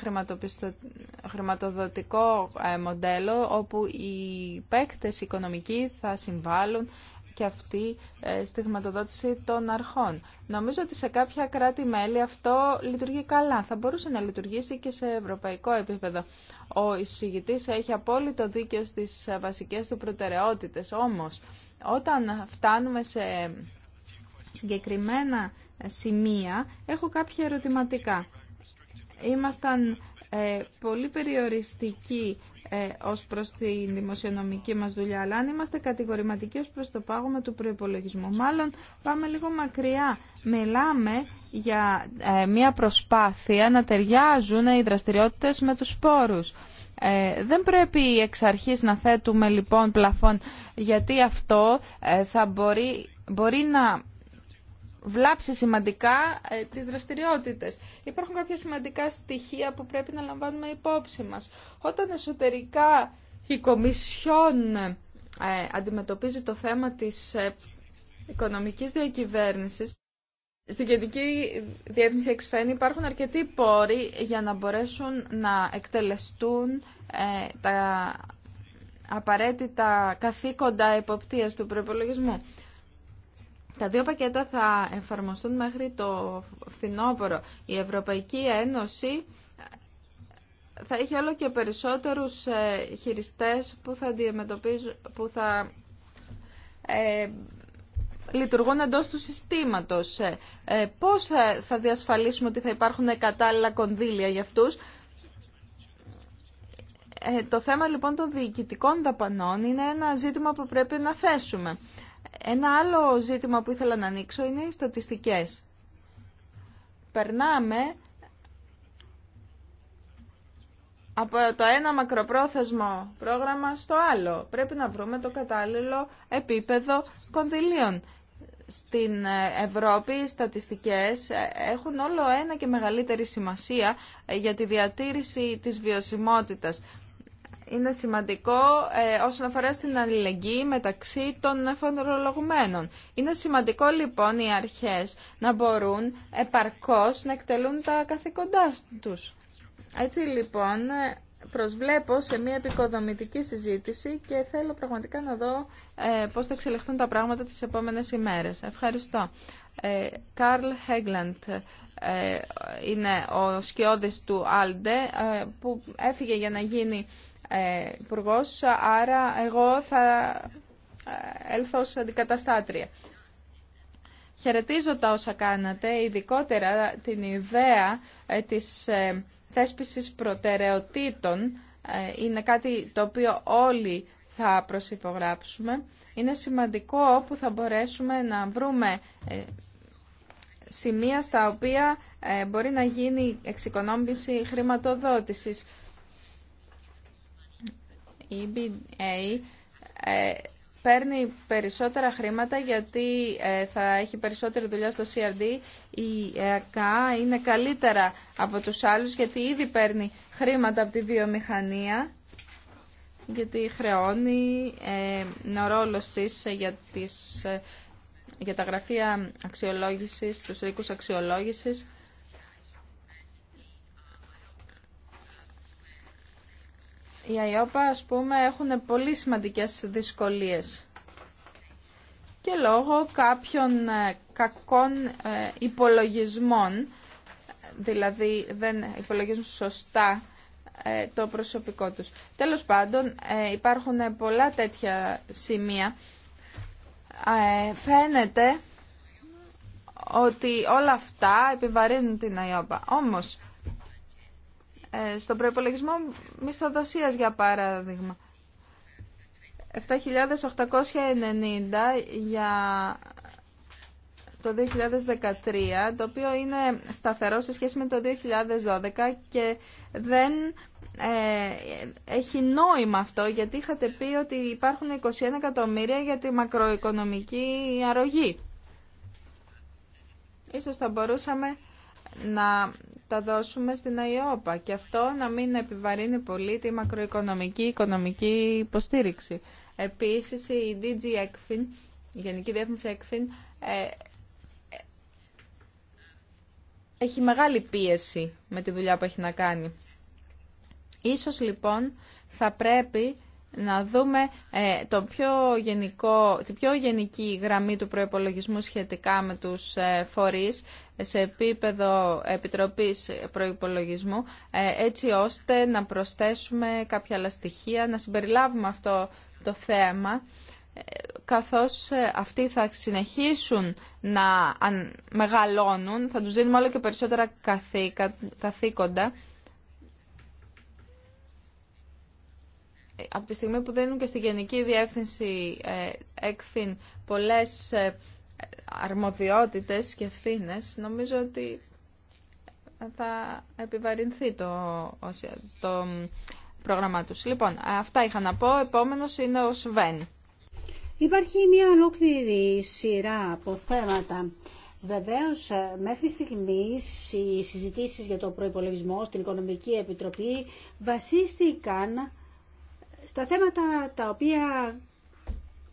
χρηματοδοτικό ε, μοντέλο όπου οι παίκτες οικονομικοί θα συμβάλλουν και αυτή ε, στιγματοδότηση των αρχών. Νομίζω ότι σε κάποια κράτη-μέλη αυτό λειτουργεί καλά. Θα μπορούσε να λειτουργήσει και σε ευρωπαϊκό επίπεδο. Ο εισηγητής έχει απόλυτο δίκαιο στις ε, βασικές του προτεραιότητες. Όμως, όταν φτάνουμε σε συγκεκριμένα ε, σημεία, έχω κάποια ερωτηματικά. Ήμασταν ε, πολύ περιοριστική ε, ως προς τη δημοσιονομική μας δουλειά, αλλά αν είμαστε κατηγορηματικοί ως προς το πάγωμα του προϋπολογισμού. Μάλλον πάμε λίγο μακριά. Μιλάμε για ε, μια προσπάθεια να ταιριάζουν οι δραστηριότητες με τους πόρους. δεν πρέπει εξ αρχής να θέτουμε λοιπόν πλαφόν γιατί αυτό θα μπορεί να βλάψει σημαντικά ε, τις δραστηριότητες. Υπάρχουν κάποια σημαντικά στοιχεία που πρέπει να λαμβάνουμε υπόψη μας. Όταν εσωτερικά η Κομισιόν ε, αντιμετωπίζει το θέμα της ε, οικονομικής διακυβέρνησης, στην Κεντρική Διεύθυνση Εξφένη υπάρχουν αρκετοί πόροι για να μπορέσουν να εκτελεστούν τα απαραίτητα καθήκοντα υποπτίας του προπολογισμού. Τα δύο πακέτα θα εφαρμοστούν μέχρι το φθινόπωρο. Η Ευρωπαϊκή Ένωση θα έχει όλο και περισσότερους ε, χειριστές που θα, που θα ε, λειτουργούν εντός του συστήματος. Ε, ε πώς ε, θα διασφαλίσουμε ότι θα υπάρχουν κατάλληλα κονδύλια για αυτούς. το θέμα λοιπόν των διοικητικών δαπανών είναι ένα ζήτημα που πρέπει να θέσουμε. Ένα άλλο ζήτημα που ήθελα να ανοίξω είναι οι στατιστικές. Περνάμε από το ένα μακροπρόθεσμο πρόγραμμα στο άλλο. Πρέπει να βρούμε το κατάλληλο επίπεδο κονδυλίων. Στην Ευρώπη οι στατιστικές έχουν όλο ένα και μεγαλύτερη σημασία για τη διατήρηση της βιωσιμότητας είναι σημαντικό ε, όσον αφορά στην αλληλεγγύη μεταξύ των εφορολογουμένων. Είναι σημαντικό λοιπόν οι αρχές να μπορούν επαρκώς να εκτελούν τα καθήκοντά τους. Έτσι λοιπόν ε, προσβλέπω σε μια επικοδομητική συζήτηση και θέλω πραγματικά να δω ε, πώς θα εξελιχθούν τα πράγματα τις επόμενες ημέρες. Ευχαριστώ. Καρλ Χέγκλαντ είναι ο σκιώδης του Άλντε που έφυγε για να γίνει ε, υπουργό, άρα εγώ θα ε, έλθω ως αντικαταστάτρια. Χαιρετίζω τα όσα κάνατε, ειδικότερα την ιδέα ε, της ε, θέσπισης προτεραιοτήτων. Είναι κάτι το οποίο όλοι θα προσυπογράψουμε. Είναι σημαντικό που θα μπορέσουμε να βρούμε σημεία στα οποία μπορεί να γίνει εξοικονόμηση χρηματοδότησης. EBA ε, παίρνει περισσότερα χρήματα γιατί ε, θα έχει περισσότερη δουλειά στο CRD. Η ΕΚΑ είναι καλύτερα από τους άλλους γιατί ήδη παίρνει χρήματα από τη βιομηχανία γιατί χρεώνει ε, ο ρόλος της για, τις, ε, για τα γραφεία αξιολόγησης, τους οίκους αξιολόγησης. Οι αιώπα, ας πούμε, έχουν πολύ σημαντικές δυσκολίες και λόγω κάποιων ε, κακών ε, υπολογισμών, δηλαδή δεν υπολογίζουν σωστά ε, το προσωπικό τους. Τέλος πάντων, υπάρχουν πολλά τέτοια σημεία. Φαίνεται ότι όλα αυτά επιβαρύνουν την ΑΙΟΠΑ. Όμως, ε, στον προπολογισμό μισθοδοσία, για παράδειγμα. 7.890 για το 2013, το οποίο είναι σταθερό σε σχέση με το 2012 και δεν ε, έχει νόημα αυτό γιατί είχατε πει ότι υπάρχουν 21 εκατομμύρια για τη μακροοικονομική αρρωγή. Ίσως θα μπορούσαμε να τα δώσουμε στην ΑΙΟΠΑ και αυτό να μην επιβαρύνει πολύ τη μακροοικονομική οικονομική υποστήριξη. Επίσης η DG ECFIN, η Γενική Διεύθυνση ΕΚΦΙΝ έχει μεγάλη πίεση με τη δουλειά που έχει να κάνει. Ίσως λοιπόν θα πρέπει να δούμε ε, πιο γενικό, την πιο γενική γραμμή του προϋπολογισμού σχετικά με τους ε, φορείς σε επίπεδο Επιτροπής Προϋπολογισμού, ε, έτσι ώστε να προσθέσουμε κάποια άλλα στοιχεία, να συμπεριλάβουμε αυτό το θέμα, ε, καθώς ε, αυτοί θα συνεχίσουν να μεγαλώνουν, θα τους δίνουμε όλο και περισσότερα καθήκοντα, από τη στιγμή που δίνουν και στη Γενική Διεύθυνση ε, ΕΚΦΙΝ πολλές ε, αρμοδιότητες και ευθύνε, νομίζω ότι θα επιβαρυνθεί το, το πρόγραμμά τους. Λοιπόν, ε, αυτά είχα να πω. Επόμενος είναι ο Σβέν. Υπάρχει μια ολόκληρη σειρά από θέματα. Βεβαίως, μέχρι στιγμής οι συζητήσει για το προπολογισμό στην Οικονομική Επιτροπή βασίστηκαν στα θέματα τα οποία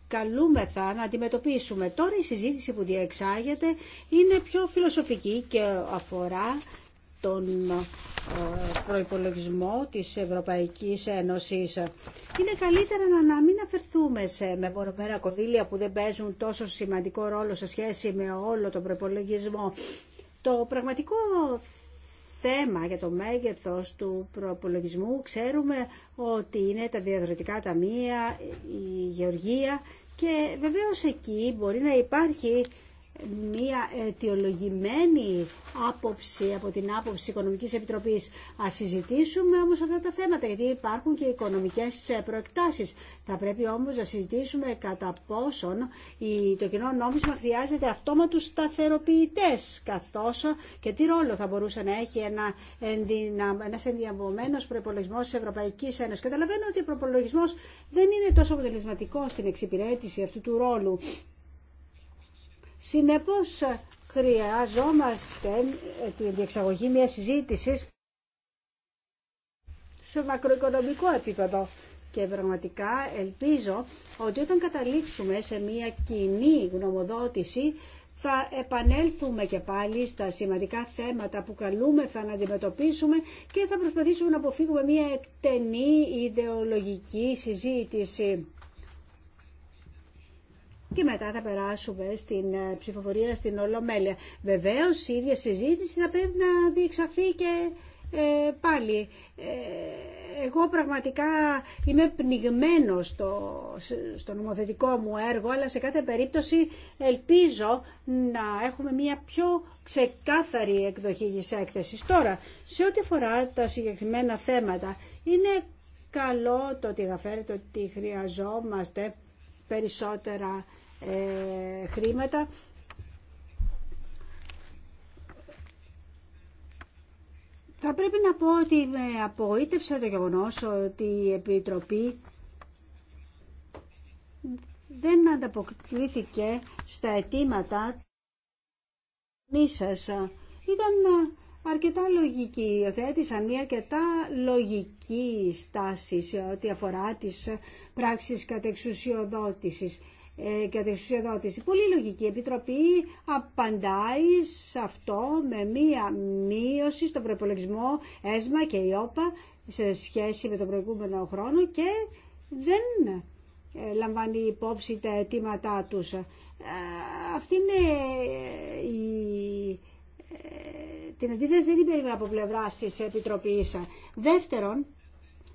καλούμεθα να αντιμετωπίσουμε τώρα η συζήτηση που διεξάγεται είναι πιο φιλοσοφική και αφορά τον ε, προϋπολογισμό της Ευρωπαϊκής Ένωσης. Είναι καλύτερα να, μην αφαιρθούμε σε μεμονωμένα κονδύλια που δεν παίζουν τόσο σημαντικό ρόλο σε σχέση με όλο τον προϋπολογισμό. Το πραγματικό θέμα για το μέγεθος του προπολογισμού ξέρουμε ότι είναι τα διαδροτικά ταμεία, η γεωργία και βεβαίως εκεί μπορεί να υπάρχει μία αιτιολογημένη άποψη από την άποψη Οικονομικής Επιτροπής. Ας συζητήσουμε όμως αυτά τα θέματα, γιατί υπάρχουν και οικονομικές προεκτάσεις. Θα πρέπει όμως να συζητήσουμε κατά πόσον το κοινό νόμισμα χρειάζεται αυτόματους σταθεροποιητές, καθώς και τι ρόλο θα μπορούσε να έχει ένα ένας ενδιαμβωμένος προπολογισμό της Ευρωπαϊκής Ένωσης. Καταλαβαίνω ότι ο προπολογισμό δεν είναι τόσο αποτελεσματικό στην εξυπηρέτηση αυτού του ρόλου. Συνεπώς χρειαζόμαστε τη διεξαγωγή μιας συζήτησης σε μακροοικονομικό επίπεδο. Και πραγματικά ελπίζω ότι όταν καταλήξουμε σε μια κοινή γνωμοδότηση θα επανέλθουμε και πάλι στα σημαντικά θέματα που καλούμεθα να αντιμετωπίσουμε και θα προσπαθήσουμε να αποφύγουμε μια εκτενή ιδεολογική συζήτηση και μετά θα περάσουμε στην ε, ψηφοφορία στην Ολομέλεια. Βεβαίω η ίδια συζήτηση θα πρέπει να διεξαχθεί και ε, πάλι, ε, εγώ πραγματικά είμαι πνιγμένο στο, στο νομοθετικό μου έργο, αλλά σε κάθε περίπτωση ελπίζω να έχουμε μια πιο ξεκάθαρη εκδοχή της έκθεσης. Τώρα, σε ό,τι αφορά τα συγκεκριμένα θέματα, είναι καλό το ότι το ότι χρειαζόμαστε περισσότερα ε, χρήματα Θα πρέπει να πω ότι με απογοήτευσε το γεγονός ότι η Επιτροπή δεν ανταποκρίθηκε στα αιτήματα σας. Ήταν αρκετά λογική, υιοθέτησαν μια αρκετά λογική στάση σε ό,τι αφορά τις πράξεις κατεξουσιοδότησης. Ε, και εξουσιοδότηση. Πολύ λογική. Επιτροπή απαντάει σε αυτό με μία μείωση στον προπολογισμό ΕΣΜΑ και ΙΟΠΑ σε σχέση με τον προηγούμενο χρόνο και δεν ε, λαμβάνει υπόψη τα αιτήματά τους. Ε, αυτή είναι η... Την αντίθεση δεν την περίμενα από πλευρά τη Επιτροπή. Δεύτερον,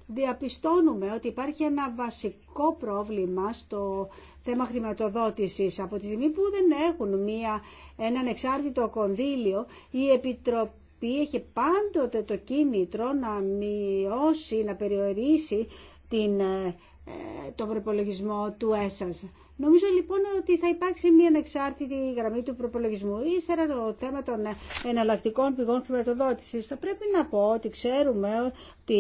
διαπιστώνουμε ότι υπάρχει ένα βασικό πρόβλημα στο θέμα χρηματοδότησης. Από τη στιγμή που δεν έχουν μία, έναν εξάρτητο κονδύλιο, η Επιτροπή έχει πάντοτε το κίνητρο να μειώσει, να περιορίσει την ε, ε, το προπολογισμό του ΕΣΑΣ. Νομίζω λοιπόν ότι θα υπάρξει μια ανεξάρτητη γραμμή του προπολογισμού. Ύστερα το θέμα των ε, εναλλακτικών πηγών χρηματοδότηση. Θα πρέπει να πω ότι ξέρουμε ότι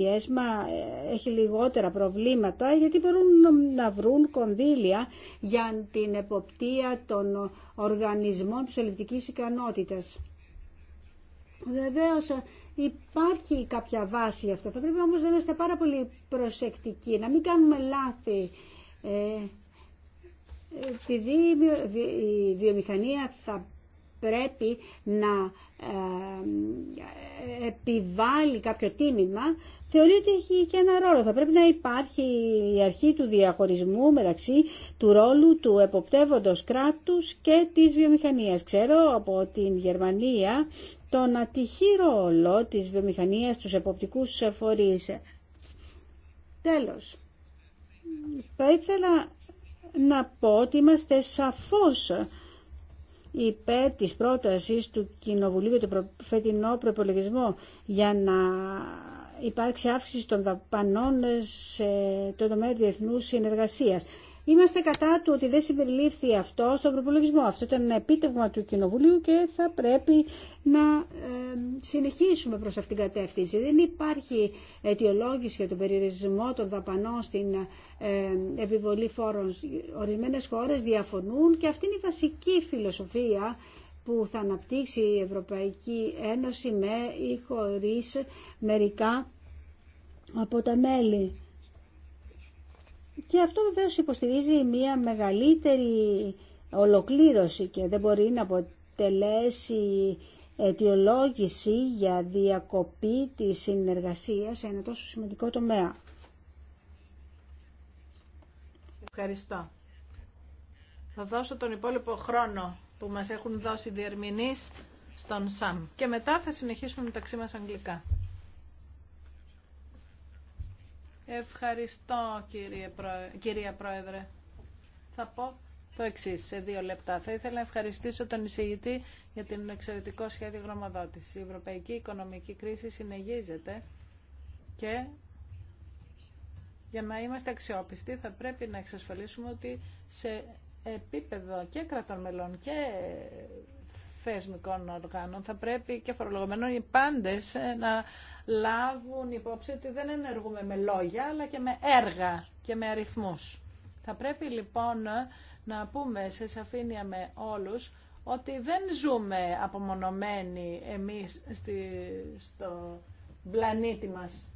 η ΕΣΜΑ ε, έχει λιγότερα προβλήματα γιατί μπορούν να βρουν κονδύλια για την εποπτεία των οργανισμών ψελιπτικής ικανότητας. Βεβαίω Υπάρχει κάποια βάση αυτό. Θα πρέπει όμως να είμαστε πάρα πολύ προσεκτικοί, να μην κάνουμε λάθη. Ε, επειδή η βιομηχανία θα πρέπει να ε, ε, επιβάλλει κάποιο τίμημα, θεωρεί ότι έχει και ένα ρόλο. Θα πρέπει να υπάρχει η αρχή του διαχωρισμού μεταξύ του ρόλου του εποπτεύοντος κράτους και της βιομηχανίας. Ξέρω από την Γερμανία τον ατυχή ρόλο της βιομηχανίας, στους εποπτικούς φορείς. Τέλος, θα ήθελα να πω ότι είμαστε σαφώς υπέρ της πρότασης του Κοινοβουλίου για το φετινό προπολογισμό για να υπάρξει αύξηση των δαπανών σε το τομέα διεθνούς συνεργασίας. Είμαστε κατά του ότι δεν συμπεριλήφθη αυτό στον προπολογισμό. Αυτό ήταν ένα επίτευγμα του Κοινοβουλίου και θα πρέπει να ε, συνεχίσουμε προς αυτήν την κατεύθυνση. Δεν υπάρχει αιτιολόγηση για τον περιορισμό των δαπανών στην ε, επιβολή φόρων. Ορισμένες χώρες διαφωνούν και αυτή είναι η βασική φιλοσοφία που θα αναπτύξει η Ευρωπαϊκή Ένωση με ή χωρίς μερικά από τα μέλη. Και αυτό βεβαίως υποστηρίζει μια μεγαλύτερη ολοκλήρωση και δεν μπορεί να αποτελέσει αιτιολόγηση για διακοπή της συνεργασίας σε ένα τόσο σημαντικό τομέα. Ευχαριστώ. Θα δώσω τον υπόλοιπο χρόνο που μας έχουν δώσει διερμηνείς στον ΣΑΜ και μετά θα συνεχίσουμε μεταξύ μας αγγλικά. Ευχαριστώ κυρία Πρόεδρε. Θα πω το εξή σε δύο λεπτά. Θα ήθελα να ευχαριστήσω τον εισηγητή για την εξαιρετικό σχέδιο γνωμοδότηση. Η ευρωπαϊκή οικονομική κρίση συνεχίζεται και για να είμαστε αξιόπιστοι θα πρέπει να εξασφαλίσουμε ότι σε επίπεδο και κρατών μελών και θεσμικών οργάνων θα πρέπει και φορολογωμένων οι πάντες να λάβουν υπόψη ότι δεν ενεργούμε με λόγια, αλλά και με έργα και με αριθμούς. Θα πρέπει λοιπόν να πούμε σε σαφήνεια με όλους ότι δεν ζούμε απομονωμένοι εμείς στη, στο πλανήτη μας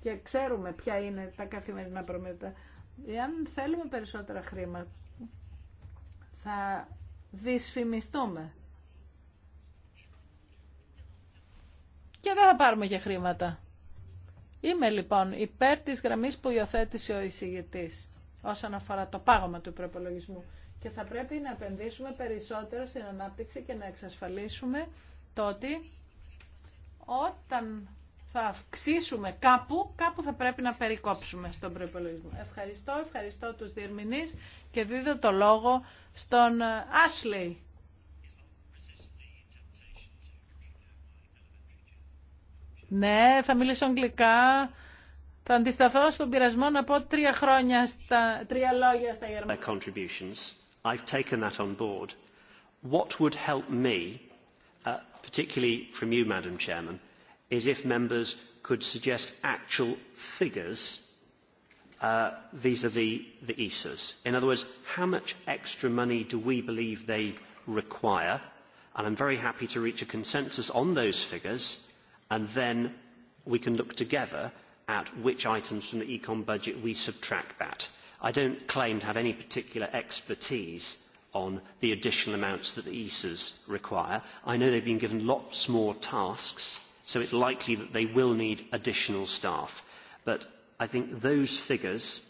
και ξέρουμε ποια είναι τα καθημερινά προμήθεια. Εάν θέλουμε περισσότερα χρήματα, θα δυσφημιστούμε. και δεν θα πάρουμε και χρήματα. Είμαι λοιπόν υπέρ τη γραμμή που υιοθέτησε ο εισηγητή όσον αφορά το πάγωμα του προπολογισμού και θα πρέπει να επενδύσουμε περισσότερο στην ανάπτυξη και να εξασφαλίσουμε το ότι όταν θα αυξήσουμε κάπου, κάπου θα πρέπει να περικόψουμε στον προπολογισμό. Ευχαριστώ, ευχαριστώ τους διερμηνείς και δίδω το λόγο στον Ashley. Ναι, θα μιλήσω αγγλικά. Θα αντισταθώ στον πειρασμό να πω τρία χρόνια στα τρία λόγια στα γερμανικά. contributions. I've taken that on board. What would help me, uh, particularly from you, Madam Chairman, is if members could suggest actual figures uh, vis-à-vis the ESAs. In other words, how much extra money do we believe they require? And I'm very happy to reach a consensus on those figures and then we can look together at which items from the econ budget we subtract that. I don't claim to have any particular expertise on the additional amounts that the ESAs require. I know they've been given lots more tasks, so it's likely that they will need additional staff. But I think those figures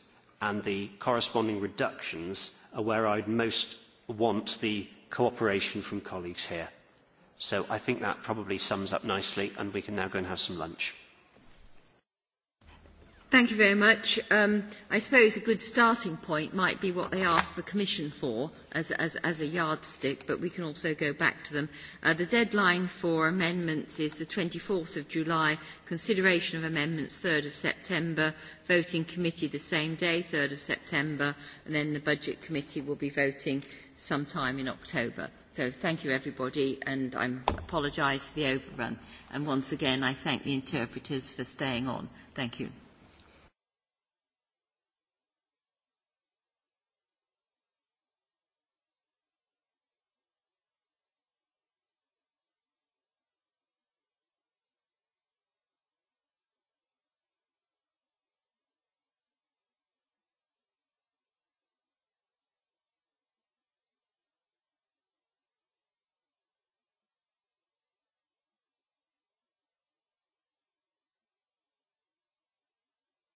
and the corresponding reductions are where I'd most want the cooperation from colleagues here. So I think that probably sums up nicely, and we can now go and have some lunch. Thank you very much. I suppose a good starting point might be what they asked the Commission for as a yardstick, but we can also go back to them. The deadline for amendments is the 24th of July, consideration of amendments 3rd of September, voting committee the same day, 3rd of September, and then the Budget Committee will be voting sometime in October. So thank you everybody and I apologise for the overrun. And once again I thank the interpreters for staying on. Thank you.